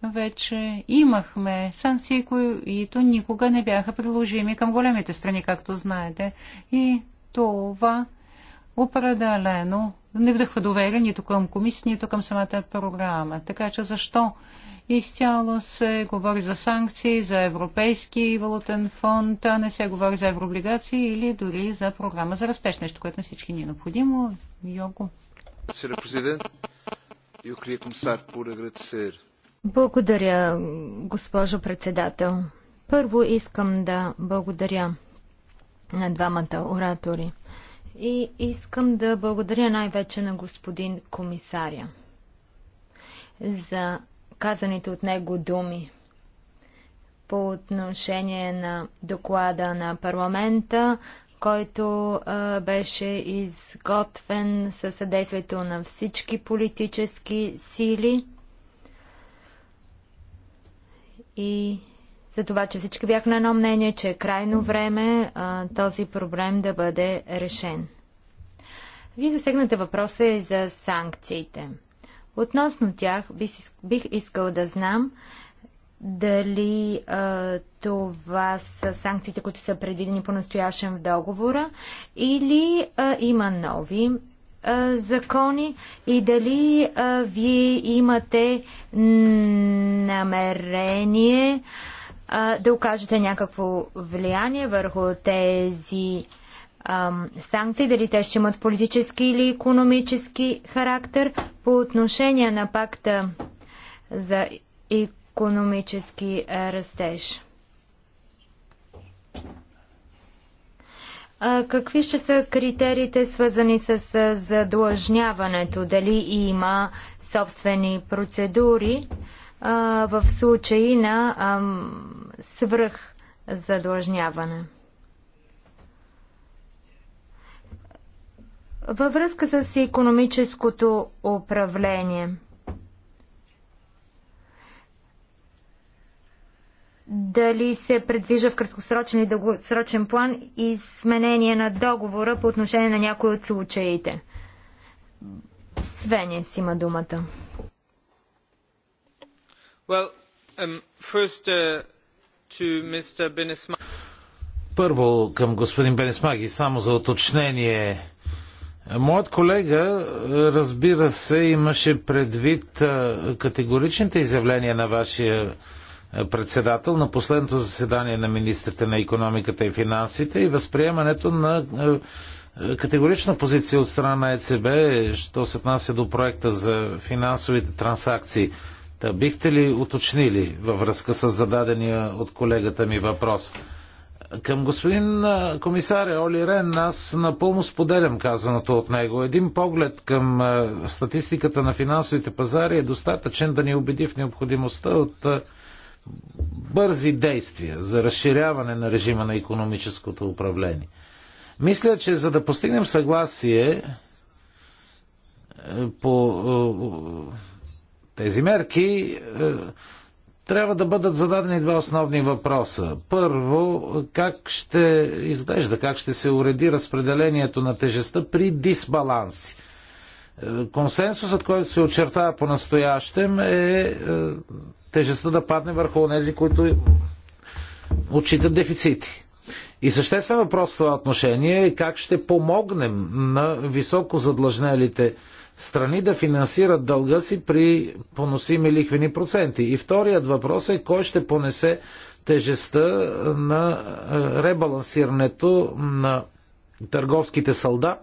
вече имахме санкции, които никога не бяха приложими към големите страни, както знаете. И това определено не вдъхва доверие нито към комисия, нито към самата програма. Така че защо изцяло се говори за санкции, за европейски валутен фонд, а не се говори за еврооблигации или дори за програма за растеж, нещо, което на всички ни е необходимо. Йоко. Благодаря, госпожо председател. Първо искам да благодаря на двамата оратори. И искам да благодаря най-вече на господин комисаря за казаните от него думи по отношение на доклада на парламента, който а, беше изготвен със съдействието на всички политически сили и за това, че всички бяха на едно мнение, че е крайно време а, този проблем да бъде решен. Вие засегнате въпроса и за санкциите. Относно тях бих искал да знам дали а, това са санкциите, които са предвидени по настоящен в договора, или а, има нови а, закони и дали а, вие имате намерение а, да окажете някакво влияние върху тези а, санкции, дали те ще имат политически или економически характер по отношение на пакта за економически економически е, растеж. Какви ще са критериите свързани с е, задлъжняването? Дали има собствени процедури е, в случаи на свръх задлъжняване? Във връзка с економическото управление – дали се предвижда в краткосрочен и дългосрочен план изменение на договора по отношение на някои от случаите. си има думата. Well, um, first, uh, to Mr. Първо към господин Бенесмаги, само за уточнение. Моят колега, разбира се, имаше предвид категоричните изявления на вашия председател на последното заседание на министрите на економиката и финансите и възприемането на е, е, категорична позиция от страна на ЕЦБ, що се отнася до проекта за финансовите транзакции. Та бихте ли уточнили във връзка с зададения от колегата ми въпрос? Към господин е, комисаря Оли Рен, аз напълно споделям казаното от него. Един поглед към статистиката на финансовите пазари е достатъчен да ни убеди в необходимостта от бързи действия за разширяване на режима на економическото управление. Мисля, че за да постигнем съгласие е, по е, тези мерки, е, трябва да бъдат зададени два основни въпроса. Първо, как ще изглежда, как ще се уреди разпределението на тежестта при дисбаланси. Консенсусът, който се очертава по-настоящем е тежестта да падне върху тези, които отчитат дефицити. И съществен въпрос в това отношение е как ще помогнем на високо задлъжнелите страни да финансират дълга си при поносими лихвени проценти. И вторият въпрос е кой ще понесе тежестта на е, ребалансирането на търговските салда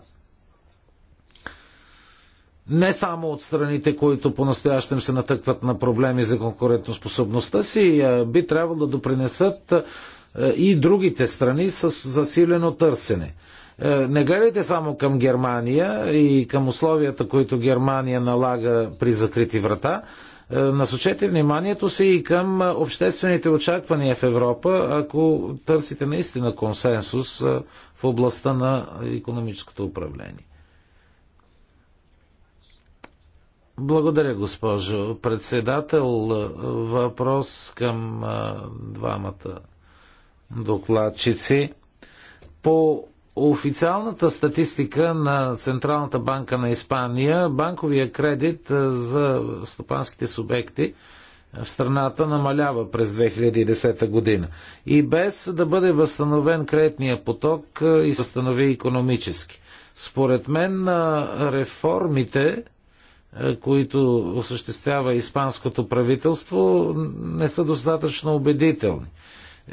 не само от страните, които по-настоящем се натъкват на проблеми за конкурентоспособността си, би трябвало да допринесат и другите страни с засилено търсене. Е, не гледайте само към Германия и към условията, които Германия налага при закрити врата. Е, насочете вниманието си и към обществените очаквания в Европа, ако търсите наистина консенсус в областта на економическото управление. Благодаря, госпожо председател. Въпрос към двамата докладчици. По официалната статистика на Централната банка на Испания, банковия кредит за стопанските субекти в страната намалява през 2010 година. И без да бъде възстановен кредитния поток и се възстанови економически. Според мен реформите е, които осъществява испанското правителство, не са достатъчно убедителни.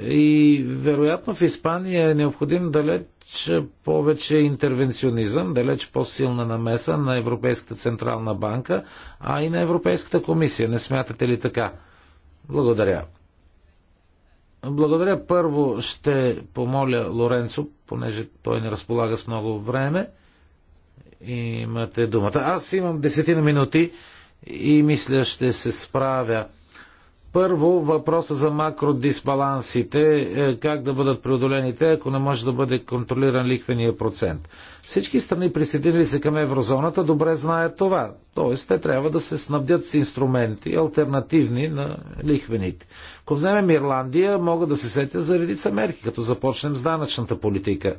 И вероятно в Испания е необходим далеч повече интервенционизъм, далеч по-силна намеса на Европейската Централна банка, а и на Европейската комисия. Не смятате ли така? Благодаря. Благодаря. Първо ще помоля Лоренцо, понеже той не разполага с много време Имате думата. Аз имам десетина минути и мисля ще се справя. Първо, въпроса за макродисбалансите, е, как да бъдат преодолени те, ако не може да бъде контролиран лихвения процент. Всички страни, присъединили се към еврозоната, добре знаят това. Тоест, те трябва да се снабдят с инструменти, альтернативни на лихвените. Ако вземем Ирландия, мога да се сетя за редица мерки, като започнем с данъчната политика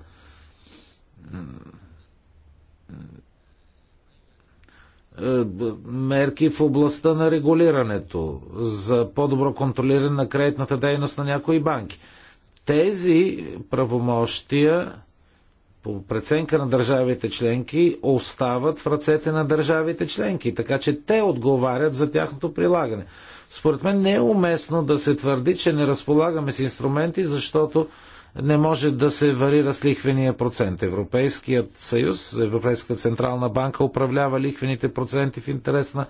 Е, мерки в областта на регулирането, за по-добро контролиране на кредитната дейност на някои банки. Тези правомощия по преценка на държавите членки остават в ръцете на държавите членки, така че те отговарят за тяхното прилагане. Според мен не е уместно да се твърди, че не разполагаме с инструменти, защото не може да се варира с лихвения процент. Европейският съюз, Европейската централна банка управлява лихвените проценти в интерес на е,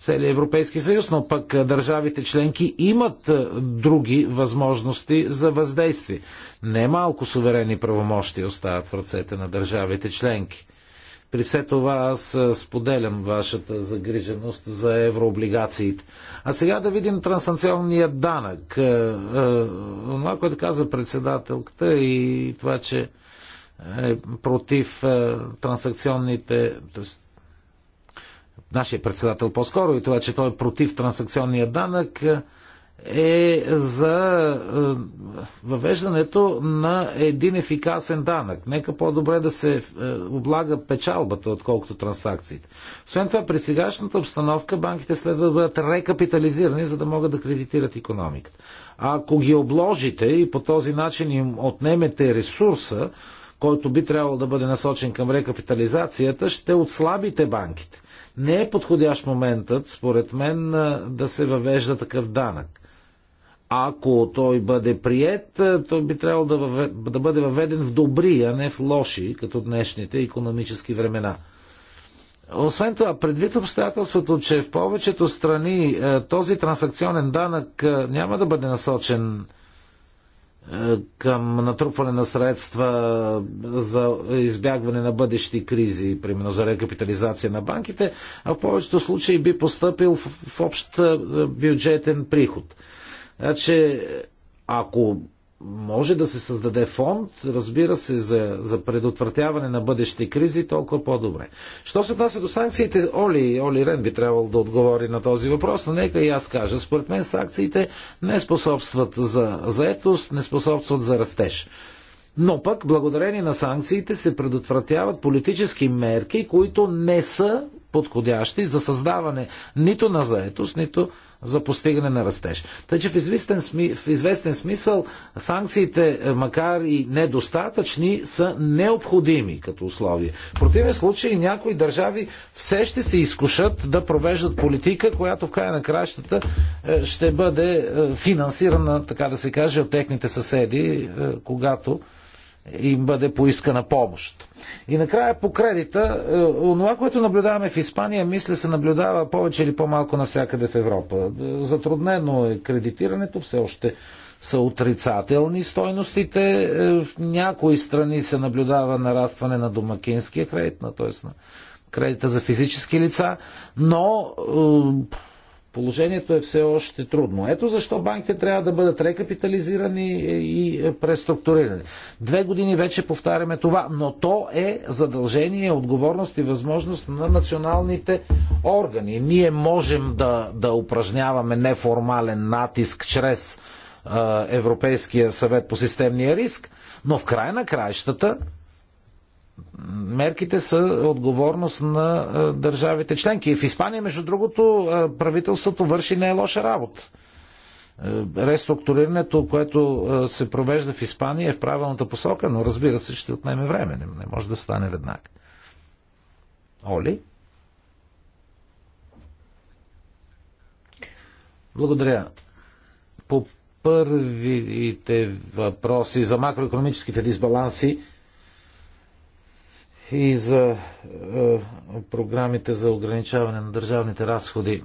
целия Европейски съюз, но пък държавите членки имат е, други възможности за въздействие. Немалко суверени правомощи остават в ръцете на държавите членки. При все това аз споделям вашата загриженост за еврооблигациите. А сега да видим трансанкционния данък. Това, което каза председателката и това, че е против трансакционните, т.е. нашия председател по-скоро и това, че той е против трансакционния данък, е за е, въвеждането на един ефикасен данък. Нека по-добре да се е, облага печалбата, отколкото транзакциите. Освен това, при сегашната обстановка банките следва да бъдат рекапитализирани, за да могат да кредитират економиката. А ако ги обложите и по този начин им отнемете ресурса, който би трябвало да бъде насочен към рекапитализацията, ще отслабите банките. Не е подходящ моментът, според мен, е, да се въвежда такъв данък. Ако той бъде прият, е, той би трябвало да, въвед, да бъде въведен в добри, а не в лоши, като днешните економически времена. Освен това, предвид обстоятелството, че в повечето страни е, този трансакционен данък е, няма да бъде насочен към натрупване на средства за избягване на бъдещи кризи, примерно за рекапитализация на банките, а в повечето случаи би поступил в общ бюджетен приход. Значи, ако може да се създаде фонд, разбира се, за, за предотвратяване на бъдещи кризи, толкова по-добре. Що се отнася до санкциите, Оли, Оли Рен би трябвало да отговори на този въпрос, но нека и аз кажа. Според мен санкциите не способстват за заетост, не способстват за растеж. Но пък, благодарение на санкциите, се предотвратяват политически мерки, които не са подходящи за създаване нито на заетост, нито за постигане на растеж. Тъй, че в известен, сми, в известен смисъл санкциите, е, макар и недостатъчни, са необходими като условие. В противен случай някои държави все ще се изкушат да провеждат политика, която в края на кращата е, ще бъде е, финансирана, така да се каже, от техните съседи, когато им бъде поискана помощ. И накрая по кредита, това, е, което наблюдаваме в Испания, мисля се наблюдава повече или по-малко навсякъде в Европа. Е, затруднено е кредитирането, все още са отрицателни стойностите. Е, в някои страни се наблюдава нарастване на домакинския кредит, на, т.е. на кредита за физически лица, но Положението е все още трудно. Ето защо банките трябва да бъдат рекапитализирани и преструктурирани. Две години вече повтаряме това, но то е задължение, отговорност и възможност на националните органи. Ние можем да, да упражняваме неформален натиск чрез Европейския съвет по системния риск, но в край на краищата мерките са отговорност на държавите членки. И в Испания, между другото, правителството върши не е лоша работа. Реструктурирането, което се провежда в Испания е в правилната посока, но разбира се, ще отнеме време. Не може да стане веднага. Оли? Благодаря. По първите въпроси за макроекономическите дисбаланси, и за е, програмите за ограничаване на държавните разходи.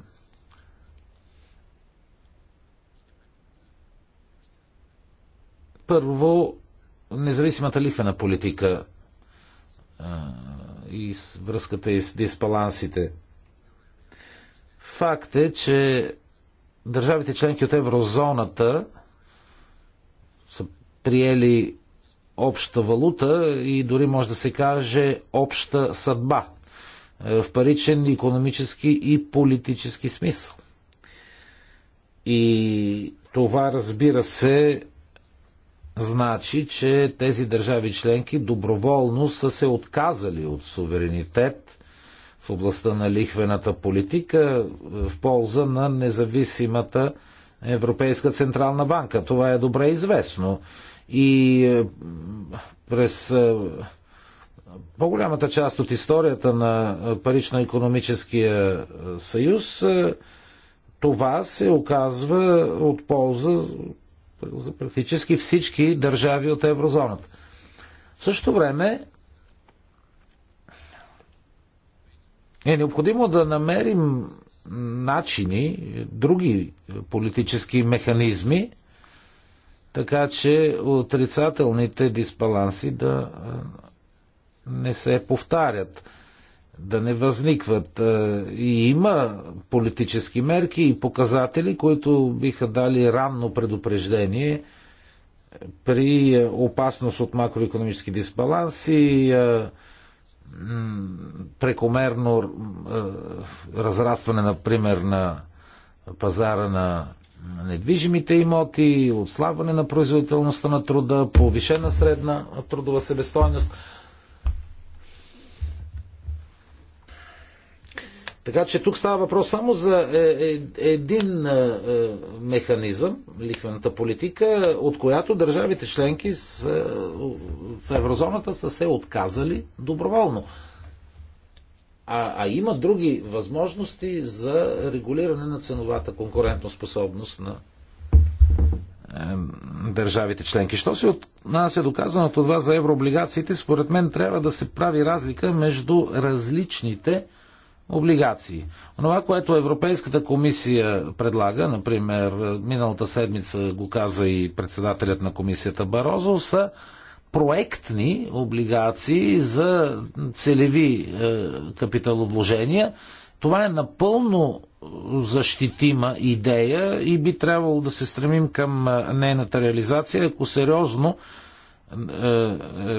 Първо, независимата лихвена политика е, и с връзката и с дисбалансите. Факт е, че държавите членки от еврозоната са приели обща валута и дори може да се каже обща съдба е, в паричен, економически и политически смисъл. И това, разбира се, значи, че тези държави членки доброволно са се отказали от суверенитет в областта на лихвената политика е, в полза на независимата Европейска Централна банка. Това е добре известно. И е, през е, по-голямата част от историята на е, парично-економическия съюз това се оказва от полза за практически всички държави от еврозоната. В същото време е необходимо да намерим начини, други политически механизми, така че отрицателните дисбаланси да не се повтарят, да не възникват. И има политически мерки и показатели, които биха дали ранно предупреждение при опасност от макроекономически дисбаланси, прекомерно разрастване, например, на пазара на недвижимите имоти, отслабване на производителността на труда, повишена средна трудова себестойност. Така че тук става въпрос само за е, е, един е, механизъм, лихвената политика, от която държавите членки в еврозоната са се отказали доброволно. А, а има други възможности за регулиране на ценовата конкурентоспособност на държавите членки. Що се отнася до казаното доказано това за еврооблигациите, според мен трябва да се прави разлика между различните облигации. Онова, което Европейската комисия предлага, например, миналата седмица го каза и председателят на комисията Барозо, са проектни облигации за целеви е, капиталовложения. Това е напълно защитима идея и би трябвало да се стремим към е, нейната реализация, ако сериозно е,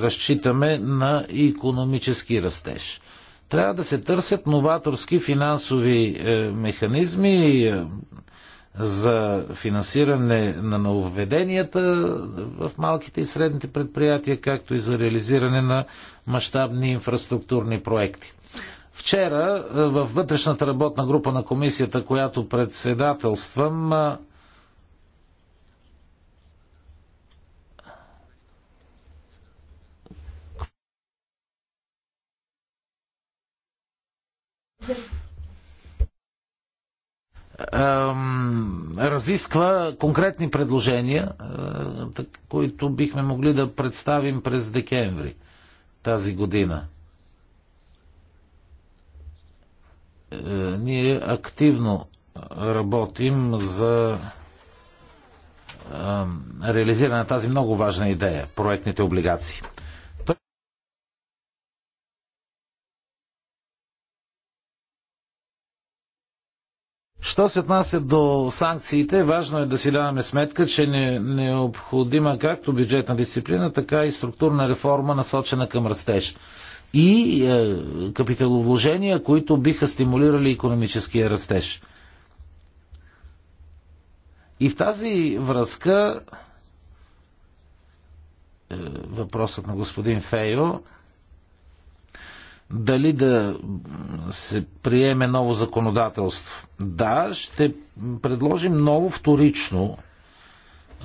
разчитаме на економически растеж. Трябва да се търсят новаторски финансови механизми, за финансиране на нововведенията в малките и средните предприятия, както и за реализиране на мащабни инфраструктурни проекти. Вчера във вътрешната работна група на комисията, която председателствам, разисква конкретни предложения, които бихме могли да представим през декември тази година. Е, ние активно работим за реализиране на тази много важна идея проектните облигации. Що се отнася до санкциите, важно е да си даваме сметка, че не, необходима както бюджетна дисциплина, така и структурна реформа, насочена към растеж. И е, капиталовложения, които биха стимулирали економическия растеж. И в тази връзка е, въпросът на господин Фейо дали да се приеме ново законодателство. Да, ще предложим ново вторично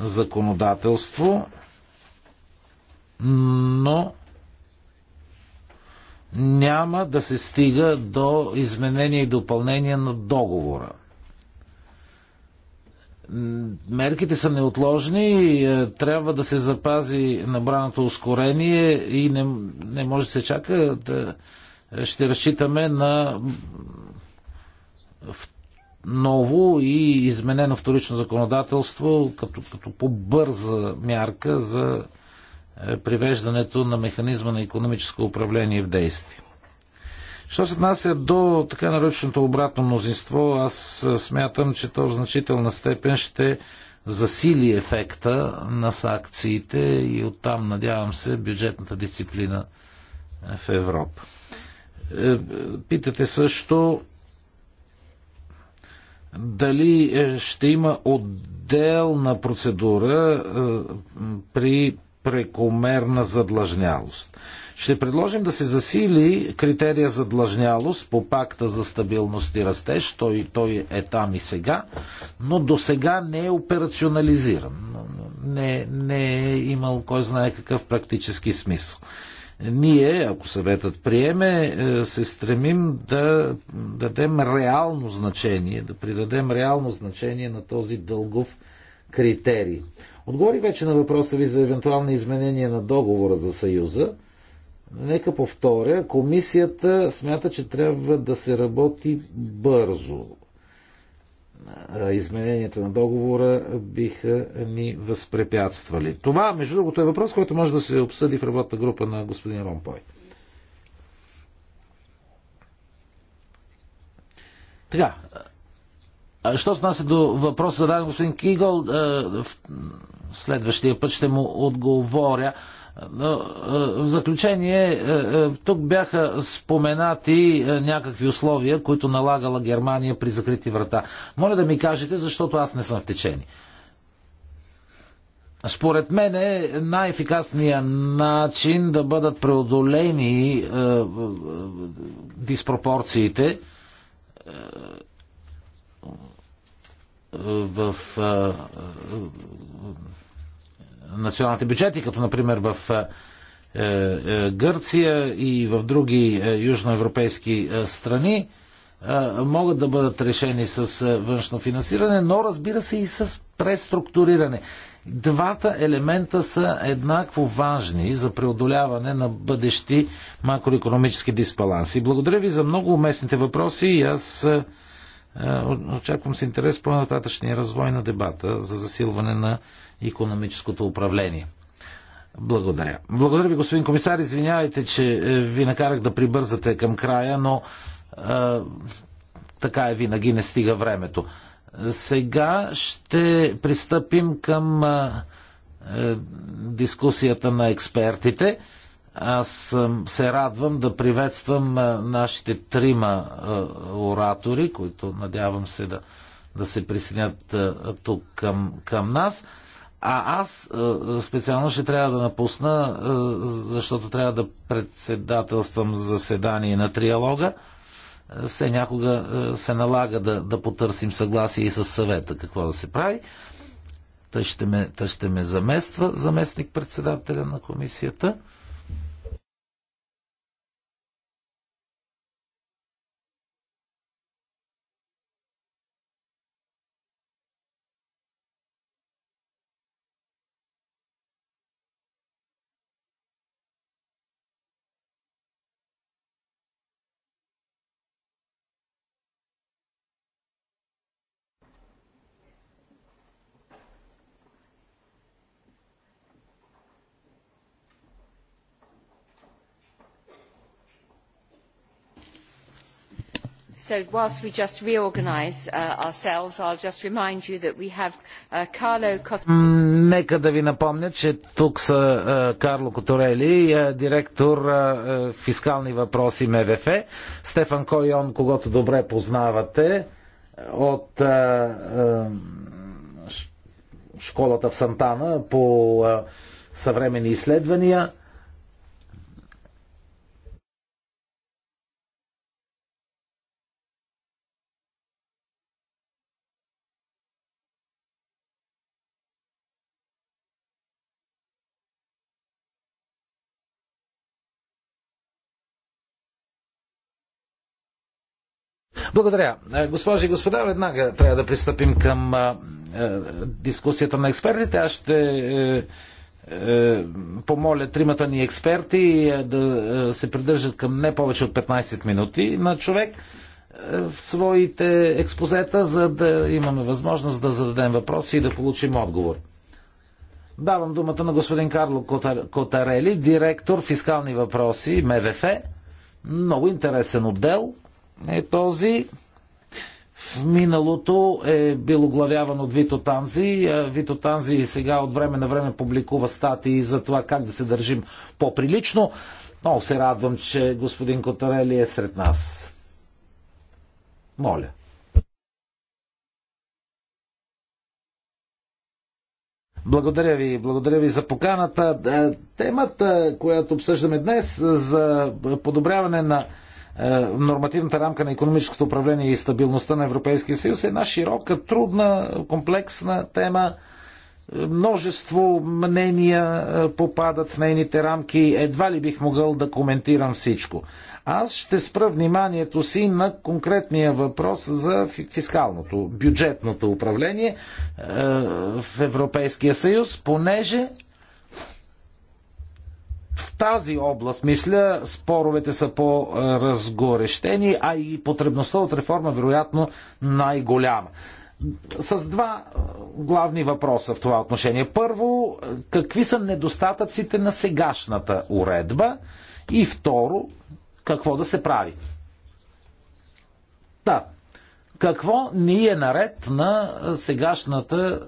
законодателство, но няма да се стига до изменения и допълнение на договора – мерките са неотложни, и е, трябва да се запази набраното ускорение и не, не може да се чака да е, ще разчитаме на ново и изменено вторично законодателство като, като по-бърза мярка за е, привеждането на механизма на економическо управление в действие. Що се отнася до така нареченото обратно мнозинство, аз смятам, че то в значителна степен ще засили ефекта на санкциите и оттам, надявам се, бюджетната дисциплина в Европа. Е, питате също дали е, ще има отделна процедура е, при прекомерна задлъжнялост. Ще предложим да се засили критерия за длъжнялост по пакта за стабилност и растеж. Той, той е там и сега, но до сега не е операционализиран. Не, не е имал кой знае какъв практически смисъл. Ние, ако съветът приеме, е, се стремим да дадем реално значение, да придадем реално значение на този дългов критерий. Отговори вече на въпроса ви за евентуални изменения на договора за Съюза. Нека повторя, комисията смята, че трябва да се работи бързо. Измененията на договора биха ни възпрепятствали. Това, между другото, е въпрос, който може да се обсъди в работната група на господин Ромпой. Така, що се нася до въпроса зададен господин Кигол, следващия път ще му отговоря. Е, в заключение, е, е, тук бяха споменати някакви условия, които налагала Германия при закрити врата. Моля да ми кажете, защото аз не съм в течение. Според мен е най-ефикасният начин да бъдат преодолени е, е, диспропорциите е, в националните бюджети, като например в е, е, Гърция и в други е, южноевропейски страни, могат да бъдат решени с външно финансиране, но разбира се и с преструктуриране. Двата елемента са еднакво важни за преодоляване на бъдещи макроекономически дисбаланси. Благодаря ви за много уместните въпроси и аз е, очаквам с интерес по-нататъчния развой на дебата за засилване на економическото управление. Благодаря. Благодаря ви, господин комисар. Извинявайте, че е, ви накарах да прибързате към края, но а, е, така е винаги, не стига времето. Сега ще пристъпим към а, е, е, дискусията на експертите. Аз се радвам да приветствам нашите трима оратори, които надявам се да, да се присъединят тук към, към нас. А аз специално ще трябва да напусна, защото трябва да председателствам заседание на триалога. Все някога се налага да, да потърсим съгласие и с съвета какво да се прави. Та ще ме, ще ме замества заместник председателя на комисията. So whilst we just reorganize uh, ourselves, I'll just remind you that we have uh, Carlo Нека да ви напомня, че тук са uh, Карло Которели, директор uh, фискални въпроси МВФ, Стефан Койон, когато добре познавате от uh, uh, школата в Сантана по uh, съвремени изследвания – Благодаря. Е, госпожи и господа, веднага трябва да пристъпим към е, дискусията на експертите. Аз ще е, помоля тримата ни експерти да се придържат към не повече от 15 минути на човек в своите експозета, за да имаме възможност да зададем въпроси и да получим отговор. Давам думата на господин Карло Котарели, директор фискални въпроси, МВФ. Много интересен отдел е този. В миналото е бил оглавяван от Вито Танзи. Вито Танзи сега от време на време публикува статии за това как да се държим по-прилично. Много се радвам, че господин Котарели е сред нас. Моля. Благодаря ви, благодаря ви за поканата. Темата, която обсъждаме днес за подобряване на е, нормативната рамка на економическото управление и стабилността на Европейския съюз е една широка, трудна, комплексна тема. Множество мнения е, попадат в нейните рамки. Едва ли бих могъл да коментирам всичко. Аз ще спра вниманието си на конкретния въпрос за фискалното, бюджетното управление е, в Европейския съюз, понеже в тази област, мисля, споровете са по-разгорещени, а и потребността от реформа, вероятно, най-голяма. С два е, главни въпроса в това отношение. Първо, какви са недостатъците на сегашната уредба? И второ, какво да се прави? Да, какво ни е наред на сегашната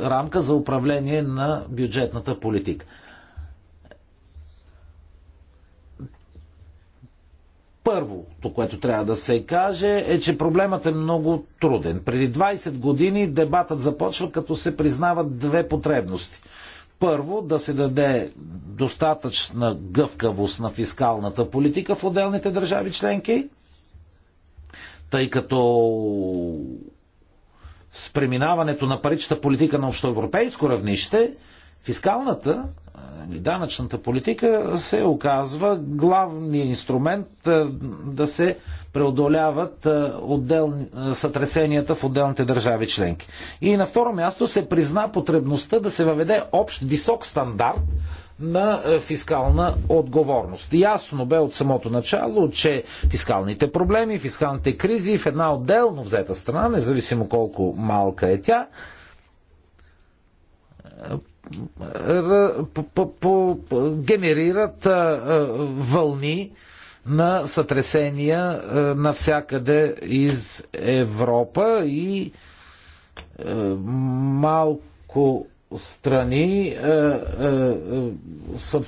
е, е рамка за управление на бюджетната политика? Първото, което трябва да се каже, е, че проблемът е много труден. Преди 20 години дебатът започва, като се признават две потребности. Първо, да се даде достатъчна гъвкавост на фискалната политика в отделните държави членки, тъй като с преминаването на паричната политика на общоевропейско равнище, Фискалната или данъчната политика се оказва главният инструмент да се преодоляват отделни, сътресенията в отделните държави членки. И на второ място се призна потребността да се въведе общ висок стандарт на фискална отговорност. Ясно бе от самото начало, че фискалните проблеми, фискалните кризи в една отделно взета страна, независимо колко малка е тя, генерират вълни на сътресения навсякъде из Европа и малко страни са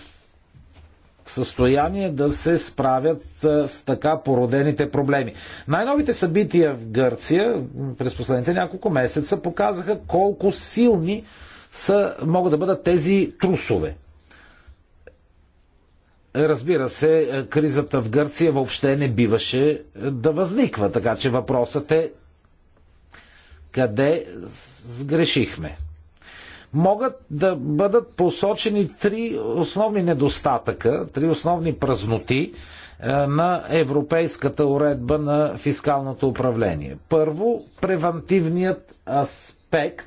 в състояние да се справят с така породените проблеми. Най-новите събития в Гърция през последните няколко месеца показаха колко силни са, могат да бъдат тези трусове. Разбира се, кризата в Гърция въобще не биваше да възниква, така че въпросът е къде сгрешихме. Могат да бъдат посочени три основни недостатъка, три основни празноти е, на европейската уредба на фискалното управление. Първо, превантивният аспект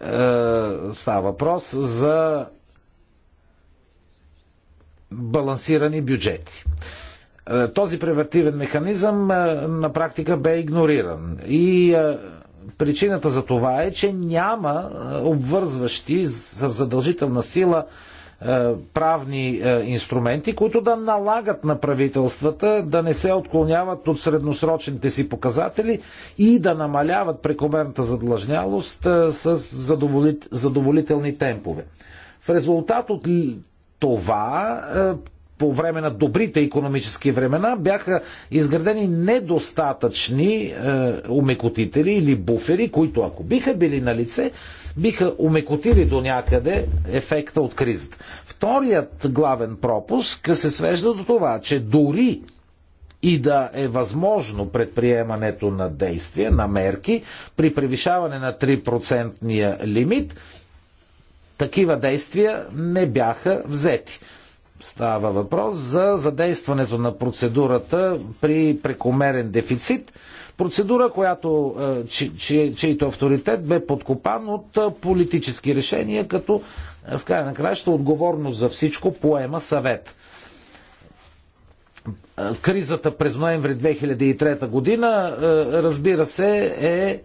Е, става въпрос за балансирани бюджети. Е, този превертивен механизъм е, на практика бе игнориран. И причината за това е, че няма обвързващи с задължителна сила е, правни е, инструменти, които да налагат на правителствата да не се отклоняват от средносрочните си показатели и да намаляват прекомерната задлъжнялост е, с задоволителни темпове. В резултат от това по време на добрите економически времена бяха изградени недостатъчни умекотители или буфери, които ако биха били на лице, биха умекотили до някъде ефекта от кризата. Вторият главен пропуск се свежда до това, че дори и да е възможно предприемането на действия, на мерки, при превишаване на 3% лимит, такива действия не бяха взети. Става въпрос за задействането на процедурата при прекомерен дефицит, Процедура, която, е, чи, чието авторитет бе подкопан от е, политически решения, като е, в края на краища отговорност за всичко поема съвет кризата през ноември 2003 година, разбира се, е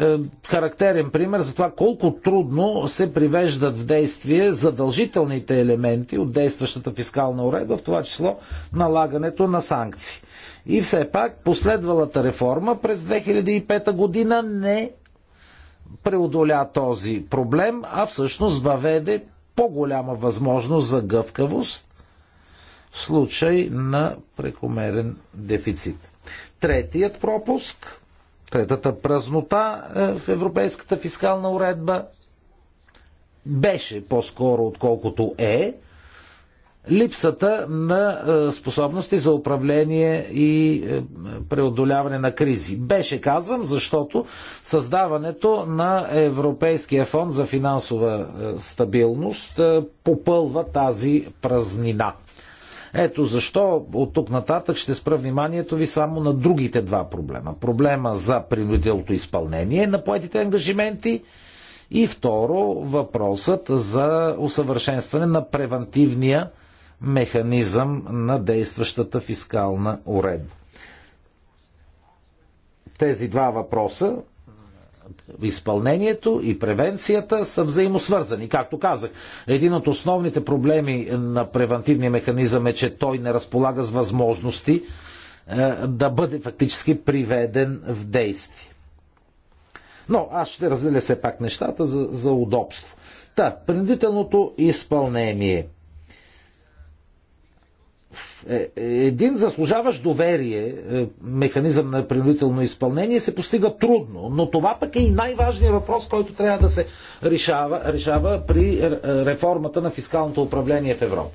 е, характерен пример за това колко трудно се привеждат в действие задължителните елементи от действащата фискална уредба, в това число налагането на санкции. И все пак последвалата реформа през 2005 година не преодоля този проблем, а всъщност въведе по-голяма възможност за гъвкавост в случай на прекомерен дефицит. Третият пропуск – Третата празнота е, в европейската фискална уредба беше по-скоро отколкото е липсата на е, способности за управление и е, преодоляване на кризи. Беше, казвам, защото създаването на Европейския фонд за финансова стабилност попълва тази празнина. Ето защо от тук нататък ще спра вниманието ви само на другите два проблема. Проблема за принудителното изпълнение на поетите ангажименти и второ въпросът за усъвършенстване на превантивния механизъм на действащата фискална уредба. Тези два въпроса изпълнението и превенцията са взаимосвързани. Както казах, един от основните проблеми на превентивния механизъм е, че той не разполага с възможности е, да бъде фактически приведен в действие. Но аз ще разделя все пак нещата за, за удобство. Та, принудителното изпълнение – е, е, един заслужаващ доверие е, механизъм на принудително изпълнение се постига трудно, но това пък е и най-важният въпрос, който трябва да се решава, решава при реформата на фискалното управление в Европа.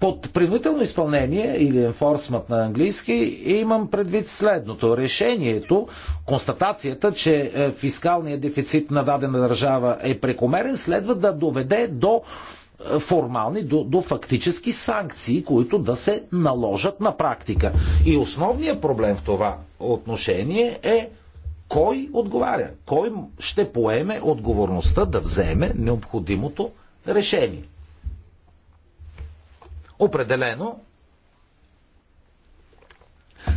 Под принудително изпълнение или enforcement на английски имам предвид следното. Решението, констатацията, че фискалният дефицит на дадена държава е прекомерен, следва да доведе до формални до, до фактически санкции, които да се наложат на практика. И основният проблем в това отношение е кой отговаря, кой ще поеме отговорността да вземе необходимото решение. Определено,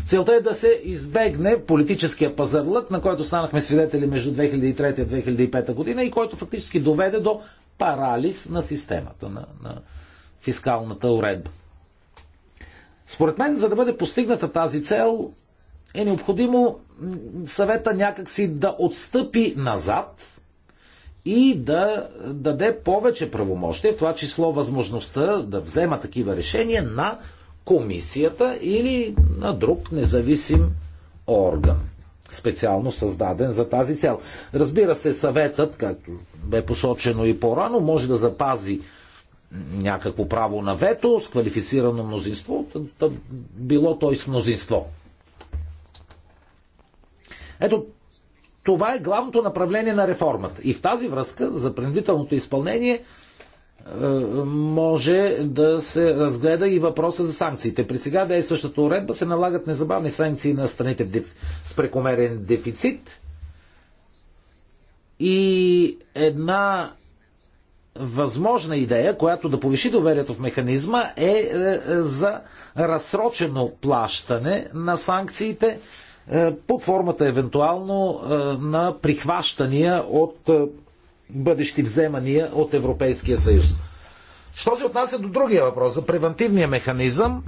целта е да се избегне политическия пазарлък, на който станахме свидетели между 2003 и 2005 година и който фактически доведе до парализ на системата, на, на фискалната уредба. Според мен, за да бъде постигната тази цел, е необходимо съвета някакси да отстъпи назад и да даде повече правомощи в това число възможността да взема такива решения на комисията или на друг независим орган, специално създаден за тази цел. Разбира се, съветът, както бе посочено и по-рано, може да запази някакво право на вето с квалифицирано мнозинство, да било той с мнозинство. Ето, това е главното направление на реформата. И в тази връзка за принудителното изпълнение е, може да се разгледа и въпроса за санкциите. При сега действащата уредба се налагат незабавни санкции на страните с прекомерен дефицит, и една възможна идея, която да повиши доверието в механизма е, е, е за разсрочено плащане на санкциите е, под формата евентуално на прихващания от бъдещи вземания от Европейския съюз. Що се отнася до другия въпрос, за превентивния механизъм,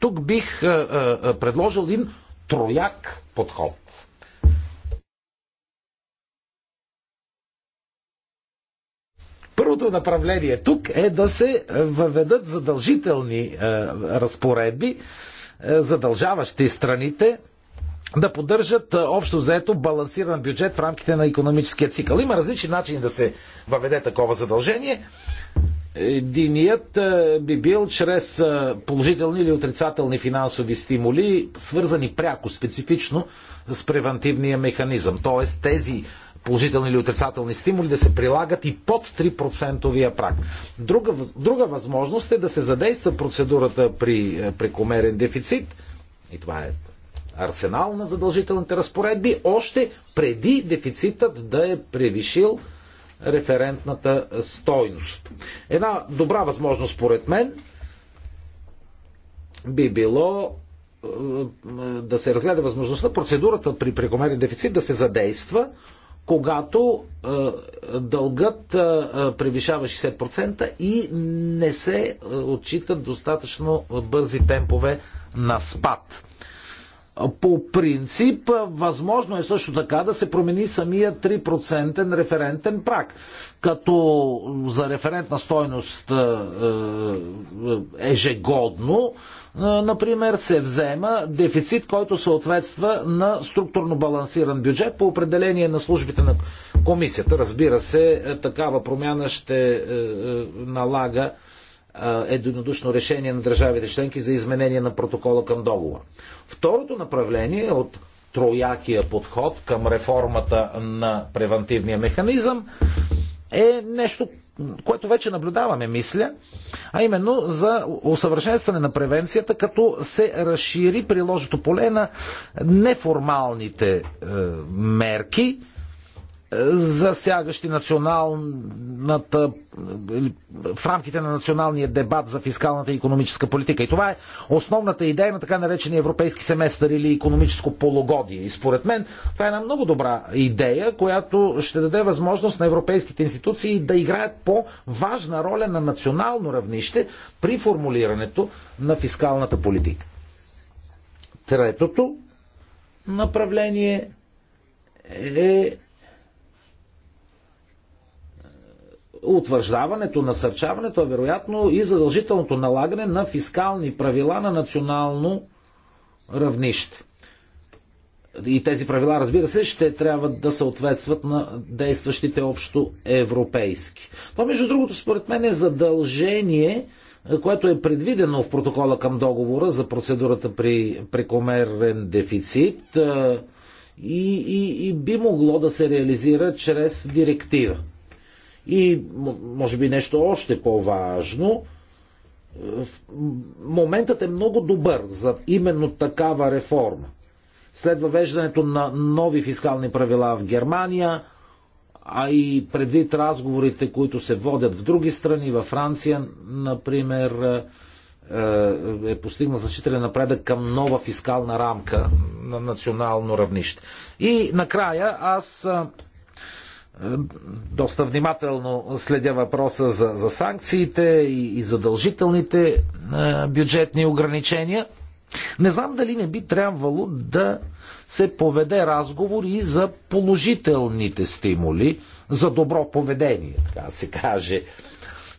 тук бих предложил един трояк подход. Второто направление тук е да се въведат задължителни е, разпоредби, е, задължаващи страните да поддържат е, общо заето балансиран бюджет в рамките на економическия цикъл. Има различни начини да се въведе такова задължение. Единият би бил чрез положителни или отрицателни финансови стимули, свързани пряко, специфично с превентивния механизъм. Тоест тези положителни или отрицателни стимули да се прилагат и под 3 прак. Друга, друга възможност е да се задейства процедурата при е, прекомерен дефицит, и това е арсенал на задължителните разпоредби, още преди дефицитът да е превишил референтната стойност. Една добра възможност, според мен, би било е, е, да се разгледа възможността процедурата при прекомерен дефицит да се задейства когато дългът превишава 60% и не се отчитат достатъчно бързи темпове на спад. По принцип, възможно е също така да се промени самия 3% референтен прак като за референтна стойност е, е, ежегодно, е, например, се взема дефицит, който съответства на структурно балансиран бюджет по определение на службите на комисията. Разбира се, такава промяна ще налага единодушно решение на държавите членки за изменение на протокола към договора. Второто направление от троякия подход към реформата на превентивния механизъм е нещо, което вече наблюдаваме, мисля, а именно за усъвършенстване на превенцията, като се разшири приложното поле на неформалните е, мерки, засягащи националната в рамките на националния дебат за фискалната и економическа политика. И това е основната идея на така наречения европейски семестър или економическо полугодие. И според мен това е една много добра идея, която ще даде възможност на европейските институции да играят по-важна роля на национално равнище при формулирането на фискалната политика. Третото направление е утвърждаването, насърчаването, а вероятно и задължителното налагане на фискални правила на национално равнище. И тези правила, разбира се, ще трябва да съответстват на действащите общо европейски. Това, между другото, според мен е задължение, което е предвидено в протокола към договора за процедурата при прекомерен дефицит и, и, и би могло да се реализира чрез директива. И, може би нещо още по-важно, моментът е много добър за именно такава реформа. След въвеждането на нови фискални правила в Германия, а и предвид разговорите, които се водят в други страни, във Франция, например, е, е, е постигнал значителен напредък към нова фискална рамка на национално равнище. И накрая аз е, е, доста внимателно следя въпроса за, за санкциите и, и задължителните е, бюджетни ограничения. Не знам дали не би трябвало да се поведе разговор и за положителните стимули за добро поведение, така се каже.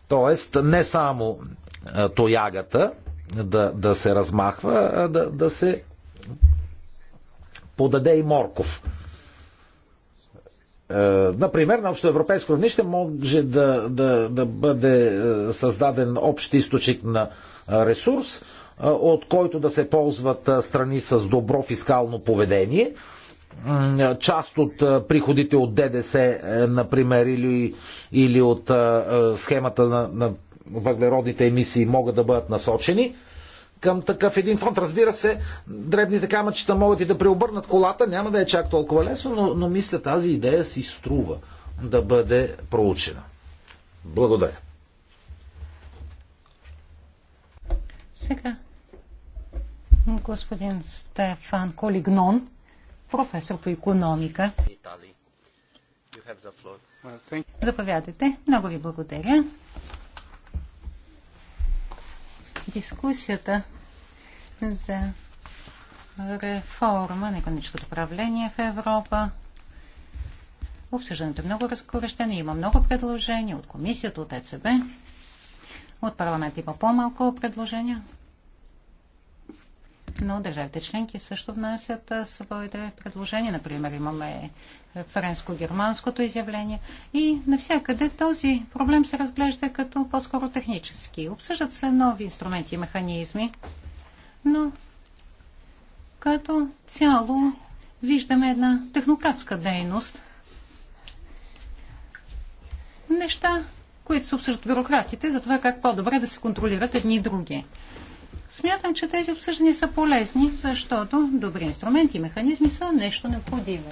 Тоест, не само е, тоягата да, да се размахва, а да, да се подаде и морков е, например, на общоевропейско равнище може да, да, да бъде е, създаден общ източник на е, ресурс, от който да се ползват страни с добро фискално поведение. Част от приходите от ДДС, например, или, или от схемата на, на въглеродните емисии могат да бъдат насочени към такъв един фонд. Разбира се, дребните камъчета могат и да преобърнат колата, няма да е чак толкова лесно, но, но мисля тази идея си струва да бъде проучена. Благодаря. Сега господин Стефан Колигнон, професор по економика. Заповядайте. Много ви благодаря дискусията за реформа на економическото управление в Европа. Обсъждането е много разкорещено. Има много предложения от комисията, от ЕЦБ. От парламента има по-малко предложения. Но държавите членки също внасят своите предложения. Например, имаме френско-германското изявление. И навсякъде този проблем се разглежда като по-скоро технически. Обсъждат се нови инструменти и механизми, но като цяло виждаме една технократска дейност. Неща, които се обсъждат бюрократите за това как по-добре да се контролират едни и други. Смятам, че тези обсъждания са полезни, защото добри инструменти и механизми са нещо необходимо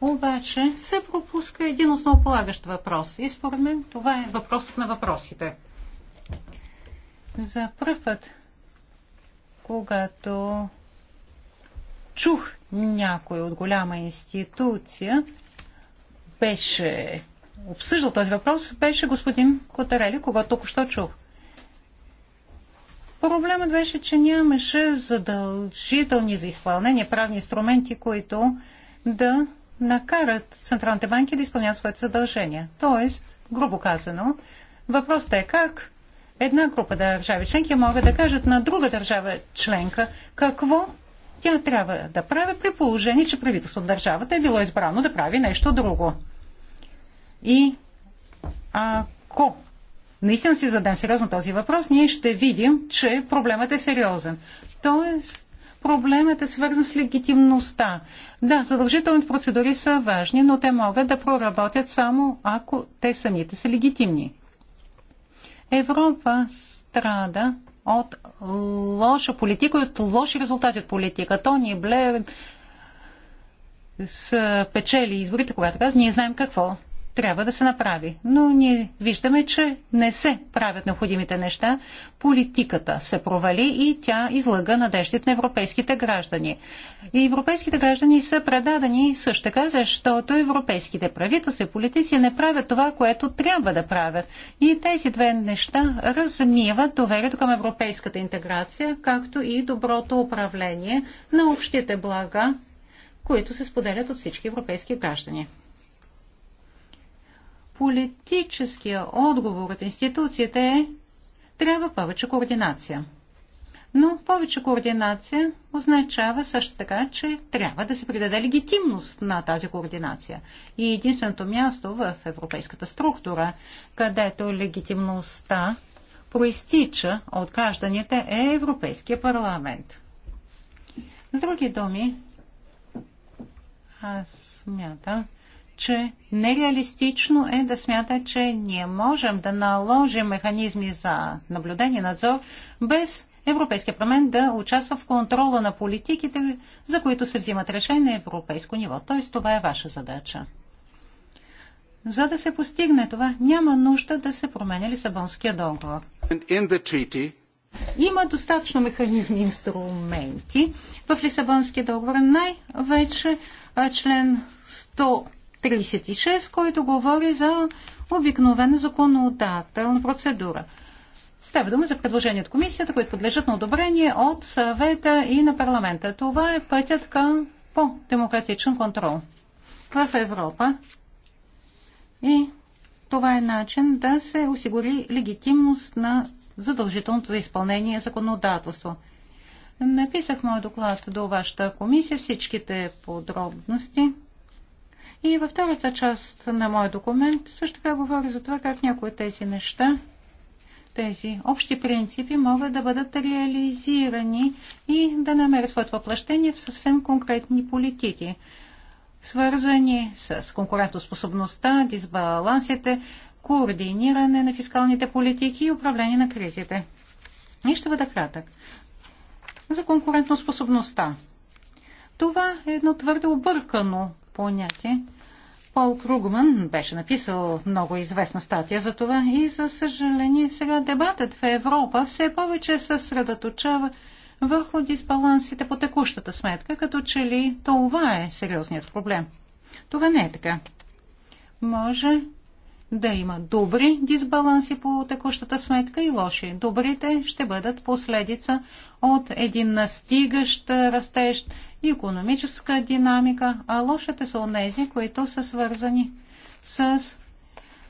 обаче се пропуска един основополагащ въпрос. И според мен това е въпросът на въпросите. За първ път, когато чух някой от голяма институция, беше обсъждал този въпрос, беше господин Котарели, когато току-що чух. Проблемът беше, че нямаше задължителни за изпълнение правни инструменти, които да накарат централните банки да изпълняват своите задължения. Тоест, грубо казано, въпросът е как една група държави членки могат да кажат на друга държава членка какво тя трябва да прави при положение, че правителството държавата е било избрано да прави нещо друго. И ако наистина си задам сериозно този въпрос, ние ще видим, че проблемът е сериозен. Тоест, проблемът е свързан с легитимността. Да, задължителните процедури са важни, но те могат да проработят само ако те самите са легитимни. Европа страда от лоша политика и от лоши резултати от политика. Тони Блер с печели изборите, когато казва, ние знаем какво трябва да се направи. Но ние виждаме, че не се правят необходимите неща. Политиката се провали и тя излага надеждите на европейските граждани. И европейските граждани са предадени също така, защото европейските правителства и политици не правят това, което трябва да правят. И тези две неща размиват доверието към европейската интеграция, както и доброто управление на общите блага, които се споделят от всички европейски граждани политическия отговор от институцията е трябва повече координация. Но повече координация означава също така, че трябва да се придаде легитимност на тази координация. И единственото място в европейската структура, където легитимността проистича от гражданите е Европейския парламент. С други думи, аз смятам, че нереалистично е да смята, че ние можем да наложим механизми за наблюдение, надзор, без Европейския парламент да участва в контрола на политиките, за които се взимат решения на европейско ниво. Т.е. това е ваша задача. За да се постигне това, няма нужда да се променя Лисабонския договор. Има достатъчно механизми, инструменти. В Лисабонския договор е най-вече член 100 36, който говори за обикновена законодателна процедура. Става дума за предложение от комисията, които подлежат на одобрение от съвета и на парламента. Това е пътят към по-демократичен контрол в Европа. И това е начин да се осигури легитимност на задължителното за изпълнение законодателство. Написах моят доклад до вашата комисия, всичките подробности. И във втората част на моят документ също така говоря за това как някои от тези неща, тези общи принципи могат да бъдат реализирани и да намерят своето въплъщение в съвсем конкретни политики, свързани с конкурентоспособността, дисбалансите, координиране на фискалните политики и управление на кризите. И ще бъда кратък. За конкурентоспособността. Това е едно твърде объркано понятие. Пол Кругман беше написал много известна статия за това и, за съжаление, сега дебатът в Европа все повече се съсредоточава върху дисбалансите по текущата сметка, като че ли това е сериозният проблем. Това не е така. Може да има добри дисбаланси по текущата сметка и лоши. Добрите ще бъдат последица от един настигащ растеж, и економическа динамика, а лошите са онези, които са свързани с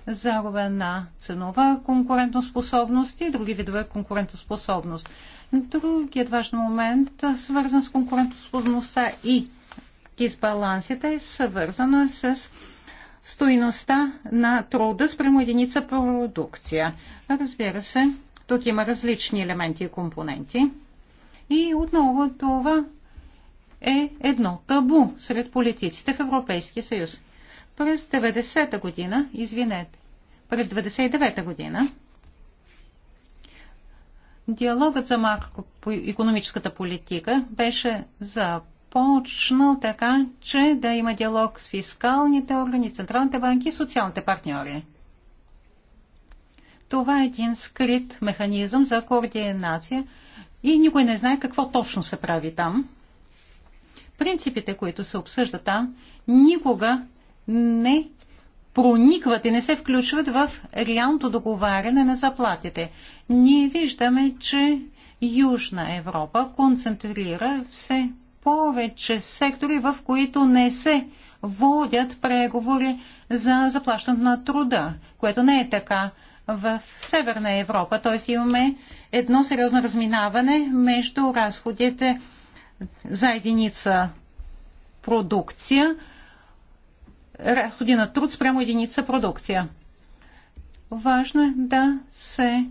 загуба на ценова конкурентоспособност и други видове конкурентоспособност. Другият важен момент, свързан с конкурентоспособността и дисбалансите, е свързана с стоиността на труда спрямо единица продукция. Разбира се, тук има различни елементи и компоненти. И отново това е едно табу сред политиците в Европейския съюз. През 90-та година, извинете, през 99-та година, диалогът за макроекономическата политика беше започнал така, че да има диалог с фискалните органи, централните банки и социалните партньори. Това е един скрит механизъм за координация и никой не знае какво точно се прави там принципите, които се обсъждат там, никога не проникват и не се включват в реалното договаряне на заплатите. Ние виждаме, че Южна Европа концентрира все повече сектори, в които не се водят преговори за заплащането на труда, което не е така в Северна Европа. Т.е. имаме едно сериозно разминаване между разходите за единица продукция, разходи на труд спрямо единица продукция. Важно е да се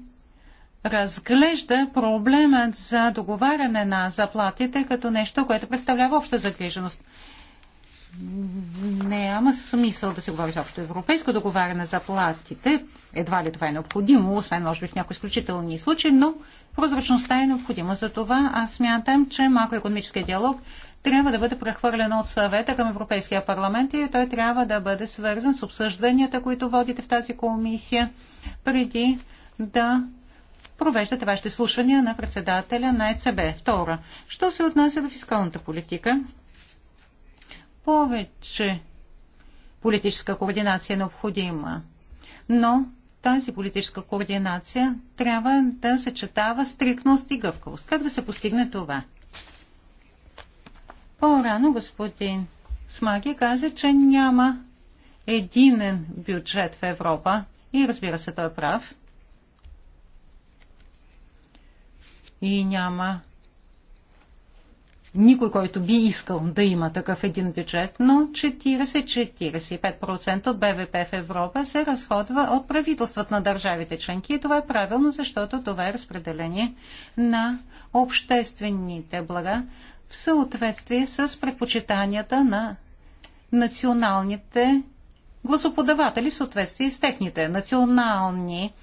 разглежда проблемът за договаряне на заплатите като нещо, което представлява обща загриженост. Няма смисъл да се говори за общо европейско договаряне на заплатите. Едва ли това е необходимо, освен може би в някои изключителни случаи, но Прозрачността е необходима. За това аз смятам, че макроекономическия диалог трябва да бъде прехвърлен от съвета към Европейския парламент и той трябва да бъде свързан с обсъжданията, които водите в тази комисия, преди да провеждате вашите слушания на председателя на ЕЦБ. Втора. Що се отнася до фискалната политика? Повече политическа координация е необходима. Но тази политическа координация трябва да съчетава стрикност и гъвкавост. Как да се постигне това? По-рано господин Смаги каза, че няма единен бюджет в Европа и разбира се, той е прав. И няма никой, който би искал да има такъв един бюджет, но 40-45% от БВП в Европа се разходва от правителствата на държавите членки и това е правилно, защото това е разпределение на обществените блага в съответствие с предпочитанията на националните гласоподаватели в съответствие с техните национални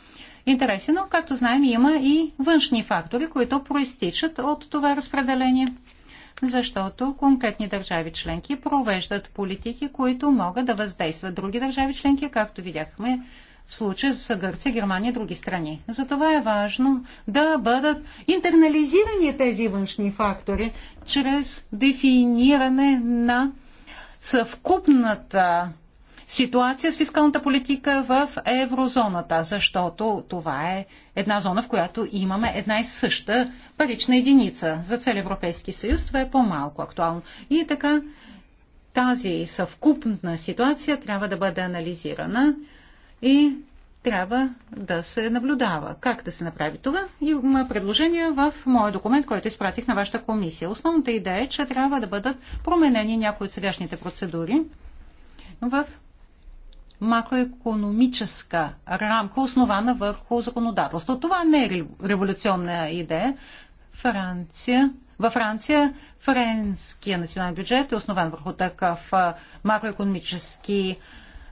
интереси, но както знаем има и външни фактори, които проистичат от това разпределение защото конкретни държави членки провеждат политики, които могат да въздействат други държави членки, както видяхме в случая с Гърция, Германия и други страни. Затова е важно да бъдат интернализирани тези външни фактори чрез дефиниране на съвкупната ситуация с фискалната политика в еврозоната, защото това е една зона, в която имаме една и съща парична единица. За цел Европейски съюз това е по-малко актуално. И така тази съвкупна ситуация трябва да бъде анализирана и трябва да се наблюдава. Как да се направи това? Има предложения в моят документ, който изпратих на вашата комисия. Основната идея е, че трябва да бъдат променени някои от сегашните процедури в макроекономическа рамка, основана върху законодателство. Това не е революционна идея. Франция във Франция френския национален бюджет е основан върху такъв макроекономически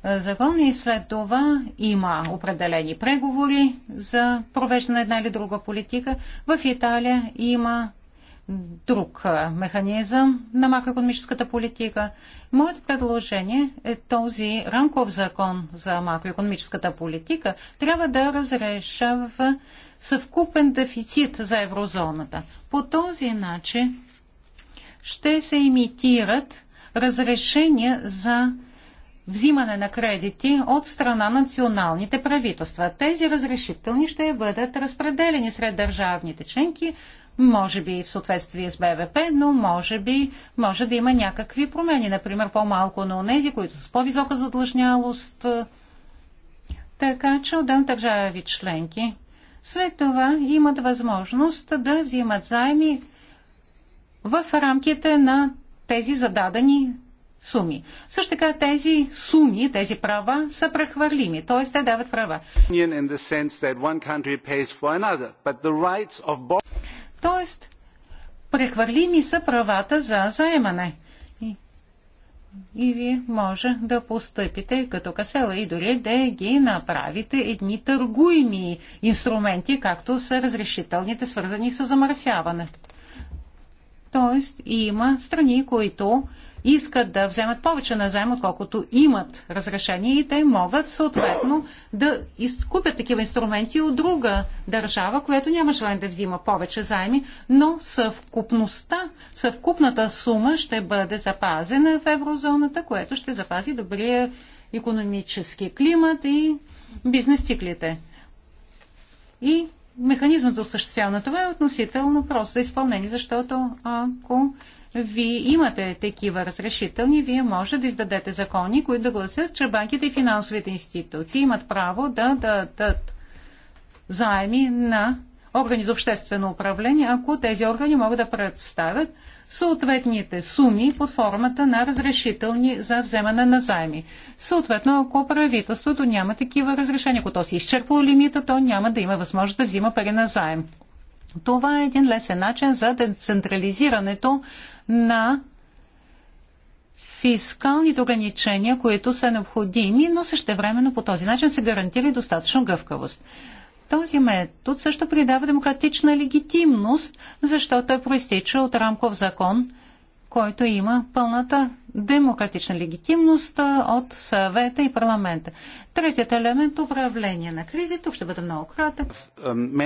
закон и след това има определени преговори за провеждане на една или друга политика. В Италия има друг механизъм на макроекономическата политика. Моето предложение е този рамков закон за макроекономическата политика трябва да разрешава съвкупен дефицит за еврозоната. По този начин ще се имитират разрешения за взимане на кредити от страна националните правителства. Тези разрешителни ще бъдат разпределени сред държавните членки може би в съответствие с БВП, но може би може да има някакви промени. Например, по-малко на онези, които са с по-висока задлъжнялост. Така че отделни държави членки след това имат възможност да взимат заеми в рамките на тези зададени суми. Също така тези суми, тези права са прехвърлими, т.е. те дават права. Тоест, ми са правата за заемане. И, и вие може да постъпите като касела и дори да ги направите едни търгуеми инструменти, както са разрешителните, свързани с замърсяването. Тоест, има страни, които искат да вземат повече на отколкото имат разрешение и те могат съответно да изкупят такива инструменти от друга държава, която няма желание да взима повече заеми, но съвкупността, съвкупната сума ще бъде запазена в еврозоната, което ще запази добрия економически климат и бизнес циклите. И механизмът за осъществяване на това е относително просто изпълнение, защото ако вие имате такива разрешителни, вие може да издадете закони, които да гласят, че банките и финансовите институции имат право да дадат заеми на органи за обществено управление, ако тези органи могат да представят съответните суми под формата на разрешителни за вземане на заеми. Съответно, ако правителството няма такива разрешения, ако то си е изчерпало лимита, то няма да има възможност да взима пари на заем. Това е един лесен начин за децентрализирането на фискалните ограничения, които са необходими, но същевременно по този начин се гарантира достатъчно гъвкавост. Този метод също придава демократична легитимност, защото той проистича от рамков закон – който има пълната демократична легитимност от съвета и парламента. Третият елемент – управление на кризи. Тук ще бъда много кратък. Um,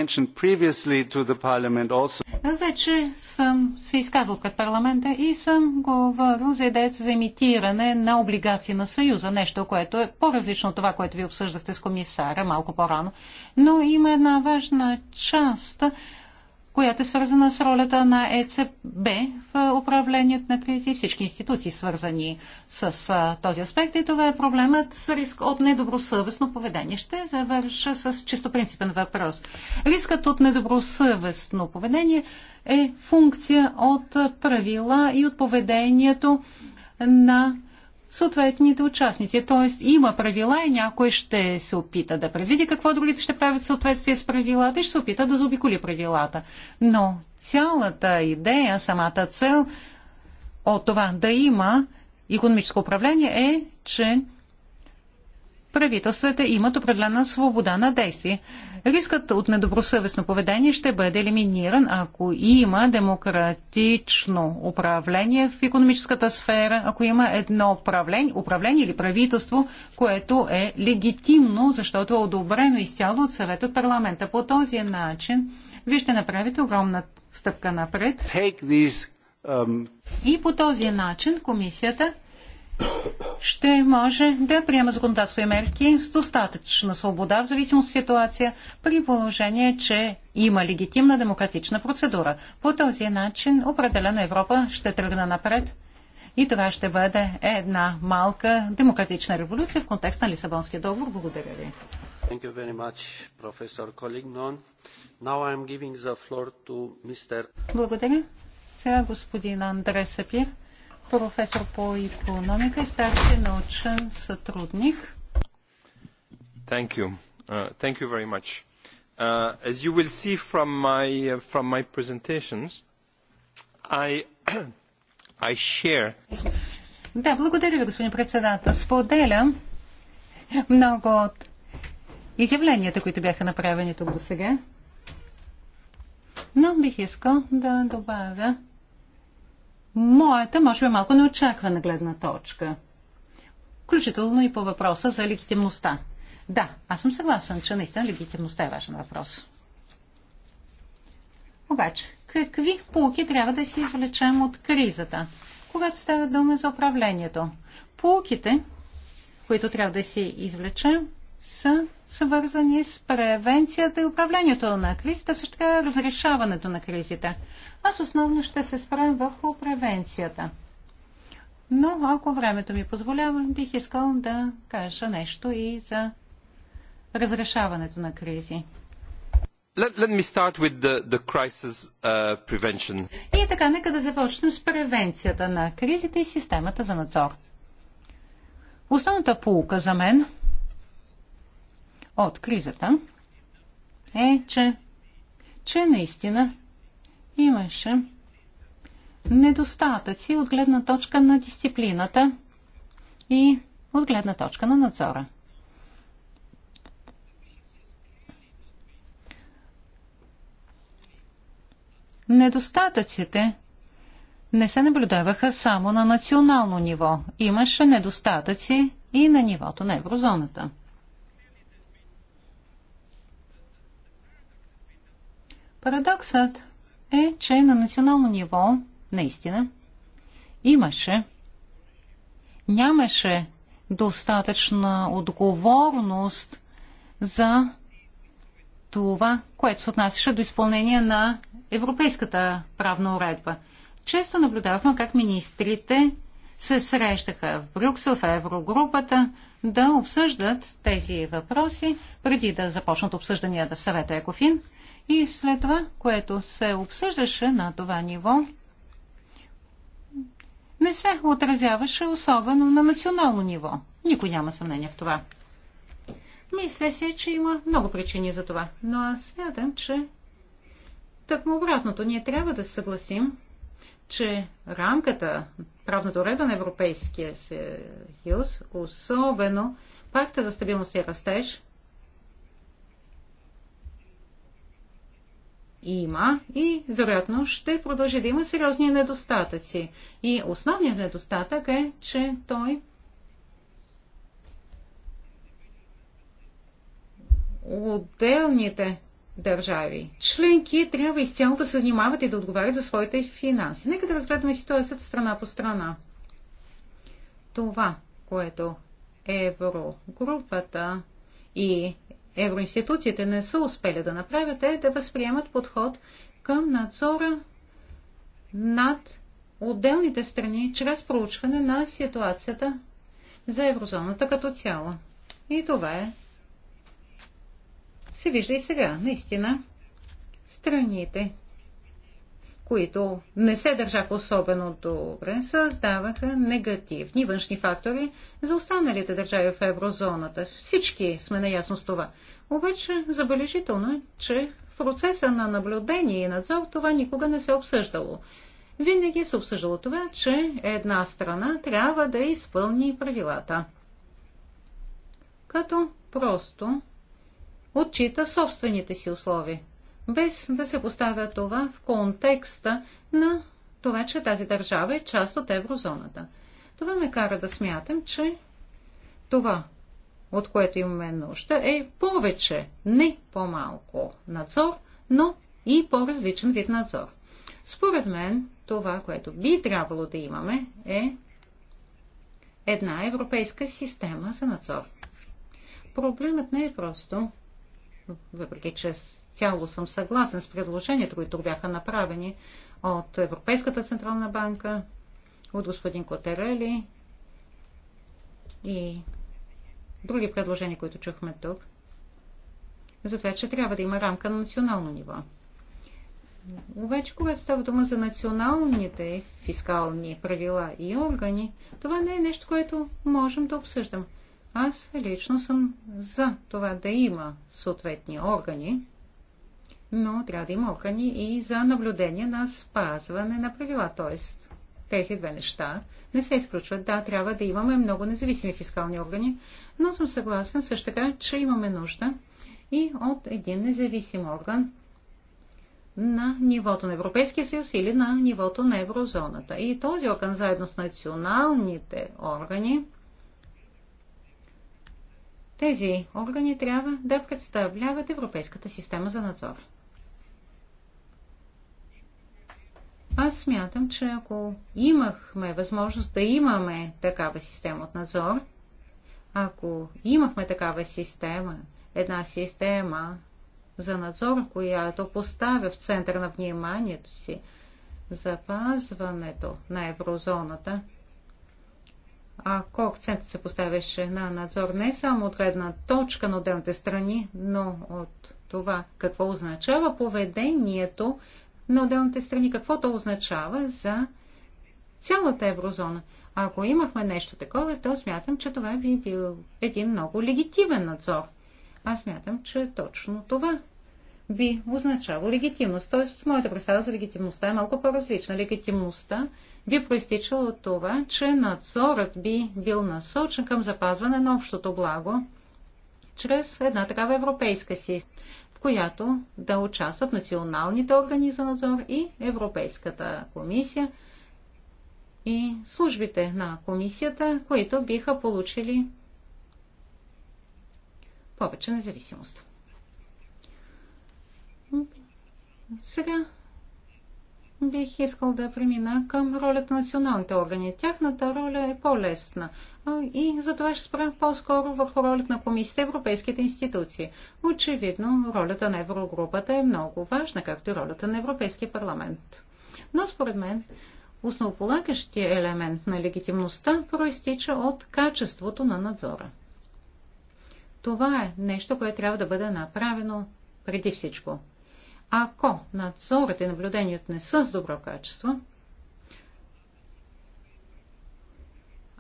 Вече съм се изказал пред парламента и съм говорил за идеята за имитиране на облигации на Съюза. Нещо, което е по-различно от това, което ви обсъждахте с комисара малко по-рано. Но има една важна част – която е свързана с ролята на ЕЦБ в управлението на кризи и всички институции свързани с този аспект. И това е проблемът с риск от недобросъвестно поведение. Ще завърша с чисто принципен въпрос. Рискът от недобросъвестно поведение е функция от правила и от поведението на съответните участници. Тоест има правила и някой ще се опита да предвиди какво другите ще правят в съответствие с правилата и ще се опита да заобиколи правилата. Но цялата идея, самата цел от това да има економическо управление е, че правителствата имат определена свобода на действие. Рискът от недобросъвестно поведение ще бъде елиминиран, ако има демократично управление в економическата сфера, ако има едно управление, управление или правителство, което е легитимно, защото е одобрено изцяло от съвет от парламента. По този начин вие ще направите огромна стъпка напред. These, um... И по този начин комисията ще може да приема законодателство и мерки с достатъчна свобода в зависимост от ситуация, при положение, че има легитимна демократична процедура. По този начин определено Европа ще тръгне напред и това ще бъде една малка демократична революция в контекст на Лисабонския договор. Благодаря ви. Thank you very much, Now I'm giving the floor to Mr. Благодаря. Сега господин Андре Сапир професор по економика и старши научен сътрудник. Thank you. Uh, thank you very much. Uh, as you will see from my, uh, from my presentations, I, I share... Да, благодаря ви, господин председател. Споделям много от изявленията, които бяха направени тук до сега. Но бих искал да добавя Моята може би малко неочаквана гледна точка. Включително и по въпроса за легитимността. Да, аз съм съгласен, че наистина легитимността е важен въпрос. Обаче, какви полки трябва да си извлечем от кризата, когато става дума за управлението? Полките, които трябва да си извлечем, са свързани с превенцията и управлението на кризите, също така разрешаването на кризите. Аз основно ще се справим върху превенцията. Но ако времето ми позволява, бих искал да кажа нещо и за разрешаването на кризи. Let, let me start with the, the crisis uh, prevention. И така, нека да започнем с превенцията на кризите и системата за надзор. Основната полука за мен – от кризата е, че, че наистина имаше недостатъци от гледна точка на дисциплината и от гледна точка на надзора. Недостатъците не се наблюдаваха само на национално ниво. Имаше недостатъци и на нивото на еврозоната. Парадоксът е, че на национално ниво, наистина, имаше, нямаше достатъчна отговорност за това, което се отнасяше до изпълнение на европейската правна уредба. Често наблюдавахме как министрите се срещаха в Брюксел, в Еврогрупата, да обсъждат тези въпроси, преди да започнат обсъжданията в съвета Екофин – и след това, което се обсъждаше на това ниво, не се отразяваше особено на национално ниво. Никой няма съмнение в това. Мисля се, че има много причини за това, но аз смятам, че тъкмо обратното. Ние трябва да съгласим, че рамката, правната уреда на Европейския съюз, особено пакта за стабилност и растеж, има и вероятно ще продължи да има сериозни недостатъци. И основният недостатък е, че той отделните държави. Членки трябва изцяло да се занимават и да отговарят за своите финанси. Нека да разгледаме ситуацията страна по страна. Това, което еврогрупата и евроинституциите не са успели да направят, е да възприемат подход към надзора над отделните страни чрез проучване на ситуацията за еврозоната като цяло. И това е. Се вижда и сега, наистина. Страните, които не се държаха особено добре, създаваха негативни външни фактори за останалите държави в еврозоната. Всички сме наясно с това. Обаче забележително е, че в процеса на наблюдение и надзор това никога не се е обсъждало. Винаги се е обсъждало това, че една страна трябва да изпълни правилата. Като просто отчита собствените си условия без да се поставя това в контекста на това, че тази държава е част от еврозоната. Това ме кара да смятам, че това, от което имаме нужда, е повече, не по-малко надзор, но и по-различен вид надзор. Според мен, това, което би трябвало да имаме, е една европейска система за надзор. Проблемът не е просто, въпреки че цяло съм съгласен с предложенията, които бяха направени от Европейската Централна банка, от господин Котерели и други предложения, които чухме тук, за това, че трябва да има рамка на национално ниво. Обаче, когато става дума за националните фискални правила и органи, това не е нещо, което можем да обсъждам. Аз лично съм за това да има съответни органи, но трябва да има охрани и за наблюдение на спазване на правила. Т.е. тези две неща не се изключват. Да, трябва да имаме много независими фискални органи, но съм съгласен също така, че имаме нужда и от един независим орган на нивото на Европейския съюз или на нивото на еврозоната. И този орган заедно с националните органи тези органи трябва да представляват Европейската система за надзор. Аз смятам, че ако имахме възможност да имаме такава система от надзор, ако имахме такава система, една система за надзор, която поставя в център на вниманието си запазването на еврозоната, ако акцентът се поставяше на надзор не само от гледна точка на отделните страни, но от това какво означава поведението на отделните страни, какво то означава за цялата еврозона. Ако имахме нещо такова, то смятам, че това би бил един много легитимен надзор. Аз смятам, че точно това би означавало легитимност. Тоест, моята представа за легитимността е малко по-различна. Легитимността би проистичала от това, че надзорът би бил насочен към запазване на общото благо чрез една такава европейска система която да участват националните органи за надзор и Европейската комисия и службите на комисията, които биха получили повече независимост. Сега бих искал да премина към ролята на националните органи. Тяхната роля е по-лесна и за това ще спрем по-скоро върху ролята на комисията европейските институции. Очевидно, ролята на Еврогрупата е много важна, както и ролята на Европейския парламент. Но според мен, основополагащия елемент на легитимността проистича от качеството на надзора. Това е нещо, което трябва да бъде направено преди всичко. Ако надзорът и наблюдението не са с добро качество,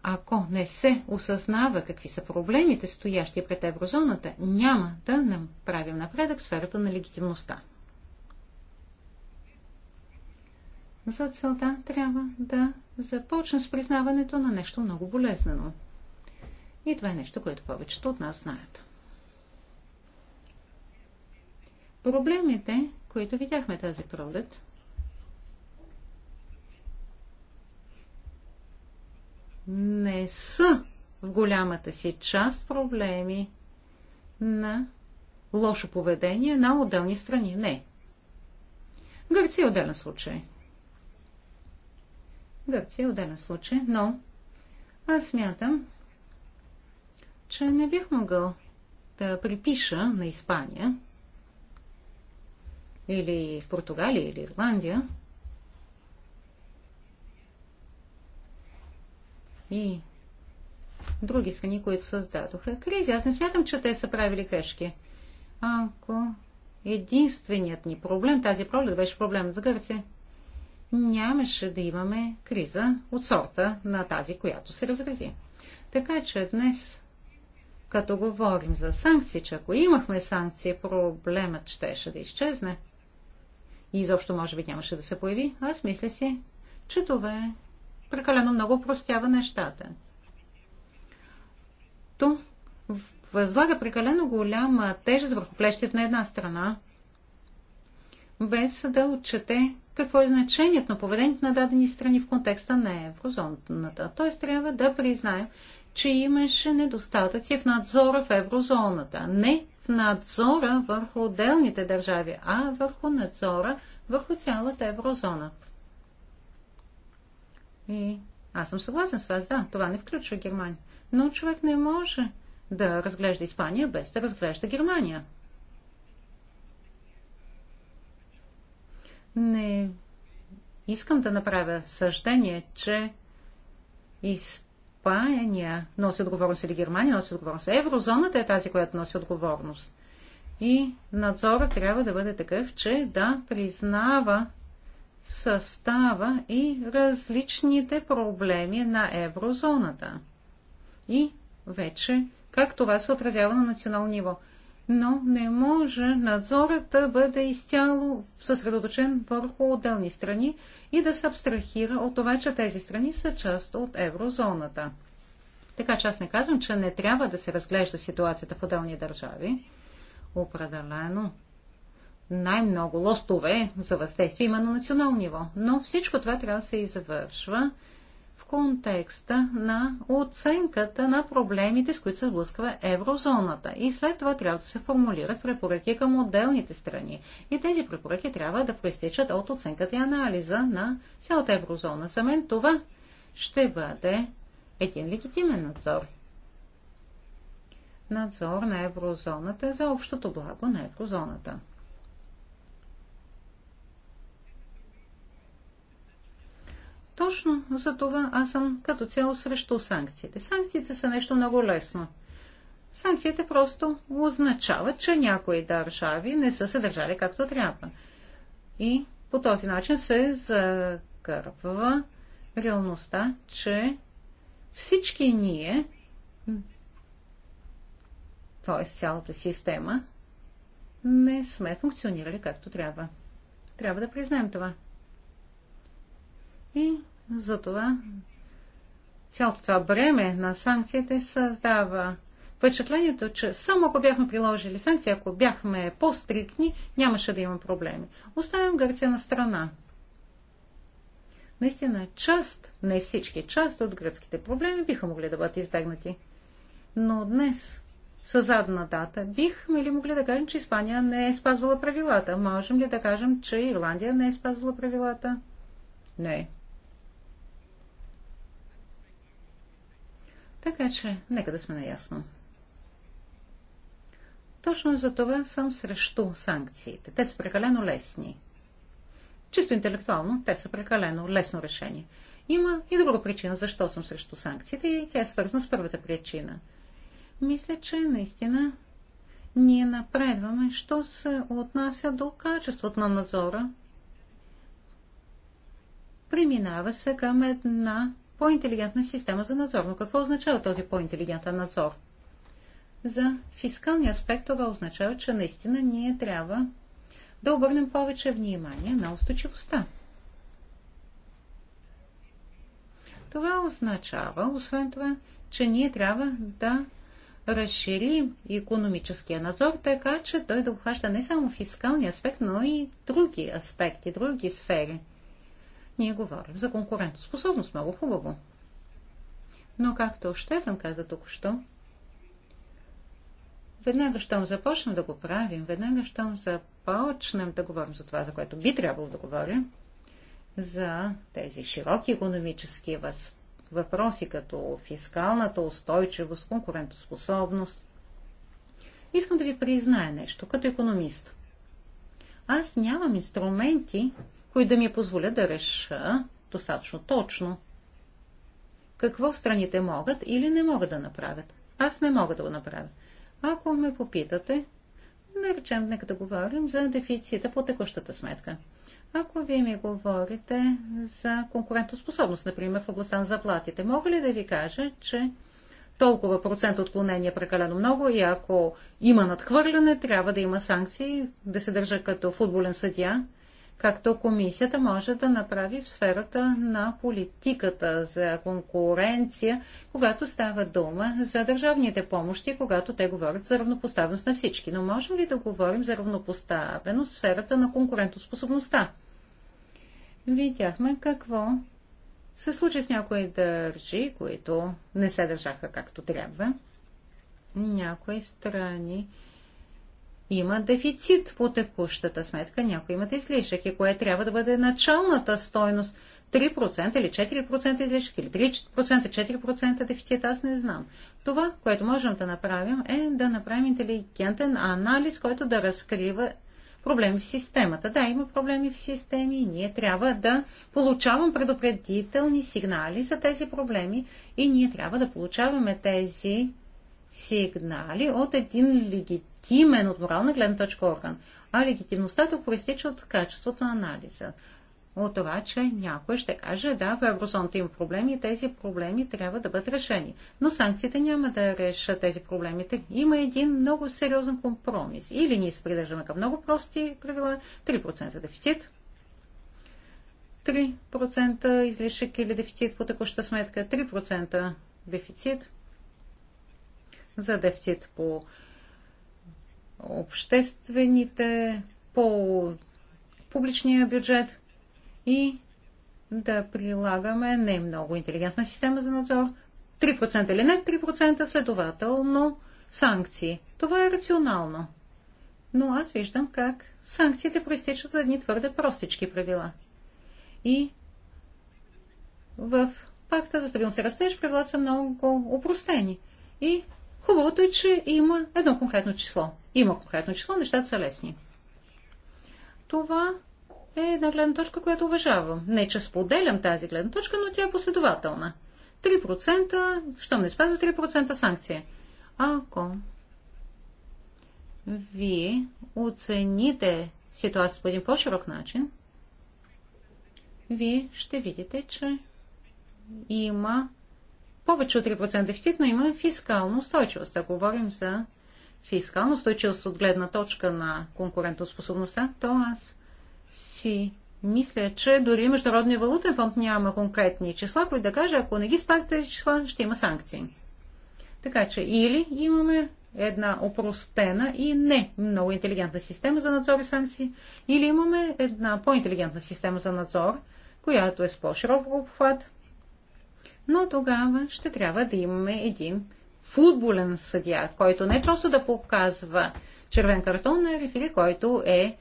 ако не се осъзнава какви са проблемите, стоящи пред еврозоната, няма да направим напредък в сферата на легитимността. За целта трябва да започнем с признаването на нещо много болезнено. И това е нещо, което повечето от нас знаят. Проблемите, които видяхме тази пролет, не са в голямата си част проблеми на лошо поведение на отделни страни. Не. Гърция е отделен случай. Гърция е отделен случай, но аз смятам, че не бих могъл да припиша на Испания или Португалия или Ирландия и други страни, които създадоха кризи. Аз не смятам, че те са правили грешки. Ако единственият ни проблем, тази пролет беше проблем за Гърция, нямаше да имаме криза от сорта на тази, която се разрази. Така че днес, като говорим за санкции, че ако имахме санкции, проблемът щеше да изчезне и изобщо може би нямаше да се появи, аз мисля си, че това е прекалено много простява нещата. То възлага прекалено голяма тежест върху плещите на една страна, без да отчете какво е значението на поведението на дадени страни в контекста на еврозоната. Т.е. трябва да признаем, че имаше недостатъци в надзора в еврозоната. Не в надзора върху отделните държави, а върху надзора върху цялата еврозона. И аз съм съгласен с вас, да, това не включва Германия. Но човек не може да разглежда Испания без да разглежда Германия. Не искам да направя съждение, че Испания носи отговорност или Германия носи отговорност. Еврозоната е тази, която носи отговорност. И надзора трябва да бъде такъв, че да признава състава и различните проблеми на еврозоната. И вече как това се отразява на национално ниво. Но не може надзорът да бъде изцяло съсредоточен върху отделни страни и да се абстрахира от това, че тези страни са част от еврозоната. Така че аз не казвам, че не трябва да се разглежда ситуацията в отделни държави. Определено най-много лостове за въздействие има на национално ниво. Но всичко това трябва да се извършва в контекста на оценката на проблемите, с които се сблъсква еврозоната. И след това трябва да се формулират препоръки към отделните страни. И тези препоръки трябва да проистичат от оценката и анализа на цялата еврозона. За мен това ще бъде един легитимен надзор. Надзор на еврозоната за общото благо на еврозоната. Точно за това аз съм като цяло срещу санкциите. Санкциите са нещо много лесно. Санкциите просто означават, че някои държави не са се държали както трябва. И по този начин се закърпва реалността, че всички ние, т.е. цялата система, не сме функционирали както трябва. Трябва да признаем това. И затова цялото това бреме на санкциите създава впечатлението, че само ако бяхме приложили санкции, ако бяхме по-стрикни, нямаше да има проблеми. Оставям Гърция на страна. Наистина, част, не всички, част от гръцките проблеми биха могли да бъдат избегнати. Но днес, със задна дата, бихме ли могли да кажем, че Испания не е спазвала правилата? Можем ли да кажем, че Ирландия не е спазвала правилата? Не. Така че, нека да сме наясно. Точно за това съм срещу санкциите. Те са прекалено лесни. Чисто интелектуално, те са прекалено лесно решение. Има и друга причина, защо съм срещу санкциите, и тя е свързана с първата причина. Мисля, че наистина ние напредваме, що се отнася до качеството на надзора. Преминава се към една по-интелигентна система за надзор. Но какво означава този по-интелигентен надзор? За фискалния аспект това означава, че наистина ние трябва да обърнем повече внимание на устойчивостта. Това означава, освен това, че ние трябва да разшири економическия надзор, така че той да обхваща не само фискалния аспект, но и други аспекти, други сфери – ние говорим за конкурентоспособност. Много хубаво. Но както Штефан каза току-що, веднага щом започнем да го правим, веднага щом започнем да говорим за това, за което би трябвало да говорим, за тези широки економически въпроси, като фискалната устойчивост, конкурентоспособност, искам да ви призная нещо, като економист. Аз нямам инструменти, които да ми позволят да реша достатъчно точно какво страните могат или не могат да направят. Аз не мога да го направя. Ако ме попитате, наречем, речем, нека да говорим за дефицита по текущата сметка. Ако вие ми говорите за конкурентоспособност, например, в областта на заплатите, мога ли да ви кажа, че толкова процент отклонение е прекалено много и ако има надхвърляне, трябва да има санкции, да се държа като футболен съдия както комисията може да направи в сферата на политиката за конкуренция, когато става дума за държавните помощи, когато те говорят за равнопоставеност на всички. Но можем ли да говорим за равнопоставеност в сферата на конкурентоспособността? Видяхме какво се случи с някои държи, които не се държаха както трябва. Някои страни има дефицит по текущата сметка, някои имат излишък и кое трябва да бъде началната стойност. 3% или 4% излишък или 3%, 4% дефицит, аз не знам. Това, което можем да направим е да направим интелигентен анализ, който да разкрива проблеми в системата. Да, има проблеми в системи и ние трябва да получавам предупредителни сигнали за тези проблеми и ние трябва да получаваме тези сигнали от един легитимен легитимен от морална гледна точка орган, а легитимността тук проистича от качеството на анализа. От това, че някой ще каже, да, в еврозоната има проблеми и тези проблеми трябва да бъдат решени. Но санкциите няма да решат тези проблеми. Има един много сериозен компромис. Или ние се придържаме към много прости правила, 3% дефицит, 3% излишък или дефицит по текуща сметка, 3% дефицит за дефицит по обществените, по публичния бюджет и да прилагаме не много интелигентна система за надзор. 3% или не 3%, следователно санкции. Това е рационално. Но аз виждам как санкциите проистичат от едни твърде простички правила. И в пакта за стабилност и растеж правилата са много упростени. И Хубавото е, че има едно конкретно число. Има конкретно число, нещата са лесни. Това е една гледна точка, която уважавам. Не, че споделям тази гледна точка, но тя е последователна. 3%, щом не спазва 3% санкция. Ако вие оцените ситуацията по един по-широк начин, вие ще видите, че има повече от 3% дефицит, но има фискална устойчивост. Ако говорим за фискална устойчивост от гледна точка на конкурентоспособността, то аз си мисля, че дори Международния валутен фонд няма конкретни числа, които да кажа, ако не ги спазите тези числа, ще има санкции. Така че или имаме една опростена и не много интелигентна система за надзор и санкции, или имаме една по-интелигентна система за надзор, която е с по-широк обхват, но тогава ще трябва да имаме един футболен съдия, който не просто да показва червен картон на рефери, който е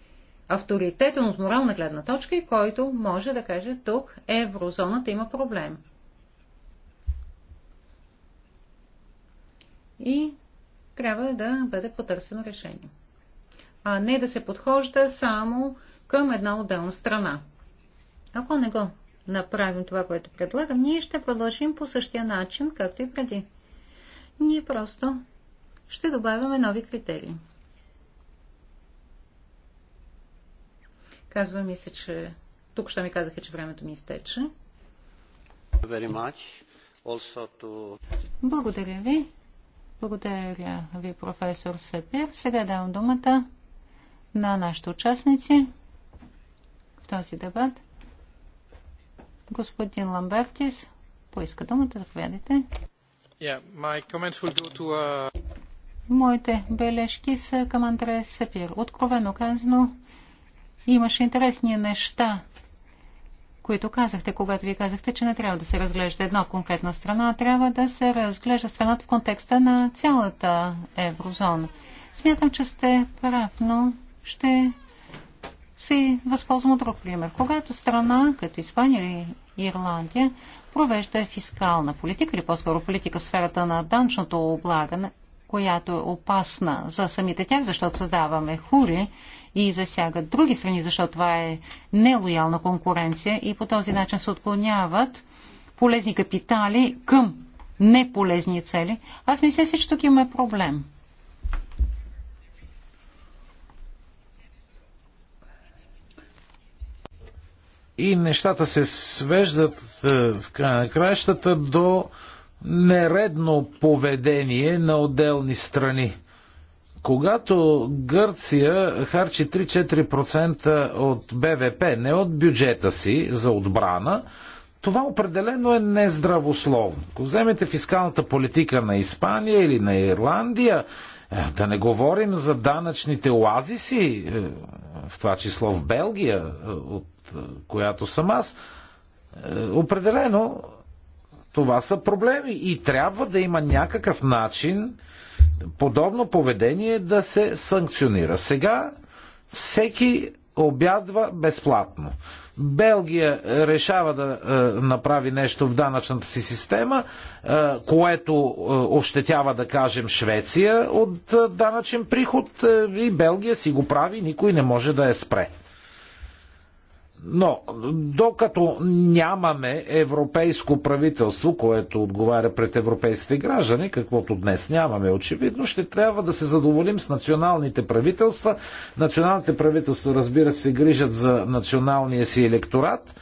авторитетен от морална гледна точка и който може да каже тук еврозоната има проблем. И трябва да бъде потърсено решение. А не да се подхожда само към една отделна страна. Ако не го направим това, което предлагам, ние ще продължим по същия начин, както и преди. Ние просто ще добавяме нови критерии. Казва ми се, че тук ще ми казаха, че времето ми изтече. To... Благодаря ви. Благодаря ви, професор Сапир. Сега давам думата на нашите участници в този дебат. Господин Ламбертис поиска думата. Заповядайте. Uh, Моите бележки са към Андрея Сапир. Откровено казано, имаше интересни неща, които казахте, когато ви казахте, че не трябва да се разглежда една конкретна страна, а трябва да се разглежда страната в контекста на цялата еврозона. Смятам, че сте прав, но ще се възползвам от друг пример. Когато страна, като Испания или Ирландия, провежда фискална политика или по-скоро политика в сферата на данчното облагане, която е опасна за самите тях, защото създаваме хури и засягат други страни, защото това е нелоялна конкуренция и по този начин се отклоняват полезни капитали към неполезни цели. Аз мисля си, че тук има проблем. И нещата се свеждат е, в края на краищата до нередно поведение на отделни страни. Когато Гърция харчи 3-4% от БВП, не от бюджета си за отбрана, това определено е нездравословно. Ако вземете фискалната политика на Испания или на Ирландия, е, да не говорим за данъчните оазиси, е, в това число в Белгия, от е, която съм аз, е, определено това са проблеми и трябва да има някакъв начин подобно поведение да се санкционира. Сега всеки обядва безплатно. Белгия решава да е, направи нещо в данъчната си система, е, което е, ощетява, да кажем, Швеция от е, данъчен приход е, и Белгия си го прави, никой не може да я спре. Но докато нямаме европейско правителство, което отговаря пред европейските граждани, каквото днес нямаме, очевидно, ще трябва да се задоволим с националните правителства. Националните правителства, разбира се, грижат за националния си електорат.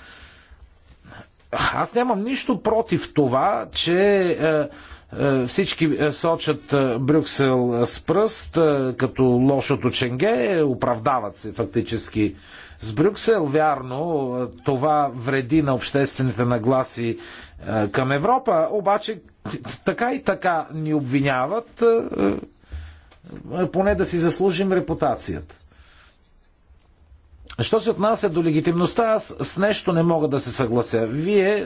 Аз нямам нищо против това, че е, е всички е, сочат е, Брюксел с пръст като лошото ченге, оправдават се фактически с Брюксел. Вярно, това вреди на обществените нагласи е, към Европа, обаче така и така ни обвиняват е, е, поне да си заслужим репутацията. Що се отнася до легитимността, аз с нещо не мога да се съглася. Вие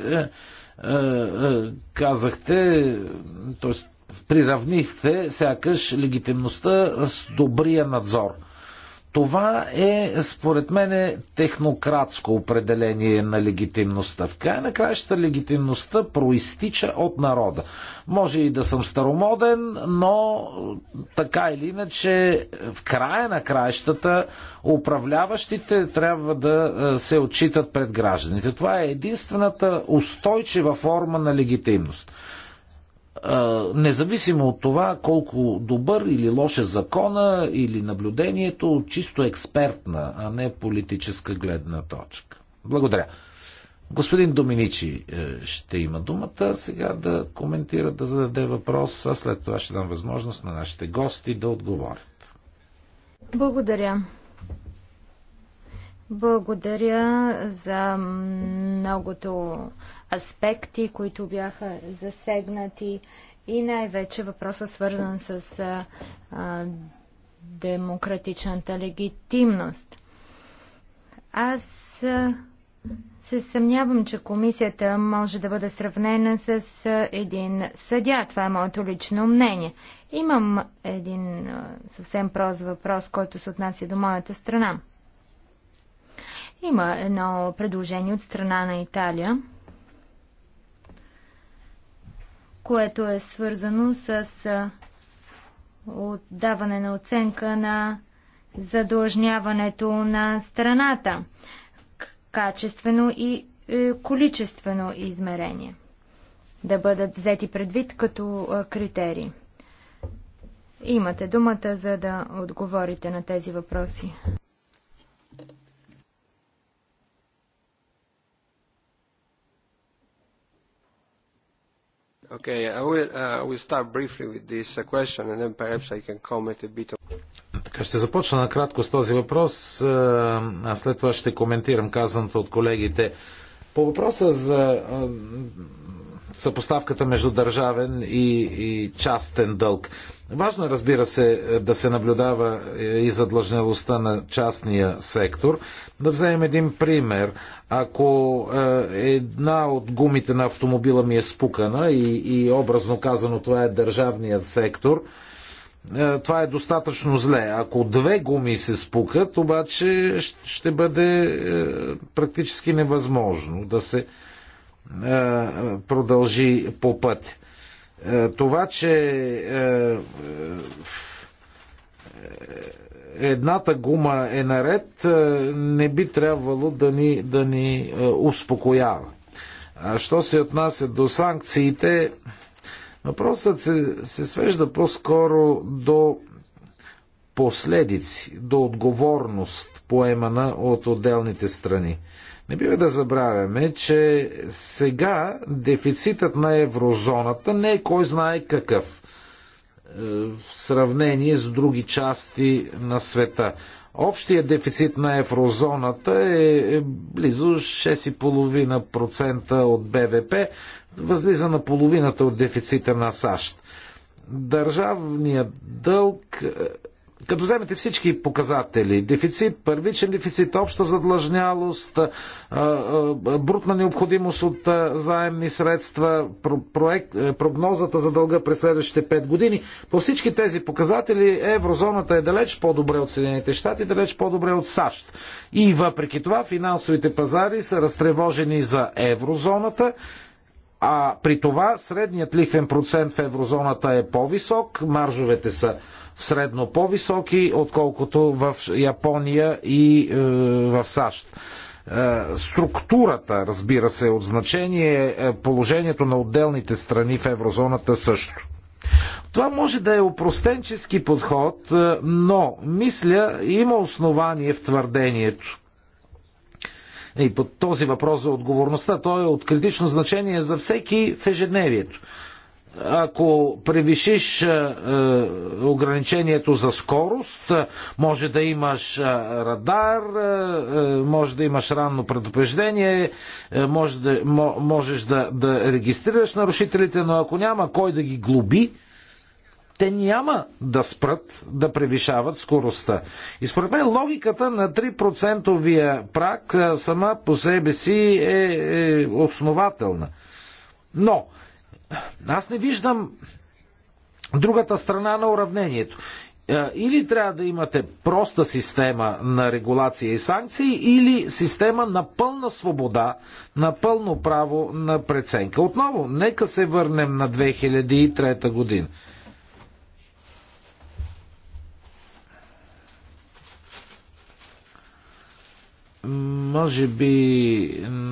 казахте, т.е. приравнихте сякаш легитимността с добрия надзор – това е, според мен, технократско определение на легитимността. В края на краищата легитимността проистича от народа. Може и да съм старомоден, но така или иначе, в края на краищата управляващите трябва да е, се отчитат пред гражданите. Това е единствената устойчива форма на легитимност независимо от това колко добър или лош е закона или наблюдението чисто експертна, а не политическа гледна точка. Благодаря. Господин Доминичи е, ще има думата сега да коментира, да зададе въпрос, а след това ще дам възможност на нашите гости да отговорят. Благодаря. Благодаря за многото аспекти, които бяха засегнати и най-вече въпроса свързан с а, а, демократичната легитимност. Аз а, се съмнявам, че комисията може да бъде сравнена с един съдя. Това е моето лично мнение. Имам един съвсем прост въпрос, който се отнася до моята страна. Има едно предложение от страна на Италия, което е свързано с отдаване на оценка на задлъжняването на страната, качествено и е, количествено измерение да бъдат взети предвид като критерии. Имате думата, за да отговорите на тези въпроси. Okay, uh, I will, start briefly with this uh, question and then perhaps I can comment a bit on... Така ще започна накратко с този въпрос, а след това ще коментирам казаното от колегите. По въпроса за съпоставката между държавен и, и частен дълг. Важно е, разбира се, да се наблюдава е, и задлъжнялостта на частния сектор. Да вземем един пример. Ако е, една от гумите на автомобила ми е спукана и, и образно казано това е държавният сектор, е, това е достатъчно зле. Ако две гуми се спукат, обаче ще бъде практически невъзможно да се, продължи по път. Това, че едната гума е наред, не би трябвало да ни, да ни успокоява. А що се отнася до санкциите, въпросът се, се свежда по-скоро до последици, до отговорност, поемана от отделните страни. Не бива да забравяме, че сега дефицитът на еврозоната не е кой знае какъв е, в сравнение с други части на света. Общият дефицит на еврозоната е, е близо 6,5% от БВП, възлиза на половината от дефицита на САЩ. Държавният дълг е, като вземете всички показатели, дефицит, първичен дефицит, обща задлъжнялост, брутна необходимост от заемни средства, проект, е, прогнозата за дълга през следващите 5 години, по всички тези показатели еврозоната е далеч по-добре от Съединените щати, далеч по-добре от САЩ. И въпреки това финансовите пазари са разтревожени за еврозоната а при това средният лихвен процент в еврозоната е по-висок, маржовете са средно по-високи, отколкото в Япония и е, в САЩ е, структурата, разбира се, от значение, е, положението на отделните страни в еврозоната също. Това може да е упростенчески подход, но мисля, има основание в твърдението. И под този въпрос за отговорността, той е от критично значение за всеки в ежедневието ако превишиш е, е, ограничението за скорост, е, може да имаш радар, може да имаш ранно предупреждение, може да, можеш да, да регистрираш нарушителите, но ако няма кой да ги глоби, те няма да спрат да превишават скоростта. И според мен логиката на 3% прак сама по себе си е, е основателна. Но аз не виждам другата страна на уравнението. Е, или трябва да имате проста система на регулация и санкции, или система на пълна свобода, на пълно право на преценка. Отново, нека се върнем на 2003 година. Може би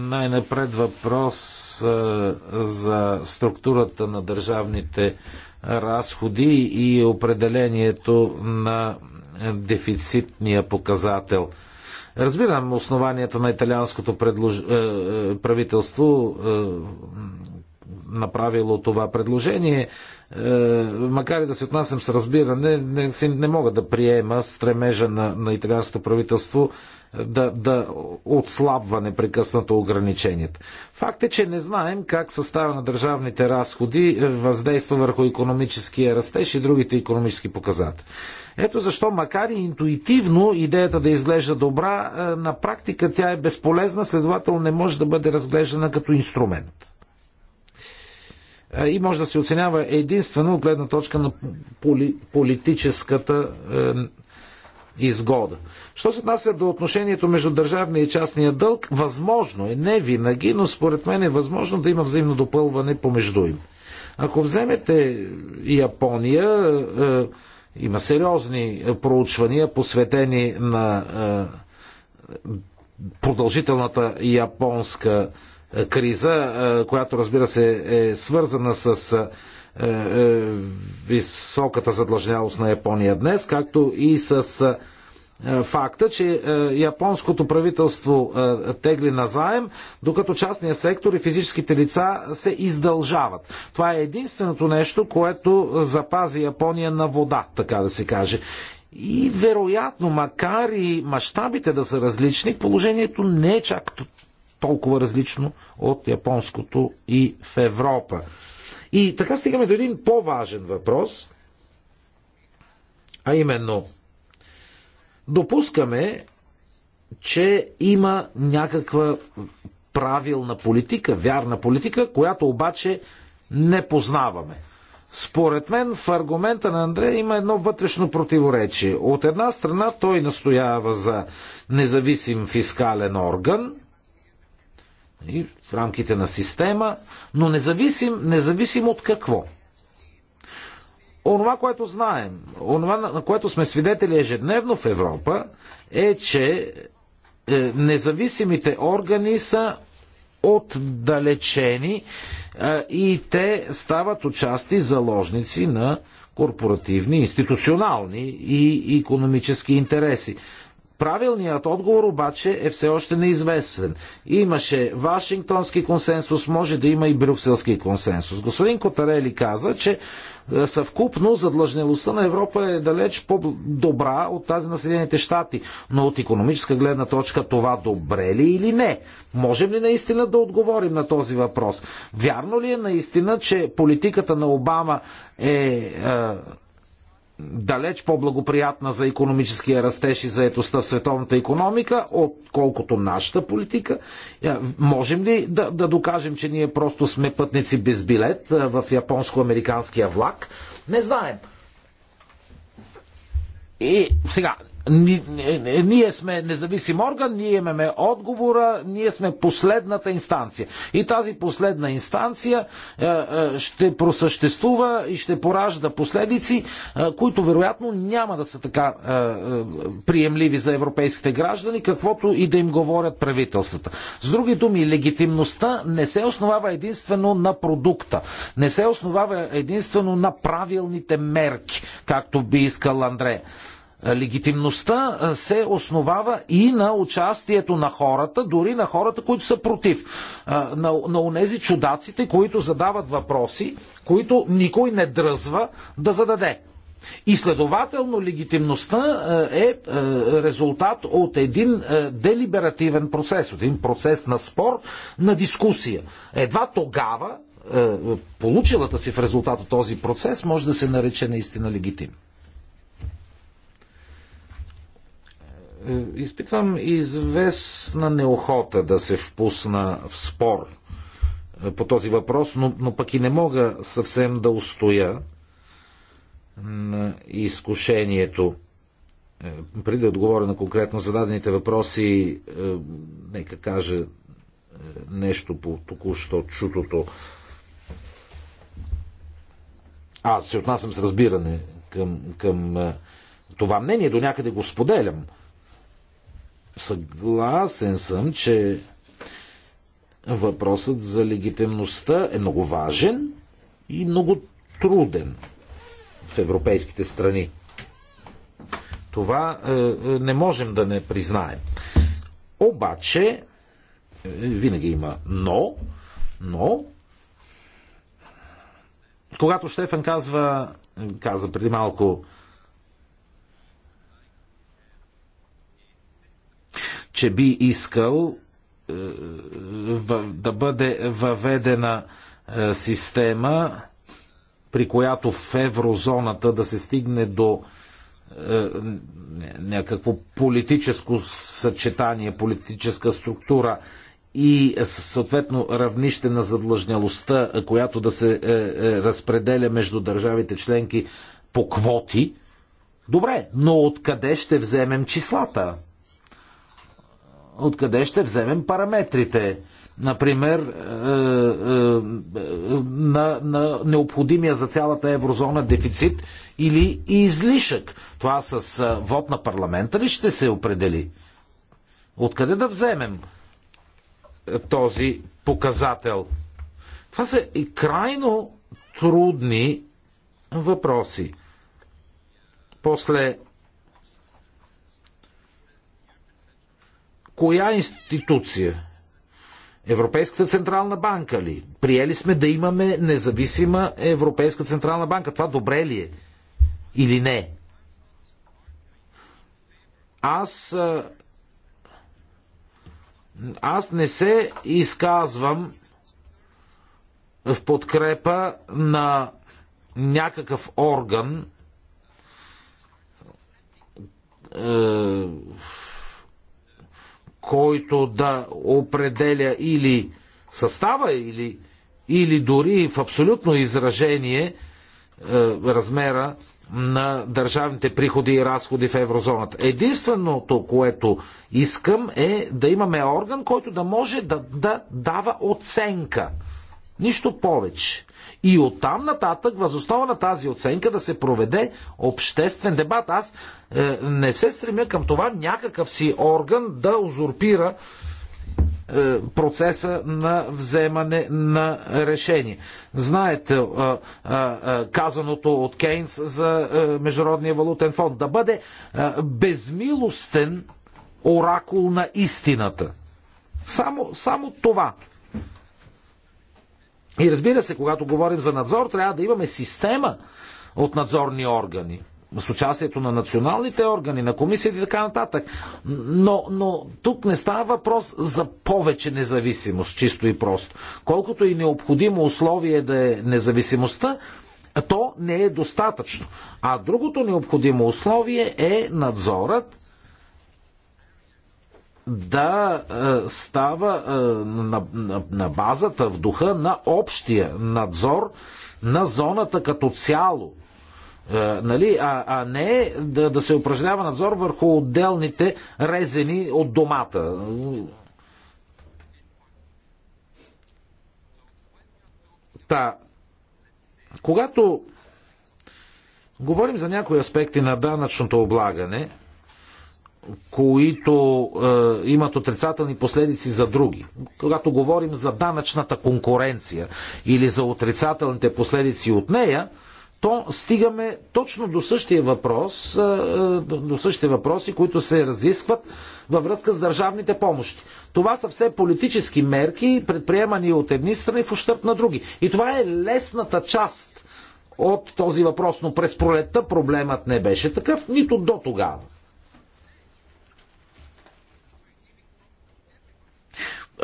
най-напред въпрос за структурата на държавните разходи и определението на дефицитния показател. Разбирам основанията на италианското предлож... правителство направило това предложение. Макар и да се отнасям с разбиране, не, не мога да приема стремежа на, на италианското правителство да, да отслабва непрекъснато ограниченията. Факт е, че не знаем как състава на държавните разходи е, въздейства върху економическия растеж и другите економически показатели. Ето защо, макар и интуитивно идеята да изглежда добра, е, на практика тя е безполезна, следователно не може да бъде разглеждана като инструмент. Е, и може да се оценява единствено от гледна точка на поли, политическата изгода. Що се отнася до отношението между държавния и частния дълг, възможно е, не винаги, но според мен е възможно да има взаимно допълване помежду им. Ако вземете Япония, е, е има сериозни проучвания, посветени на е, продължителната японска криза, е, която разбира се е свързана с е, е, е, високата задлъжнялост на Япония днес, както и с е, факта, че японското правителство тегли назаем, докато частния сектор и физическите лица се издължават. Това е единственото нещо, което запази Япония на вода, така да се каже. И вероятно, макар и мащабите да са различни, положението не е чак толкова различно от японското и в Европа. И така стигаме до един по-важен въпрос, а именно допускаме, че има някаква правилна политика, вярна политика, която обаче не познаваме. Според мен в аргумента на Андрея има едно вътрешно противоречие. От една страна той настоява за независим фискален орган, и в рамките на система, но независим, независим от какво. Онова, което знаем, онова, на което сме свидетели ежедневно в Европа, е, че е, независимите органи са отдалечени е, и те стават отчасти заложници на корпоративни, институционални и економически интереси. Правилният отговор обаче е все още неизвестен. Имаше Вашингтонски консенсус, може да има и Брюкселски консенсус. Господин Котарели каза, че е, съвкупно задлъжнелостта на Европа е далеч по-добра от тази на Съединените щати. Но от економическа гледна точка това добре ли или не? Можем ли наистина да отговорим на този въпрос? Вярно ли е наистина, че политиката на Обама е, е далеч по-благоприятна за економическия растеж и заетостта в световната економика, отколкото нашата политика. Е, можем ли да, да докажем, че ние просто сме пътници без билет е, в японско-американския влак? Не знаем. И сега, е, е, ние сме независим орган, ние имаме отговора, ние сме последната инстанция. И тази последна инстанция е, ще просъществува и ще поражда последици, които вероятно няма да са така приемливи за европейските граждани, каквото и да им говорят правителствата. С други думи, легитимността не се основава единствено на продукта, не се основава единствено на правилните мерки, както би искал Андрея. Легитимността се основава и на участието на хората, дори на хората, които са против. На, на унези чудаците, които задават въпроси, които никой не дръзва да зададе. И следователно легитимността е резултат от един делиберативен процес, от един процес на спор, на дискусия. Едва тогава, получилата си в резултат от този процес, може да се нарече наистина легитим. Е, изпитвам известна неохота да се впусна в спор е, по този въпрос, но, но пък и не мога съвсем да устоя на изкушението. Е, преди да отговоря на конкретно зададените въпроси, нека кажа нещо по току-що чутото. Аз се отнасям с разбиране към, към това мнение, до някъде го споделям – Съгласен съм, че въпросът за легитимността е много важен и много труден в европейските страни. Това е, е, не можем да не признаем. Обаче, е, винаги има но, но, когато Штефан казва, каза преди малко, че би искал е, да бъде въведена е, система, при която в еврозоната да се стигне до е, някакво политическо съчетание, политическа структура и съответно равнище на задлъжнялостта, която да се разпределя между държавите членки по квоти. Добре, но откъде ще вземем числата? откъде ще вземем параметрите. Например, е, е, е, на, на необходимия за цялата еврозона дефицит или излишък. Това с вод на парламента ли ще се определи? Откъде да вземем този показател? Това са и крайно трудни въпроси. После коя институция? Европейската централна банка ли? Приели сме да имаме независима Европейска централна банка. Това добре ли е? Или не? Аз. Аз не се изказвам в подкрепа на някакъв орган, е, който да определя или състава, или, или дори в абсолютно изражение е, размера на държавните приходи и разходи в еврозоната. Единственото, което искам е да имаме орган, който да може да, да дава оценка Нищо повече. И оттам нататък, възоснова на тази оценка, да се проведе обществен дебат. Аз е, не се стремя към това някакъв си орган да узурпира е, процеса на вземане на решение. Знаете е, е, казаното от Кейнс за Международния валутен фонд. Да бъде безмилостен оракул на истината. Само, само това и разбира се, когато говорим за надзор, трябва да имаме система от надзорни органи с участието на националните органи, на комисията и така нататък. Но, но тук не става въпрос за повече независимост, чисто и просто. Колкото и необходимо условие да е независимостта, то не е достатъчно. А другото необходимо условие е надзорът да е, става е, на, на, на базата, в духа на общия надзор на зоната като цяло. Е, нали? А, а не да, да се упражнява надзор върху отделните резени от домата. Та, когато говорим за някои аспекти на данъчното облагане, които е, имат отрицателни последици за други. Когато говорим за данъчната конкуренция или за отрицателните последици от нея, то стигаме точно до същия въпрос, е, е, до същите въпроси, които се разискват във връзка с държавните помощи. Това са все политически мерки, предприемани от едни страни в ущърп на други. И това е лесната част от този въпрос, но през пролетта проблемът не беше такъв, нито до тогава.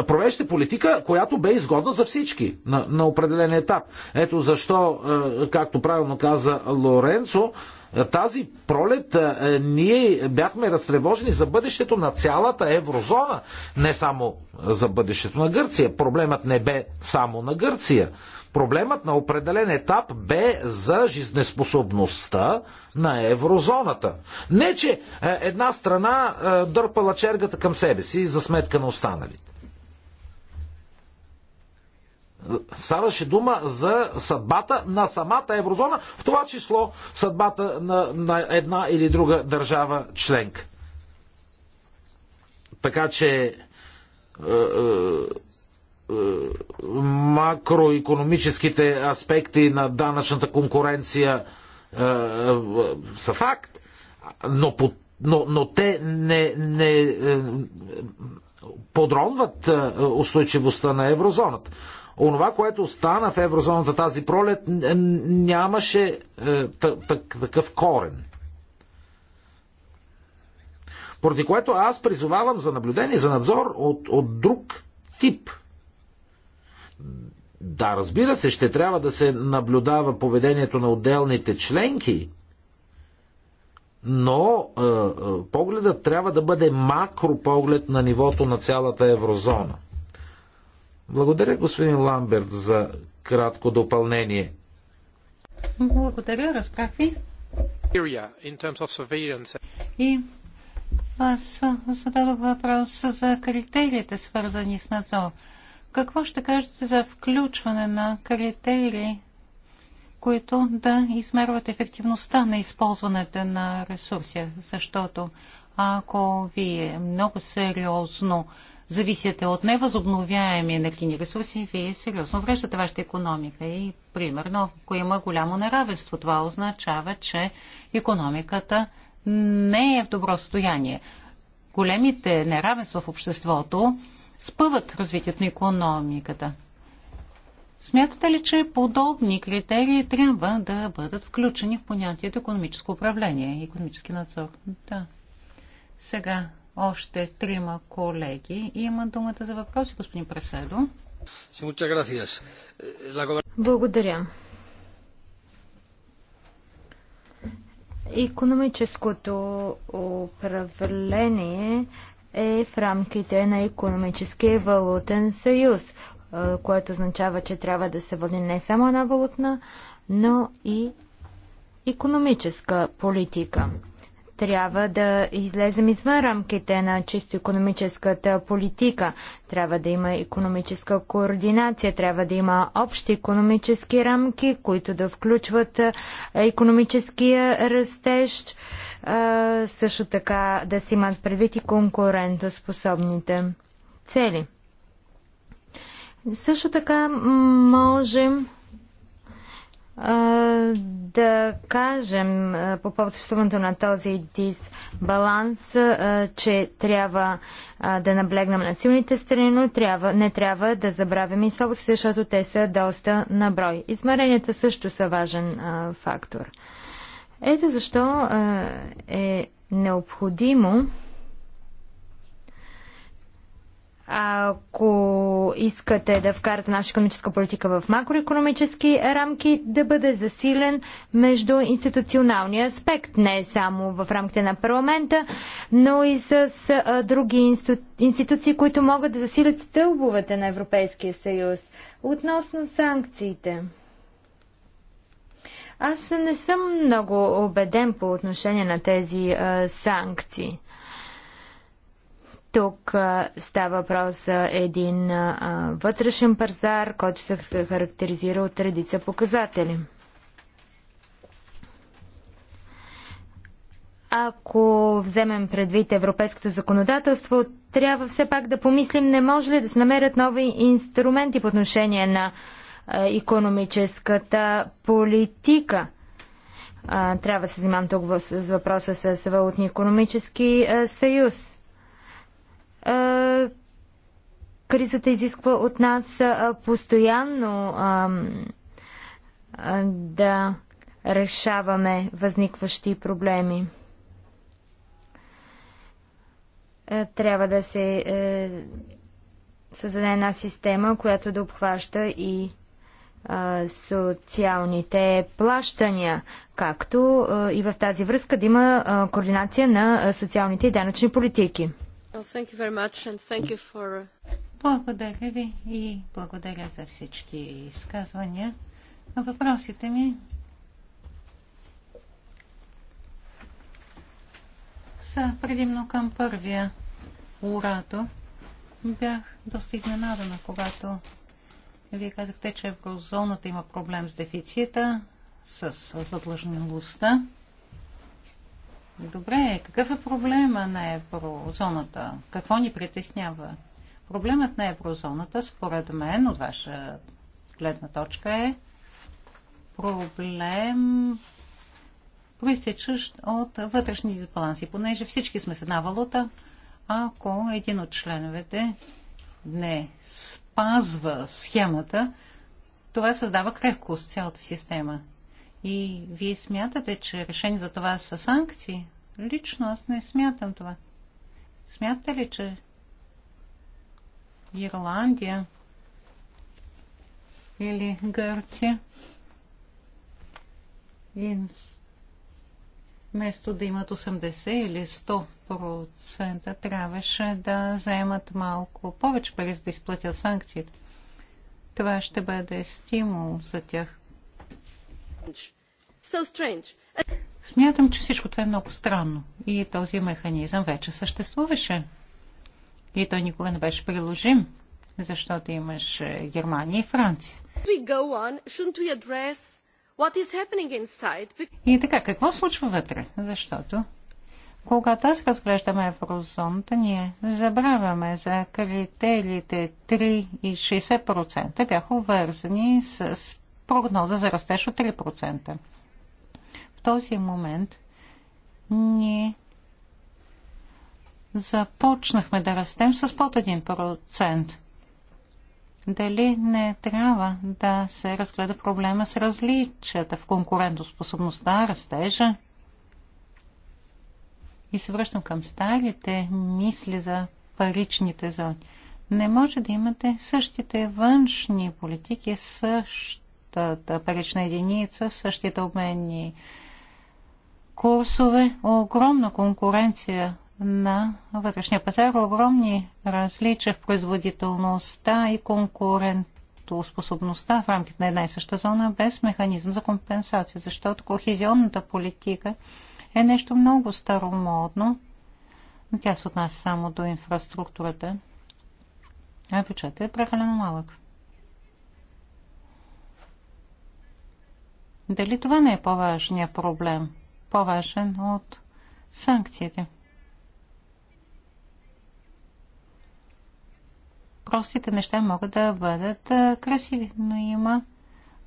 провеждате политика, която бе изгодна за всички на, на определен етап. Ето защо, е, както правилно каза Лоренцо, е, тази пролет е, ние бяхме разтревожени за бъдещето на цялата еврозона, не само за бъдещето на Гърция. Проблемът не бе само на Гърция. Проблемът на определен етап бе за жизнеспособността на еврозоната. Не, че една страна дърпала чергата към себе си за сметка на останалите. Ставаше дума за съдбата на самата еврозона, в това число съдбата на, на една или друга държава членка. Така че е, е, е макроекономическите аспекти на данъчната конкуренция е, е, са факт, но, по, но, но те не, не е, подронват е, устойчивостта на еврозоната онова, което стана в еврозоната тази пролет, нямаше е, такъв корен. Поради което аз призовавам за наблюдение, за надзор от, от друг тип. Да, разбира се, ще трябва да се наблюдава поведението на отделните членки, но е, е, погледът трябва да бъде макропоглед на нивото на цялата еврозона. Благодаря, господин Ламберт, за кратко допълнение. Благодаря, разбрах ви. И аз зададох въпрос за критериите, свързани с надзор. Какво ще кажете за включване на критерии, които да измерват ефективността на използването на ресурси? Защото ако вие много сериозно зависите от невъзобновяеми енергийни ресурси, вие сериозно връщате вашата економика. И, примерно, ако има голямо неравенство, това означава, че економиката не е в добро състояние. Големите неравенства в обществото спъват развитието на економиката. Смятате ли, че подобни критерии трябва да бъдат включени в понятието економическо управление и економически надзор? Да. Сега още трима колеги има думата за въпроси, господин Преседо. Благодаря. Економическото управление е в рамките на економическия валутен съюз, което означава, че трябва да се води не само една валутна, но и економическа политика трябва да излезем извън рамките на чисто економическата политика. Трябва да има економическа координация, трябва да има общи економически рамки, които да включват економическия растеж, също така да се имат предвид и конкурентоспособните цели. Също така можем да кажем по повод съществуването на този дисбаланс, че трябва да наблегнем на силните страни, но трябва, не трябва да забравяме и слабостите, защото те са доста наброй. Измеренията също са важен фактор. Ето защо е необходимо ако искате да вкарате наша економическа политика в макроекономически рамки, да бъде засилен между институционалния аспект, не само в рамките на парламента, но и с а, други институции, които могат да засилят стълбовете на Европейския съюз. Относно санкциите. Аз не съм много убеден по отношение на тези а, санкции. Тук а, става въпрос за един а, вътрешен пазар, който се характеризира от редица показатели. Ако вземем предвид европейското законодателство, трябва все пак да помислим, не може ли да се намерят нови инструменти по отношение на економическата политика трябва да се занимавам тук с въпроса с валутни економически съюз. Кризата изисква от нас постоянно да решаваме възникващи проблеми. Е, трябва да се е, създаде една система, която да обхваща и социалните плащания, както е, и в тази връзка да има координация на социалните и данъчни политики. Uh, благодаря ви и благодаря за всички изказвания. Въпросите ми са предимно към първия урато Бях доста изненадана, когато вие казахте, че еврозоната има проблем с дефицита, с задлъжнилостта. Добре, какъв е проблема на еврозоната? Какво ни притеснява? Проблемът на еврозоната, според мен, от ваша гледна точка е проблем проистичащ от вътрешни дисбаланси. Понеже всички сме с една валута, ако един от членовете не спазва схемата, това създава крехкост в цялата система. И вие смятате, че решение за това са санкции? Лично аз не смятам това. Смятате ли, че Ирландия или Гърция и вместо да имат 80 или 100%, трябваше да заемат малко повече пари, за да изплатят санкциите. Това ще бъде стимул за тях. Смятам, че всичко това е много странно и този механизъм вече съществуваше. И той никога не беше приложим, защото имаш Германия и Франция. И така, какво случва вътре? Защото когато аз разглеждаме еврозоната, ние забравяме за критериите 3 и 60% бяха вързани с прогноза за растеж от 3%. В този момент ние започнахме да растем с под 1%. Дали не трябва да се разгледа проблема с различията в конкурентоспособността, растежа? И се връщам към старите мисли за паричните зони. Не може да имате същите външни политики, същ общата парична единица, същите обменни курсове, огромна конкуренция на вътрешния пазар, огромни различия в производителността и конкурентоспособността в рамките на една и съща зона без механизъм за компенсация, защото кохезионната политика е нещо много старомодно, но тя се отнася само до инфраструктурата, а бюджетът е прекалено малък. Дали това не е по-важният проблем? По-важен от санкциите? Простите неща могат да бъдат красиви, но има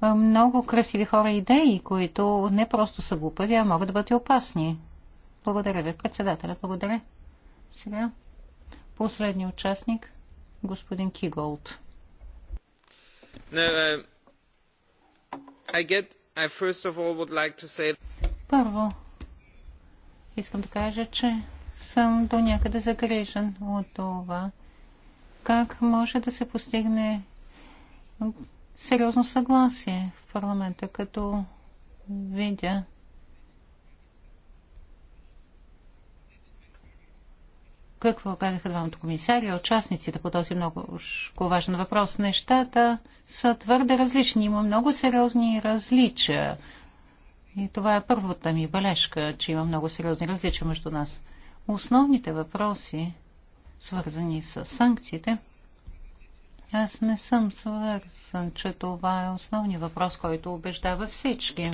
много красиви хора идеи, които не просто са глупави, а могат да бъдат и опасни. Благодаря ви, председателя. Благодаря. Сега последният участник, господин Киголд. No, um, I get първо, искам да кажа, че съм до някъде загрижен от това, как може да се постигне сериозно съгласие в парламента, като видя какво казаха двамата комисари, участниците по този много важен въпрос. Нещата са твърде различни. Има много сериозни различия. И това е първата ми бележка, че има много сериозни различия между нас. Основните въпроси, свързани с санкциите, аз не съм свързан, че това е основният въпрос, който убеждава всички.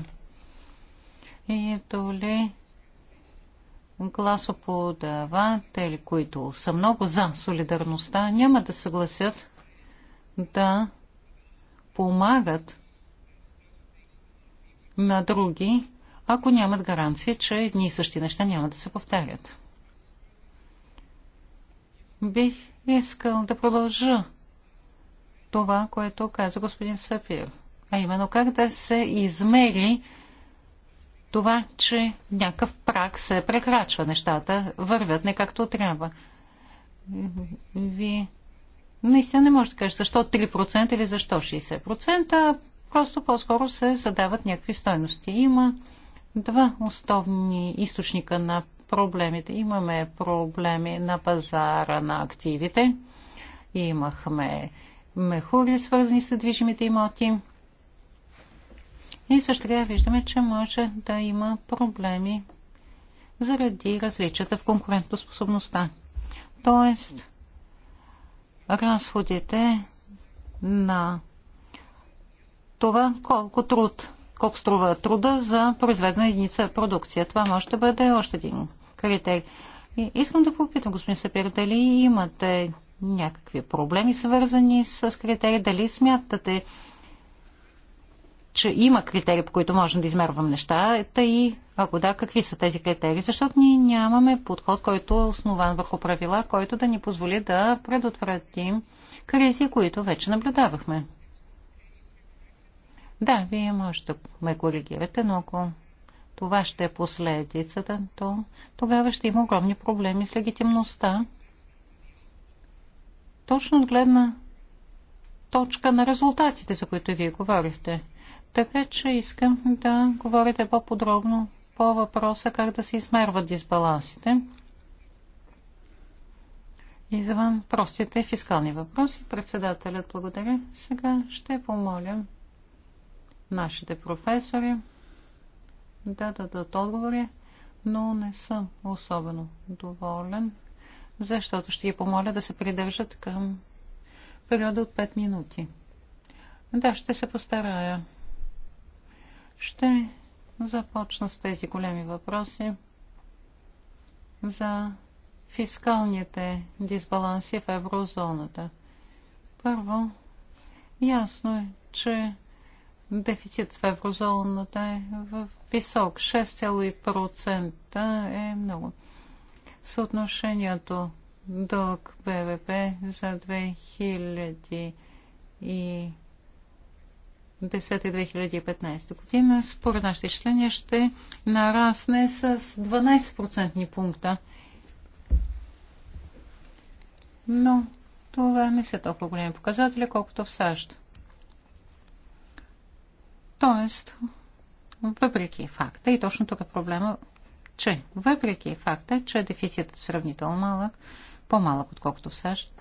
И то ли гласоподаватели, които са много за солидарността, няма да съгласят да помагат на други, ако нямат гаранция, че едни и същи неща няма да се повтарят. Бих искал да продължа това, което каза господин Сапир, а именно как да се измери това, че някакъв прак се прекрачва нещата, вървят не както трябва. Вие наистина не можете да кажете защо 3% или защо 60%, просто по-скоро се задават някакви стойности. Има два основни източника на проблемите. Имаме проблеми на пазара на активите. Имахме мехури, свързани с движимите имоти. И също така виждаме, че може да има проблеми заради различията в конкурентоспособността. Тоест, разходите на това колко труд, колко струва труда за произведена единица продукция. Това може да бъде още един критерий. И искам да попитам, господин Сапир, дали имате някакви проблеми свързани с критерии, дали смятате, че има критерии, по които можем да измервам та и ако да, какви са тези критерии? Защото ние нямаме подход, който е основан върху правила, който да ни позволи да предотвратим кризи, които вече наблюдавахме. Да, вие можете да ме коригирате, но ако това ще е последицата, то тогава ще има огромни проблеми с легитимността. Точно от гледна точка на резултатите, за които вие говорихте – така че искам да говорите по-подробно по въпроса как да се измерват дисбалансите извън простите фискални въпроси. Председателят благодаря. Сега ще помоля нашите професори да дадат отговори, но не съм особено доволен, защото ще ги помоля да се придържат към периода от 5 минути. Да, ще се постарая. Ще започна с тези големи въпроси за фискалните дисбаланси в еврозоната. Първо, ясно е, че дефицит в еврозоната е висок. 6,5% е много. Съотношението дълг БВП за 2000 и 2010-2015 година, според нашите изчисления, ще нарасне с 12% пункта. Но това не са толкова големи показатели, колкото в САЩ. Тоест, въпреки факта, и точно тук е проблема, че въпреки факта, че дефицитът е сравнително малък, по-малък отколкото в САЩ,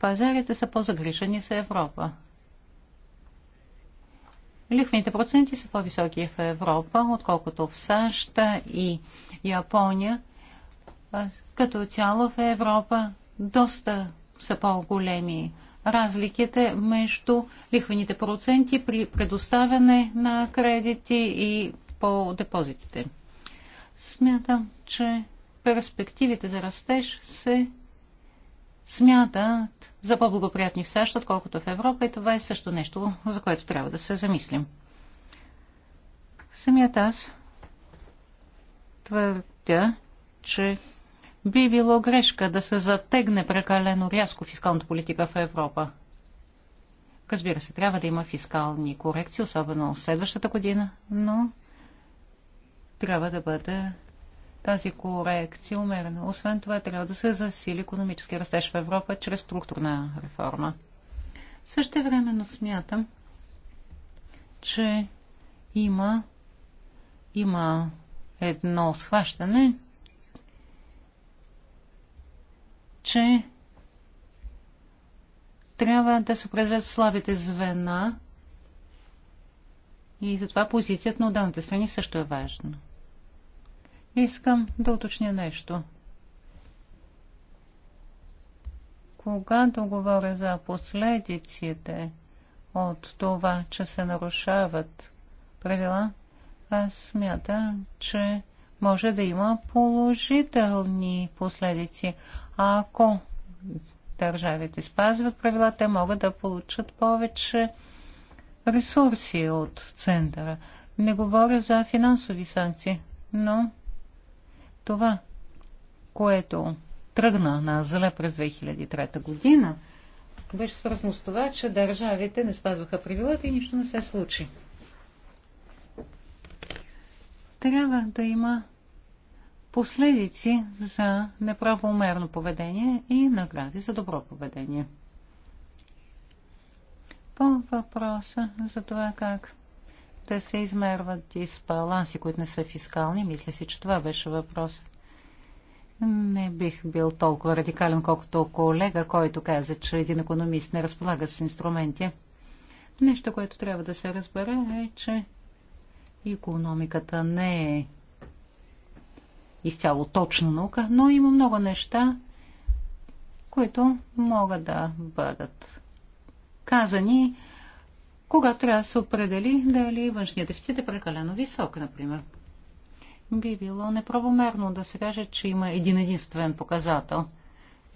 пазарите са по-загрижени за Европа. Лихвените проценти са по-високи в Европа, отколкото в САЩ и Япония. Като цяло в Европа доста са по-големи разликите между лихвените проценти при предоставяне на кредити и по депозитите. Смятам, че перспективите за растеж се смятат за по-благоприятни в САЩ, отколкото в Европа и това е също нещо, за което трябва да се замислим. Самият аз твърдя, че би било грешка да се затегне прекалено рязко фискалната политика в Европа. Разбира се, трябва да има фискални корекции, особено следващата година, но трябва да бъде тази корекция умерена. Освен това, трябва да се засили економически растеж в Европа чрез структурна реформа. Също времено смятам, че има, има едно схващане, че трябва да се определят слабите звена и затова позицията на отделните страни също е важна. Искам да уточня нещо. Когато говоря за последиците от това, че се нарушават правила, аз смятам, че може да има положителни последици. А ако държавите спазват правила, те могат да получат повече ресурси от центъра. Не говоря за финансови санкции, но това, което тръгна на зле през 2003 година, беше свързано с това, че държавите не спазваха правилата и нищо не се случи. Трябва да има последици за неправомерно поведение и награди за добро поведение. По въпроса за това как те се измерват баланси, които не са фискални. Мисля си, че това беше въпрос. Не бих бил толкова радикален, колкото колега, който каза, че един економист не разполага с инструменти. Нещо, което трябва да се разбере е, че економиката не е изцяло точна наука, но има много неща, които могат да бъдат казани когато трябва да се определи дали външният дефицит е прекалено висок, например. Би било неправомерно да се каже, че има един единствен показател.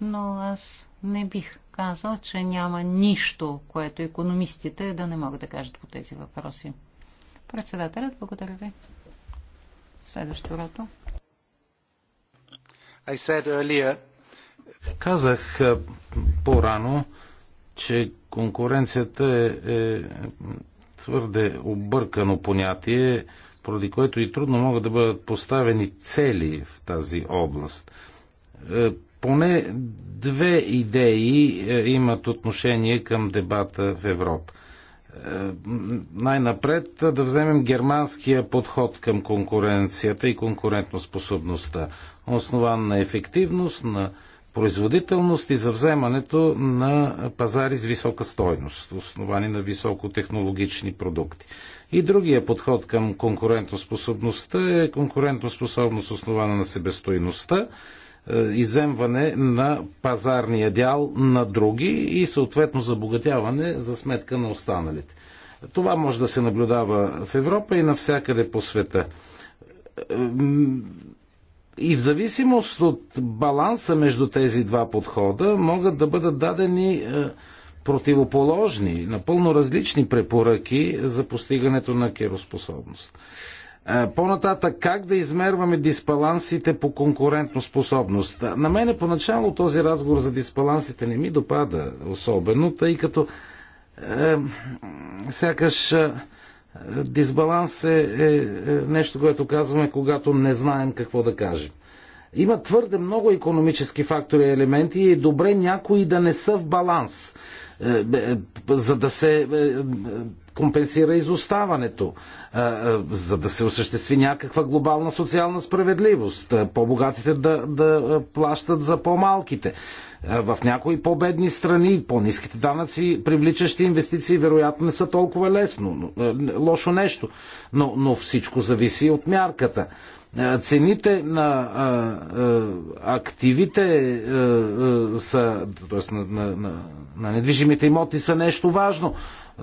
Но аз не бих казал, че няма нищо, което економистите да не могат да кажат по тези въпроси. Председателят, благодаря ви. Следващо рото. Earlier... Казах по-рано, че конкуренцията е, е твърде объркано понятие, поради което и трудно могат да бъдат поставени цели в тази област. Е, поне две идеи е, имат отношение към дебата в Европа. Е, най-напред е, да вземем германския подход към конкуренцията и конкурентоспособността, основан на ефективност, на производителност и за вземането на пазари с висока стойност, основани на високотехнологични продукти. И другия подход към конкурентоспособността е конкурентоспособност основана на себестойността, е, иземване на пазарния дял на други и съответно забогатяване за сметка на останалите. Това може да се наблюдава в Европа и навсякъде по света и в зависимост от баланса между тези два подхода могат да бъдат дадени е, противоположни, напълно различни препоръки за постигането на кероспособност. Е, по-нататък, как да измерваме дисбалансите по конкурентоспособност? На мене поначало този разговор за дисбалансите не ми допада особено, тъй като е, сякаш е, Дисбаланс е, е, е нещо, което казваме, когато не знаем какво да кажем. Има твърде много економически фактори и елементи и е добре някои да не са в баланс, е, е, за да се е, компенсира изоставането, за да се осъществи някаква глобална социална справедливост. По-богатите да, да плащат за по-малките. В някои по-бедни страни по-низките данъци, привличащи инвестиции, вероятно не са толкова лесно. Лошо нещо. Но, но всичко зависи от мярката. Цените на активите е, е, са, т.е. На, на, на недвижимите имоти са нещо важно.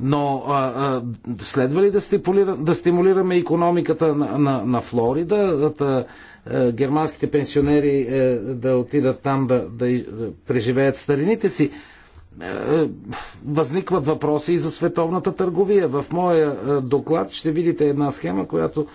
Но а, а, следва ли да, да стимулираме економиката на, на, на Флорида, да, е, германските пенсионери да отидат там да, да преживеят старините си? Възникват въпроси и за световната търговия. В моя доклад ще видите една схема, която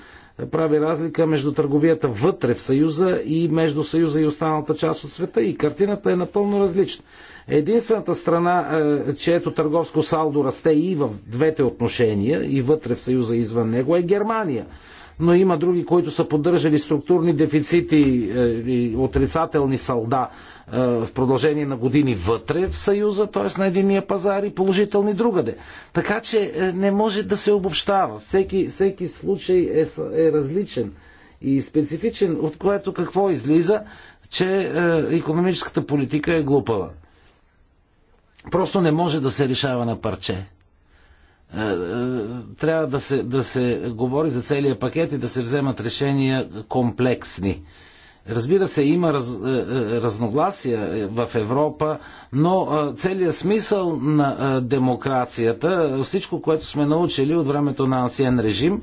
прави разлика между търговията вътре в Съюза и между Съюза и останалата част от света и картината е напълно различна. Единствената страна, е, чието търговско салдо расте и в двете отношения, и вътре в Съюза и извън него, е Германия – но има други, които са поддържали структурни дефицити е, и отрицателни салда е, в продължение на години вътре в Съюза, т.е. на единия пазар и положителни другаде. Така че е, не може да се обобщава. Всеки, всеки случай е, е различен и специфичен, от което какво излиза, че е, економическата политика е глупава. Просто не може да се решава на парче. Е, е, трябва да се, да се говори за целия пакет и да се вземат решения комплексни. Разбира се, има раз, е, разногласия в Европа, но целият смисъл на демокрацията, всичко, което сме научили от времето на ансиен режим,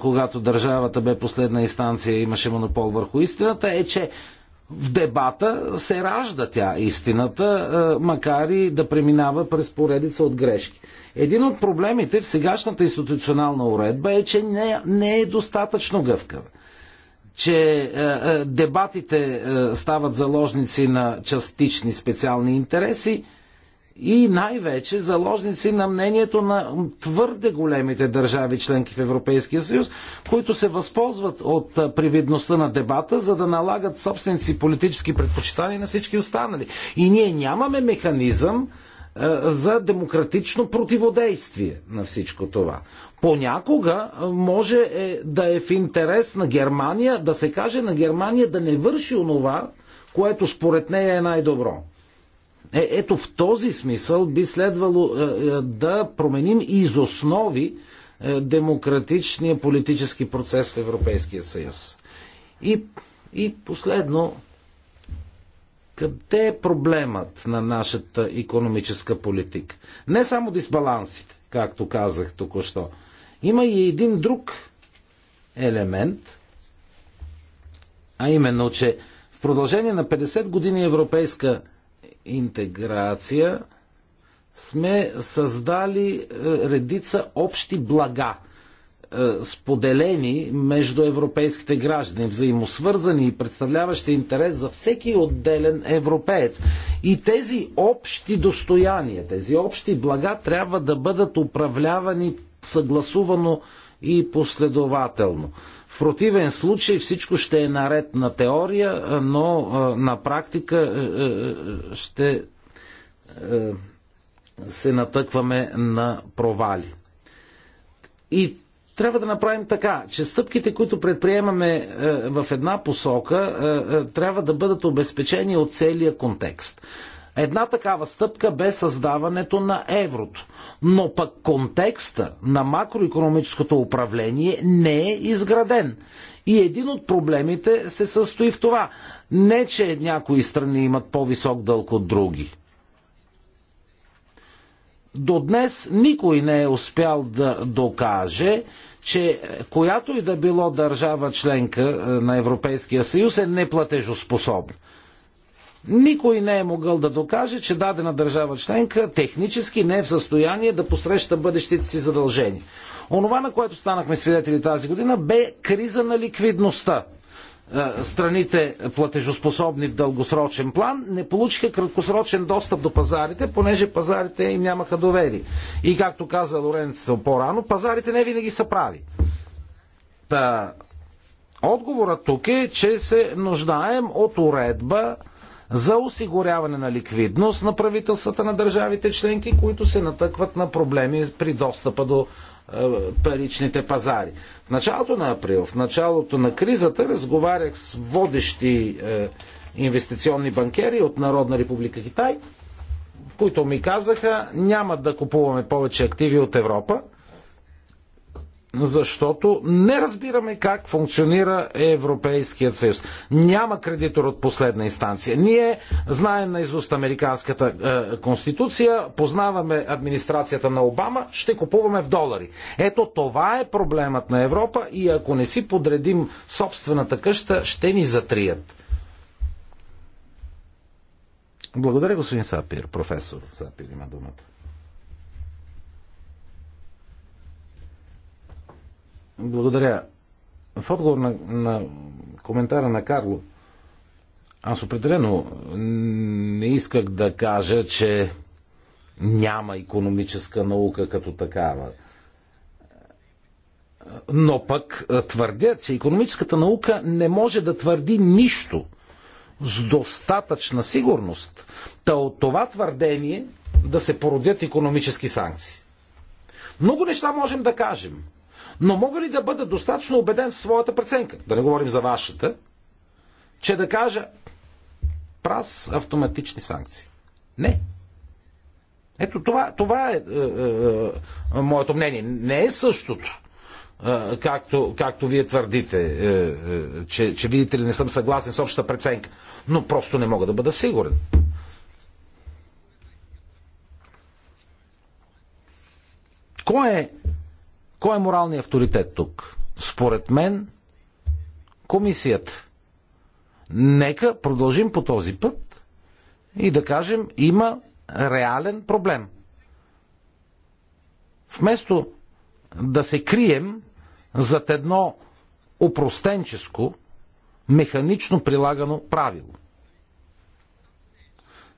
когато държавата бе последна инстанция и имаше монопол върху истината, е, че в дебата се ражда тя, истината, макар и да преминава през поредица от грешки. Един от проблемите в сегашната институционална уредба е, че не, не е достатъчно гъвкава. Че е, е, дебатите е, стават заложници на частични специални интереси, и най-вече заложници на мнението на твърде големите държави членки в Европейския съюз, които се възползват от привидността на дебата, за да налагат собствените си политически предпочитания на всички останали. И ние нямаме механизъм за демократично противодействие на всичко това. Понякога може е, да е в интерес на Германия да се каже на Германия да не върши онова, което според нея е най-добро. Е, ето в този смисъл би следвало е, е, да променим из основи е, демократичния политически процес в Европейския съюз. И, и последно, къде е проблемът на нашата економическа политика? Не само дисбалансите, както казах току-що. Има и един друг елемент, а именно, че в продължение на 50 години европейска интеграция сме създали е, редица общи блага, е, споделени между европейските граждани, взаимосвързани и представляващи интерес за всеки отделен европеец. И тези общи достояния, тези общи блага трябва да бъдат управлявани съгласувано и последователно. В противен случай всичко ще е наред на теория, но на практика ще се натъкваме на провали. И трябва да направим така, че стъпките, които предприемаме в една посока, трябва да бъдат обезпечени от целия контекст. Една такава стъпка бе създаването на еврото. Но пък контекста на макроекономическото управление не е изграден. И един от проблемите се състои в това. Не, че някои страни имат по-висок дълг от други. До днес никой не е успял да докаже, че която и да било държава членка е, на Европейския съюз е неплатежоспособна. Никой не е могъл да докаже, че дадена държава членка технически не е в състояние да посреща бъдещите си задължения. Онова, на което станахме свидетели тази година, бе криза на ликвидността. Е, страните платежоспособни в дългосрочен план не получиха краткосрочен достъп до пазарите, понеже пазарите им нямаха довери. И както каза Лоренцо по-рано, пазарите не винаги са прави. Та, отговорът тук е, че се нуждаем от уредба, за осигуряване на ликвидност на правителствата на държавите членки, които се натъкват на проблеми при достъпа до е, паричните пазари. В началото на април, в началото на кризата, разговарях с водещи е, инвестиционни банкери от Народна република Китай, които ми казаха, няма да купуваме повече активи от Европа, защото не разбираме как функционира Европейският съюз. Няма кредитор от последна инстанция. Ние знаем наизуст американската е, конституция, познаваме администрацията на Обама, ще купуваме в долари. Ето това е проблемът на Европа и ако не си подредим собствената къща, ще ни затрият. Благодаря, господин Сапир. Професор Сапир има думата. Благодаря. В отговор на, на коментара на Карло, аз определено не исках да кажа, че няма економическа наука като такава. Но пък твърдя, че економическата наука не може да твърди нищо с достатъчна сигурност, та от това твърдение да се породят економически санкции. Много неща можем да кажем – но мога ли да бъда достатъчно убеден в своята преценка, да не говорим за вашата, че да кажа праз автоматични санкции? Не. Ето това, това е, е, е, е моето мнение. Не е същото е, както, както вие твърдите, е, че, че видите ли не съм съгласен с общата преценка, но просто не мога да бъда сигурен. Кой е кой е моралният авторитет тук? Според мен, комисията. Нека продължим по този път и да кажем, има реален проблем. Вместо да се крием зад едно опростенческо, механично прилагано правило.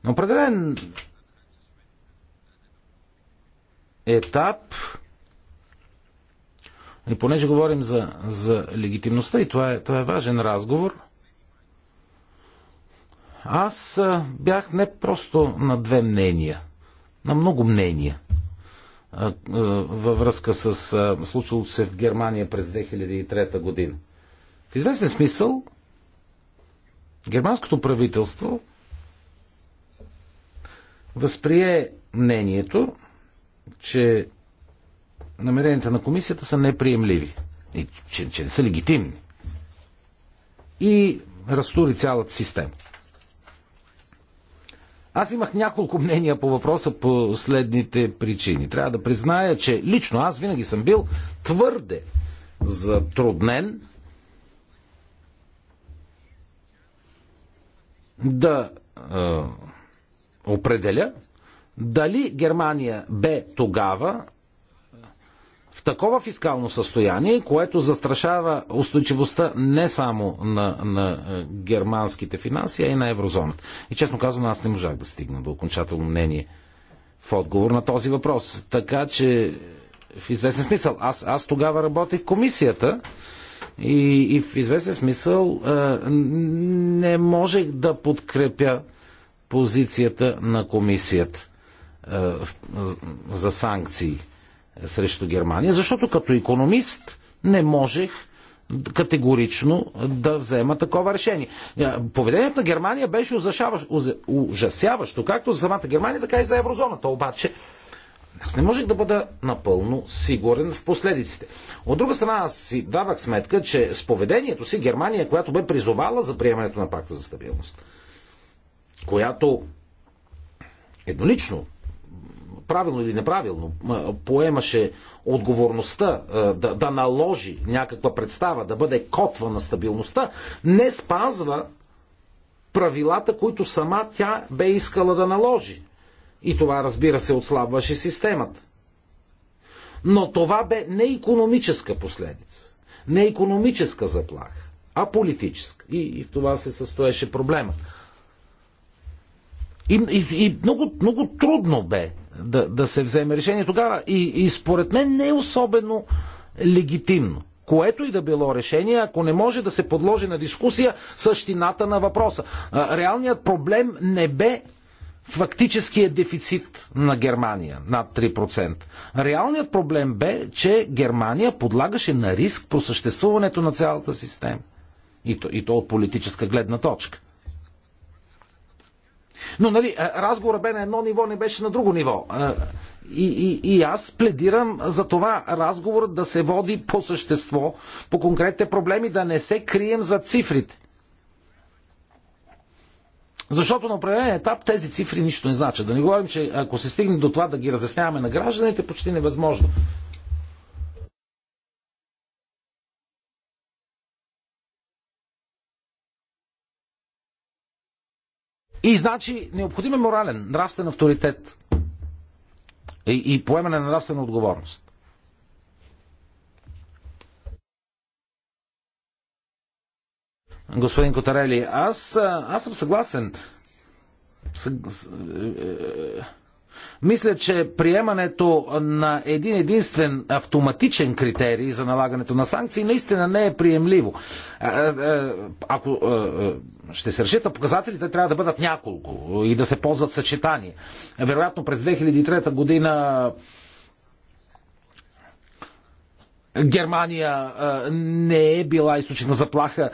На определен етап и нали, понеже говорим за, за легитимността и това е, това е важен разговор, аз бях не просто на две мнения, на много мнения във връзка с случилото се в Германия през 2003 година. В известен смисъл, германското правителство възприе мнението, че намеренията на комисията са неприемливи и че, че не са легитимни. И разтури цялата система. Аз имах няколко мнения по въпроса по следните причини. Трябва да призная, че лично аз винаги съм бил твърде затруднен да е, определя дали Германия бе тогава в такова фискално състояние, което застрашава устойчивостта не само на, на е, германските финанси, а и на еврозоната. И честно казвам, аз не можах да стигна до окончателно мнение в отговор на този въпрос. Така че, в известен смисъл, аз, аз тогава работих комисията и, и в известен смисъл е, не можех да подкрепя позицията на комисията е, за санкции срещу Германия, защото като економист не можех категорично да взема такова решение. Е, поведението на Германия беше ужасяващо, както за самата Германия, така и за еврозоната. Обаче, аз не можех да бъда напълно сигурен в последиците. От друга страна, аз си давах сметка, че с поведението си Германия, която бе призовала за приемането на пакта за стабилност, която еднолично правилно или неправилно поемаше отговорността е, да, да наложи някаква представа, да бъде котва на стабилността, не спазва правилата, които сама тя бе искала да наложи. И това, разбира се, отслабваше системата. Но това бе не економическа последица, не економическа заплаха, а политическа. И, и в това се състоеше проблемът. И, и, и много, много трудно бе да, да се вземе решение тогава. И, и според мен не е особено легитимно. Което и да било решение, ако не може да се подложи на дискусия същината на въпроса. Реалният проблем не бе е дефицит на Германия над 3%. Реалният проблем бе, че Германия подлагаше на риск просъществуването на цялата система. И то, и то от политическа гледна точка. Но нали, разговорът бе на едно ниво, не беше на друго ниво. И, и, и аз пледирам за това разговор да се води по същество, по конкретните проблеми, да не се крием за цифрите. Защото на определен етап тези цифри нищо не значат. Да не говорим, че ако се стигне до това да ги разясняваме на гражданите, почти невъзможно. И значи необходим е морален, нравствен авторитет и, и поемане на нравствена отговорност. Господин Котарели, аз, аз съм съгласен. Е, е, е, мисля, че приемането на един единствен автоматичен критерий за налагането на санкции наистина не е приемливо. Ако ще се решат показателите, трябва да бъдат няколко и да се ползват съчетание. Вероятно през 2003 година Германия не е била източна заплаха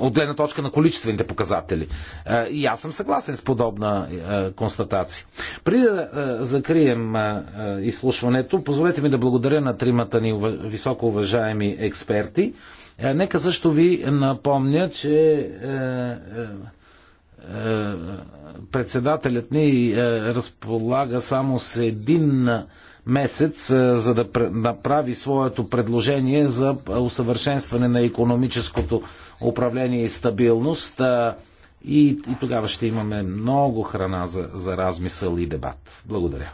от гледна точка на количествените показатели. Е, и аз съм съгласен с подобна е, констатация. Преди да е, закрием изслушването, позволете ми да благодаря на тримата ни високо уважаеми експерти. Нека също ви напомня, че председателят ни разполага само с един месец, е, за да направи своето предложение за усъвършенстване на економическото управление и стабилност. Е, и, и тогава ще имаме много храна за, за размисъл и дебат. Благодаря.